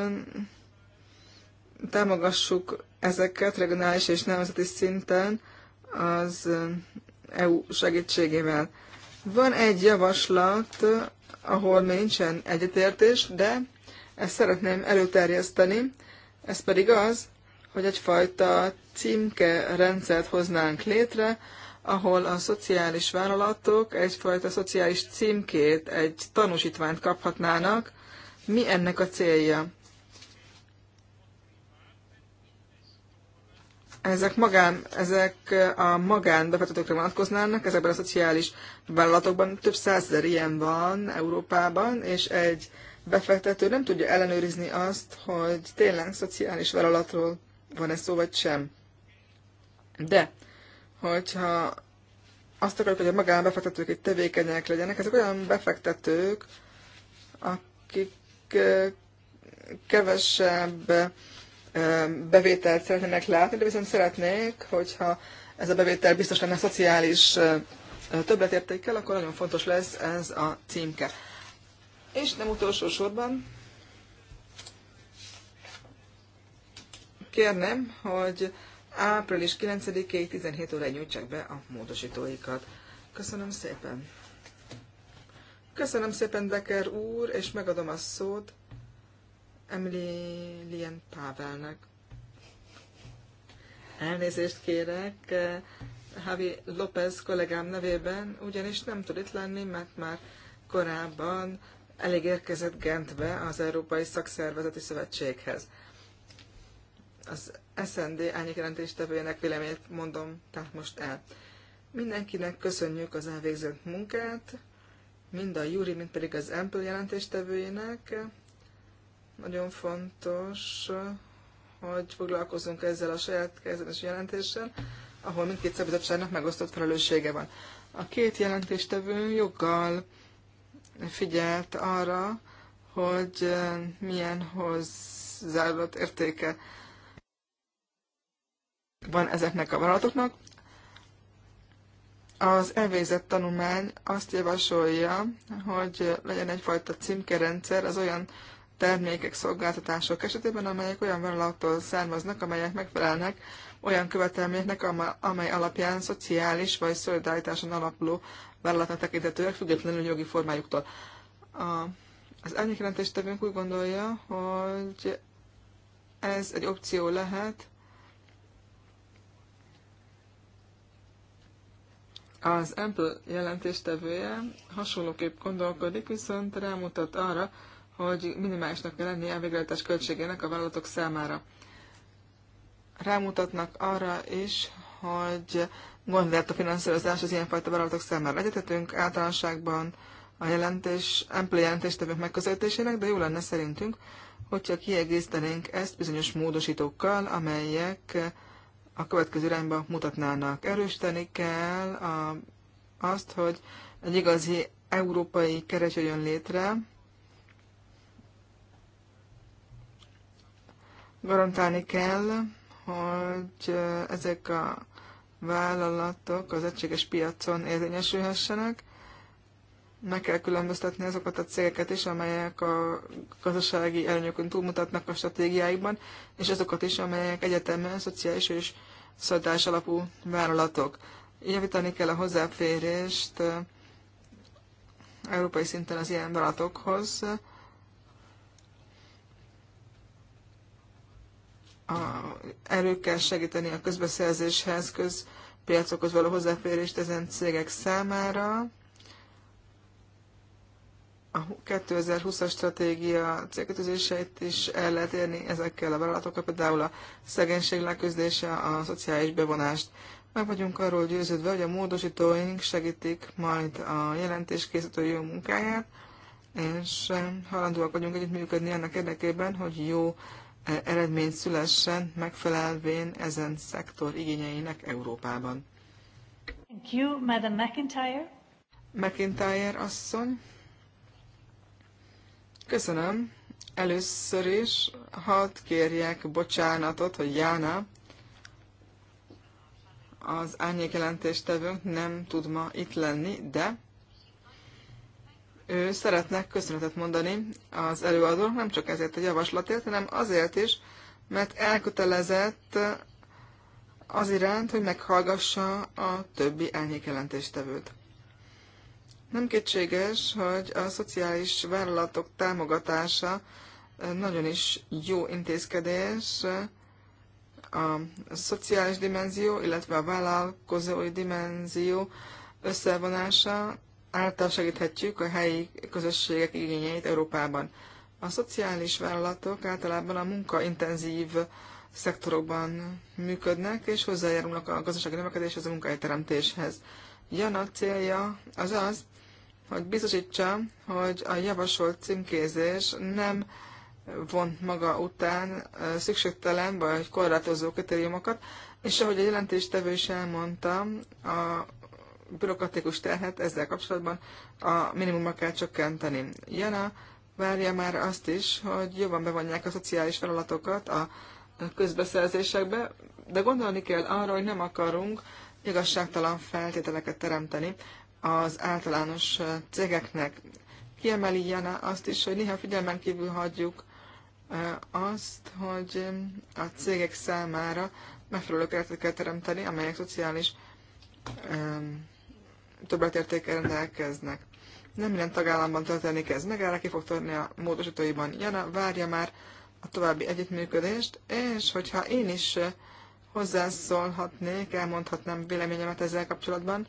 támogassuk ezeket regionális és nemzeti szinten az EU segítségével. Van egy javaslat ahol nincsen egyetértés, de ezt szeretném előterjeszteni, ez pedig az, hogy egyfajta címke rendszert hoznánk létre, ahol a szociális vállalatok egyfajta szociális címkét, egy tanúsítványt kaphatnának. Mi ennek a célja? ezek magán, ezek eh, a magán befektetőkre vonatkoznának, ezekben a szociális vállalatokban több százezer ilyen van Európában, és egy befektető nem tudja ellenőrizni azt, hogy tényleg szociális vállalatról van-e szó, vagy sem. De, hogyha azt akarjuk, hogy a magánbefektetők itt tevékenyek legyenek, ezek olyan befektetők, akik eh, kevesebb bevételt szeretnének látni, de viszont szeretnék, hogyha ez a bevétel biztos lenne szociális többletértékkel, akkor nagyon fontos lesz ez a címke. És nem utolsó sorban kérnem, hogy április 9-ig 17 óra nyújtsák be a módosítóikat. Köszönöm szépen! Köszönöm szépen, Deker úr, és megadom a szót Emilien Pavelnek. Elnézést kérek Havi eh, López kollégám nevében, ugyanis nem tud itt lenni, mert már korábban elég érkezett Gentbe az Európai Szakszervezeti Szövetséghez. Az SND ányik jelentéstevőjének véleményét mondom, tehát most el. Mindenkinek köszönjük az elvégzett munkát, mind a Júri, mind pedig az Ample jelentéstevőjének. Nagyon fontos, hogy foglalkozunk ezzel a saját kezdetes jelentéssel, ahol mindkét szabadságnak megosztott felelőssége van. A két jelentéstevő joggal figyelt arra, hogy eh, milyen hozzáadott értéke van ezeknek a vállalatoknak. Az elvégzett tanulmány azt javasolja, hogy legyen egyfajta címkerendszer az olyan termékek, szolgáltatások esetében, amelyek olyan vállalattól származnak, amelyek megfelelnek olyan követelményeknek, amely alapján szociális vagy szolidaritáson alapuló vállalatnak tekintetőek, függetlenül jogi formájuktól. A, az elnyékjelentéstevőnk úgy gondolja, hogy ez egy opció lehet az Apple jelentéstevője hasonlóképp gondolkodik, viszont rámutat arra, hogy minimálisnak kell lennie a végrehajtás költségének a vállalatok számára. Rámutatnak arra is, hogy gond lehet a finanszírozás az ilyenfajta vállalatok számára. Egyetetünk általánosságban a jelentés, ample jelentéstevők megközelítésének, de jó lenne szerintünk, hogyha kiegésztenénk ezt bizonyos módosítókkal, amelyek a következő irányba mutatnának. Erősíteni kell a, azt, hogy egy igazi európai keret jön létre, garantálni kell, hogy ezek a vállalatok az egységes piacon érvényesülhessenek. Meg kell különböztetni azokat a cégeket is, amelyek a gazdasági előnyökön túlmutatnak a stratégiáikban, és azokat is, amelyek egyetemen szociális és szolgálás alapú vállalatok. Javítani kell a hozzáférést európai szinten az ilyen vállalatokhoz, a, erőkkel segíteni a közbeszerzéshez, közpiacokhoz való hozzáférést ezen cégek számára. A 2020-as stratégia célkötözéseit is el lehet érni ezekkel a vállalatokkal, például a szegénység leküzdése, a szociális bevonást. Meg vagyunk arról győződve, hogy a módosítóink segítik majd a készítői jó munkáját, és eh, halandóak vagyunk együttműködni annak érdekében, hogy jó E, eredmény szülessen, megfelelvén ezen szektor igényeinek Európában. Thank you, Madam McIntyre. McIntyre asszony. Köszönöm. Először is hadd kérjek bocsánatot, hogy Jána, az árnyékjelentéstevőnk nem tud ma itt lenni, de ő szeretne köszönetet mondani az előadónak, nem csak ezért a javaslatért, hanem azért is, mert elkötelezett az iránt, hogy meghallgassa a többi elnyékelentéstevőt. Nem kétséges, hogy a szociális vállalatok támogatása nagyon is jó intézkedés, a szociális dimenzió, illetve a vállalkozói dimenzió összevonása által segíthetjük a helyi közösségek igényeit Európában. A szociális vállalatok általában a munkaintenzív szektorokban működnek, és hozzájárulnak a gazdasági növekedéshez, a munkahelyteremtéshez. Jana célja az az, hogy biztosítsa, hogy a javasolt címkézés nem vont maga után szükségtelen vagy korlátozó kritériumokat, és ahogy a jelentéstevő is elmondta, a bürokratikus terhet ezzel kapcsolatban a minimumra kell csökkenteni. Jana várja már azt is, hogy jobban bevonják a szociális feladatokat a közbeszerzésekbe, de gondolni kell arra, hogy nem akarunk igazságtalan feltételeket teremteni az általános cégeknek. Kiemeli Jana azt is, hogy néha figyelmen kívül hagyjuk azt, hogy a cégek számára megfelelő kereteket teremteni, amelyek szociális um, többletértékkel rendelkeznek. Nem minden tagállamban történik ez meg, erre ki fog törni a módosítóiban. Jana várja már a további együttműködést, és hogyha én is hozzászólhatnék, elmondhatnám véleményemet ezzel kapcsolatban,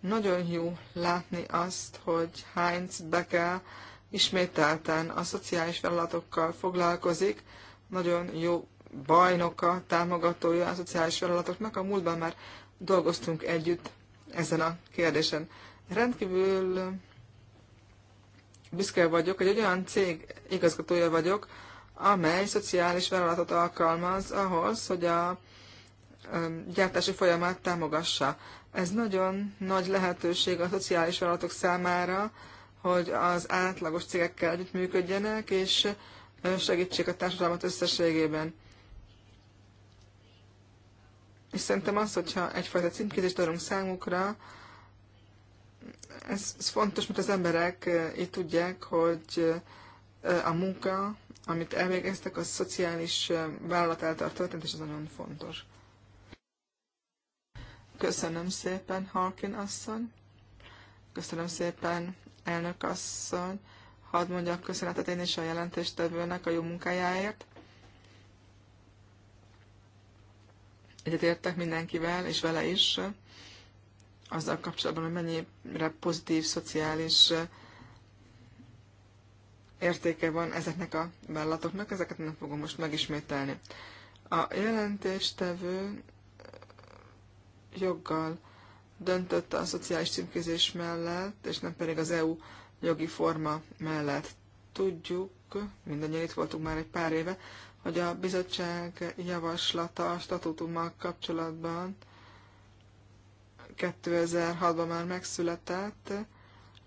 nagyon jó látni azt, hogy Heinz Becker ismételten a szociális vállalatokkal foglalkozik, nagyon jó bajnoka, támogatója a szociális vállalatoknak. A múltban már dolgoztunk együtt ezen a kérdésen. Rendkívül büszke vagyok, hogy egy olyan cég igazgatója vagyok, amely szociális vállalatot alkalmaz ahhoz, hogy a um, gyártási folyamat támogassa. Ez nagyon nagy lehetőség a szociális vállalatok számára, hogy az átlagos cégekkel együtt működjenek és segítsék a társadalmat összességében. És szerintem az, hogyha egyfajta címkézést adunk számukra, ez, ez fontos, mert az emberek így tudják, hogy a munka, amit elvégeztek, a szociális vállalat által történt, és ez nagyon fontos. Köszönöm szépen, Harkin asszony. Köszönöm szépen, elnök asszony. Hadd mondjak köszönetet én is a jelentéstevőnek a jó munkájáért. egyetértek mindenkivel, és vele is, azzal kapcsolatban, hogy mennyire pozitív, szociális értéke van ezeknek a vállalatoknak, ezeket nem fogom most megismételni. A jelentéstevő joggal döntött a szociális címkézés mellett, és nem pedig az EU jogi forma mellett. Tudjuk, mindannyian itt voltunk már egy pár éve, hogy a bizottság javaslata a statútummal kapcsolatban 2006-ban már megszületett,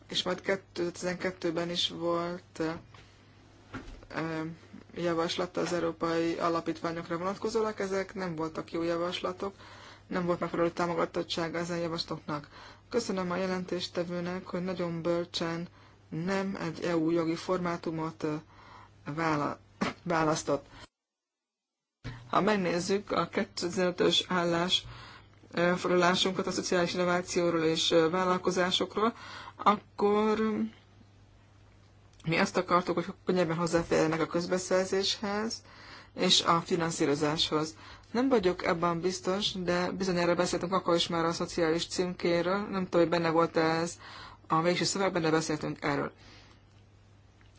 és majd 2012-ben is volt javaslata az európai alapítványokra vonatkozólag, ezek nem voltak jó javaslatok, nem volt megfelelő támogatottsága ezen javaslatoknak. Köszönöm a jelentéstevőnek, hogy nagyon bölcsen nem egy EU jogi formátumot választott. Ha megnézzük a 2005-ös állás foglalásunkat a szociális innovációról és vállalkozásokról, akkor mi azt akartuk, hogy könnyebben hozzáférjenek a közbeszerzéshez és a finanszírozáshoz. Nem vagyok ebben biztos, de bizonyára beszéltünk akkor is már a szociális címkéről, nem tudom, hogy benne volt ez a végső szövegben, de beszéltünk erről.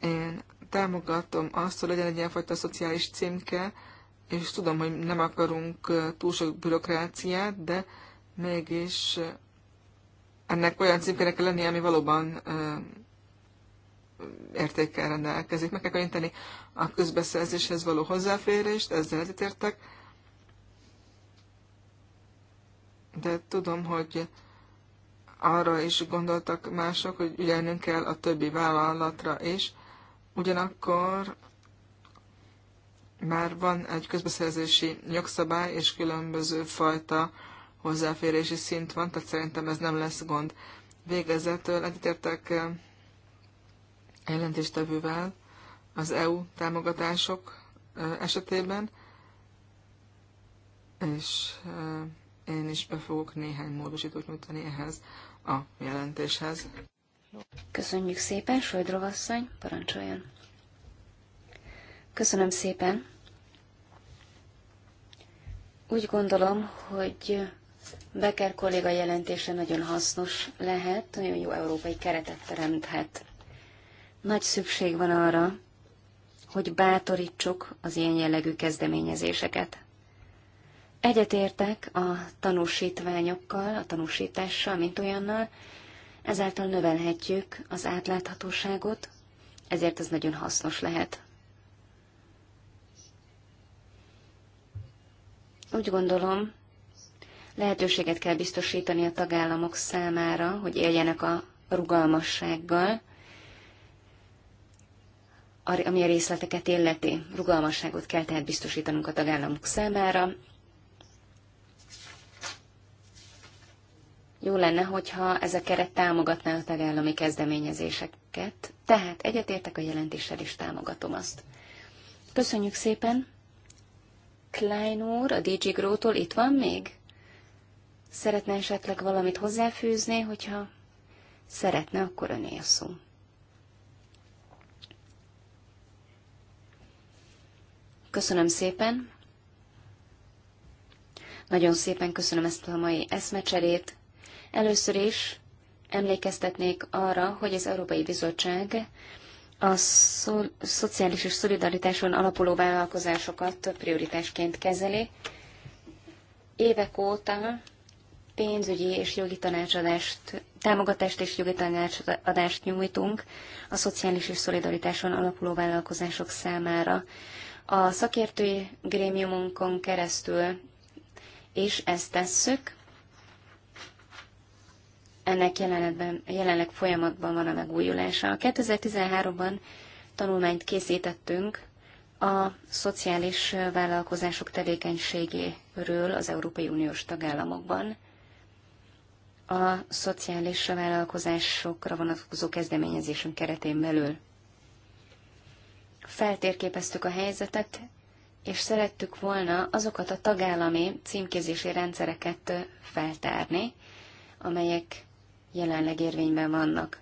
Én támogatom azt, hogy legyen egy ilyenfajta szociális címke, és tudom, hogy nem akarunk túl sok bürokráciát, de mégis ennek olyan címkének kell lennie, ami valóban értékkel rendelkezik. Meg kell könnyíteni a közbeszerzéshez való hozzáférést, ezzel egyetértek. De tudom, hogy arra is gondoltak mások, hogy ügyelnünk kell a többi vállalatra is. Ugyanakkor már van egy közbeszerzési jogszabály, és különböző fajta hozzáférési szint van, tehát szerintem ez nem lesz gond. Végezetől egyetértek eh, jelentéstevővel az EU támogatások eh, esetében, és eh, én is be fogok néhány módosítót nyújtani ehhez a jelentéshez. Köszönjük szépen, Söldrovasszony, parancsoljon! Köszönöm szépen. Úgy gondolom, hogy Becker kolléga jelentése nagyon hasznos lehet, nagyon jó európai keretet teremthet. Nagy szükség van arra, hogy bátorítsuk az ilyen jellegű kezdeményezéseket. Egyetértek a tanúsítványokkal, a tanúsítással, mint olyannal, ezáltal növelhetjük az átláthatóságot, ezért ez nagyon hasznos lehet. Úgy gondolom, lehetőséget kell biztosítani a tagállamok számára, hogy éljenek a rugalmassággal, ami a részleteket illeti. Rugalmasságot kell tehát biztosítanunk a tagállamok számára. Jó lenne, hogyha ez a keret támogatná a tagállami kezdeményezéseket. Tehát egyetértek a jelentéssel, és támogatom azt. Köszönjük szépen! Klein úr a DJ Grótól itt van még? Szeretne esetleg valamit hozzáfűzni, hogyha szeretne, akkor öné a szó. Köszönöm szépen. Nagyon szépen köszönöm ezt a mai eszmecserét. Először is emlékeztetnék arra, hogy az Európai Bizottság a szo szociális és szolidaritáson alapuló vállalkozásokat prioritásként kezeli. Évek óta pénzügyi és jogi tanácsadást, támogatást és jogi tanácsadást nyújtunk a szociális és szolidaritáson alapuló vállalkozások számára. A szakértői grémiumunkon keresztül és ezt tesszük, ennek jelenetben, jelenleg folyamatban van a megújulása. 2013-ban tanulmányt készítettünk a szociális vállalkozások tevékenységéről az Európai Uniós tagállamokban. A szociális vállalkozásokra vonatkozó kezdeményezésünk keretén belül. Feltérképeztük a helyzetet, és szerettük volna azokat a tagállami címkézési rendszereket feltárni, amelyek jelenleg érvényben vannak.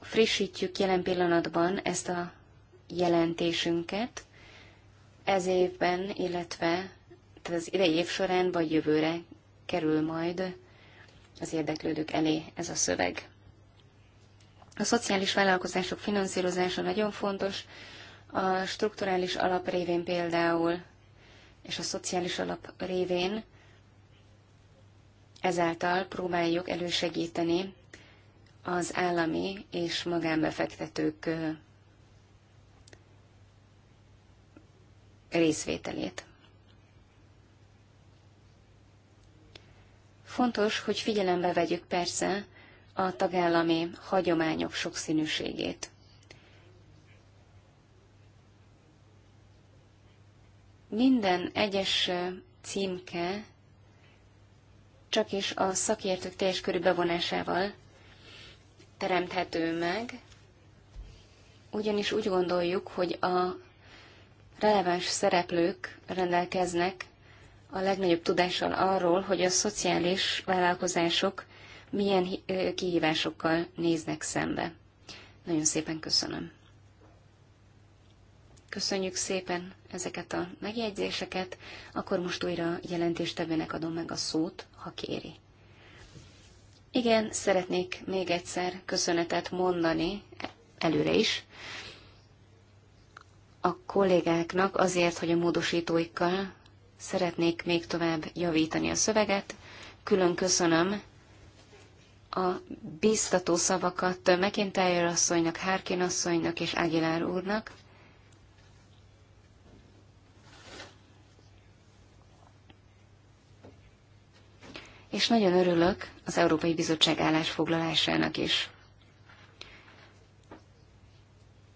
Frissítjük jelen pillanatban ezt a jelentésünket ez évben, illetve tehát az idei év során vagy jövőre kerül majd az érdeklődők elé ez a szöveg. A szociális vállalkozások finanszírozása nagyon fontos. A strukturális alap révén például, és a szociális alap révén Ezáltal próbáljuk elősegíteni az állami és magánbefektetők részvételét. Fontos, hogy figyelembe vegyük persze a tagállami hagyományok sokszínűségét. Minden egyes címke csak is a szakértők teljes körű bevonásával teremthető meg, ugyanis úgy gondoljuk, hogy a releváns szereplők rendelkeznek a legnagyobb tudással arról, hogy a szociális vállalkozások milyen kihívásokkal néznek szembe. Nagyon szépen köszönöm. Köszönjük szépen ezeket a megjegyzéseket, akkor most újra jelentéstevőnek adom meg a szót ha kéri. Igen, szeretnék még egyszer köszönetet mondani előre is a kollégáknak azért, hogy a módosítóikkal szeretnék még tovább javítani a szöveget. Külön köszönöm a biztató szavakat McIntyre asszonynak, Harkin asszonynak és Aguilar úrnak. és nagyon örülök az Európai Bizottság állásfoglalásának is.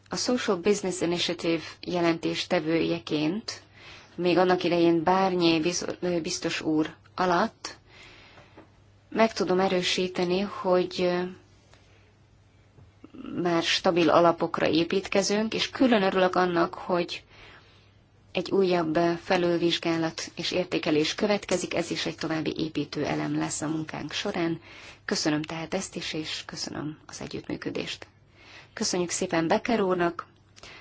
A Social Business Initiative jelentés tevőjeként, még annak idején Bárnyé biztos úr alatt, meg tudom erősíteni, hogy már stabil alapokra építkezünk, és külön örülök annak, hogy egy újabb felülvizsgálat és értékelés következik, ez is egy további építő elem lesz a munkánk során. Köszönöm tehát ezt is, és köszönöm az együttműködést. Köszönjük szépen Becker úrnak.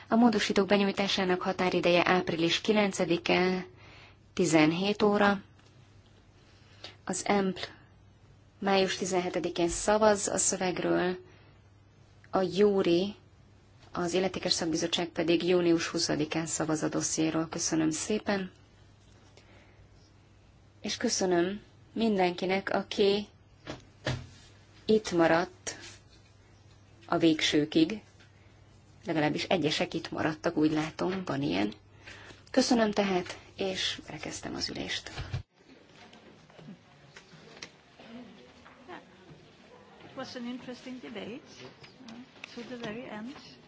A módosítók benyújtásának határideje április 9-e, 17 óra. Az EMPL május 17-én szavaz a szövegről, a Júri az Illetékes Szakbizottság pedig június 20-án szavaz a dossziéról. Köszönöm szépen, és köszönöm mindenkinek, aki itt maradt a végsőkig, legalábbis egyesek itt maradtak, úgy látom, van ilyen. Köszönöm tehát, és rekeztem az ülést. was an interesting debate uh, to the very end.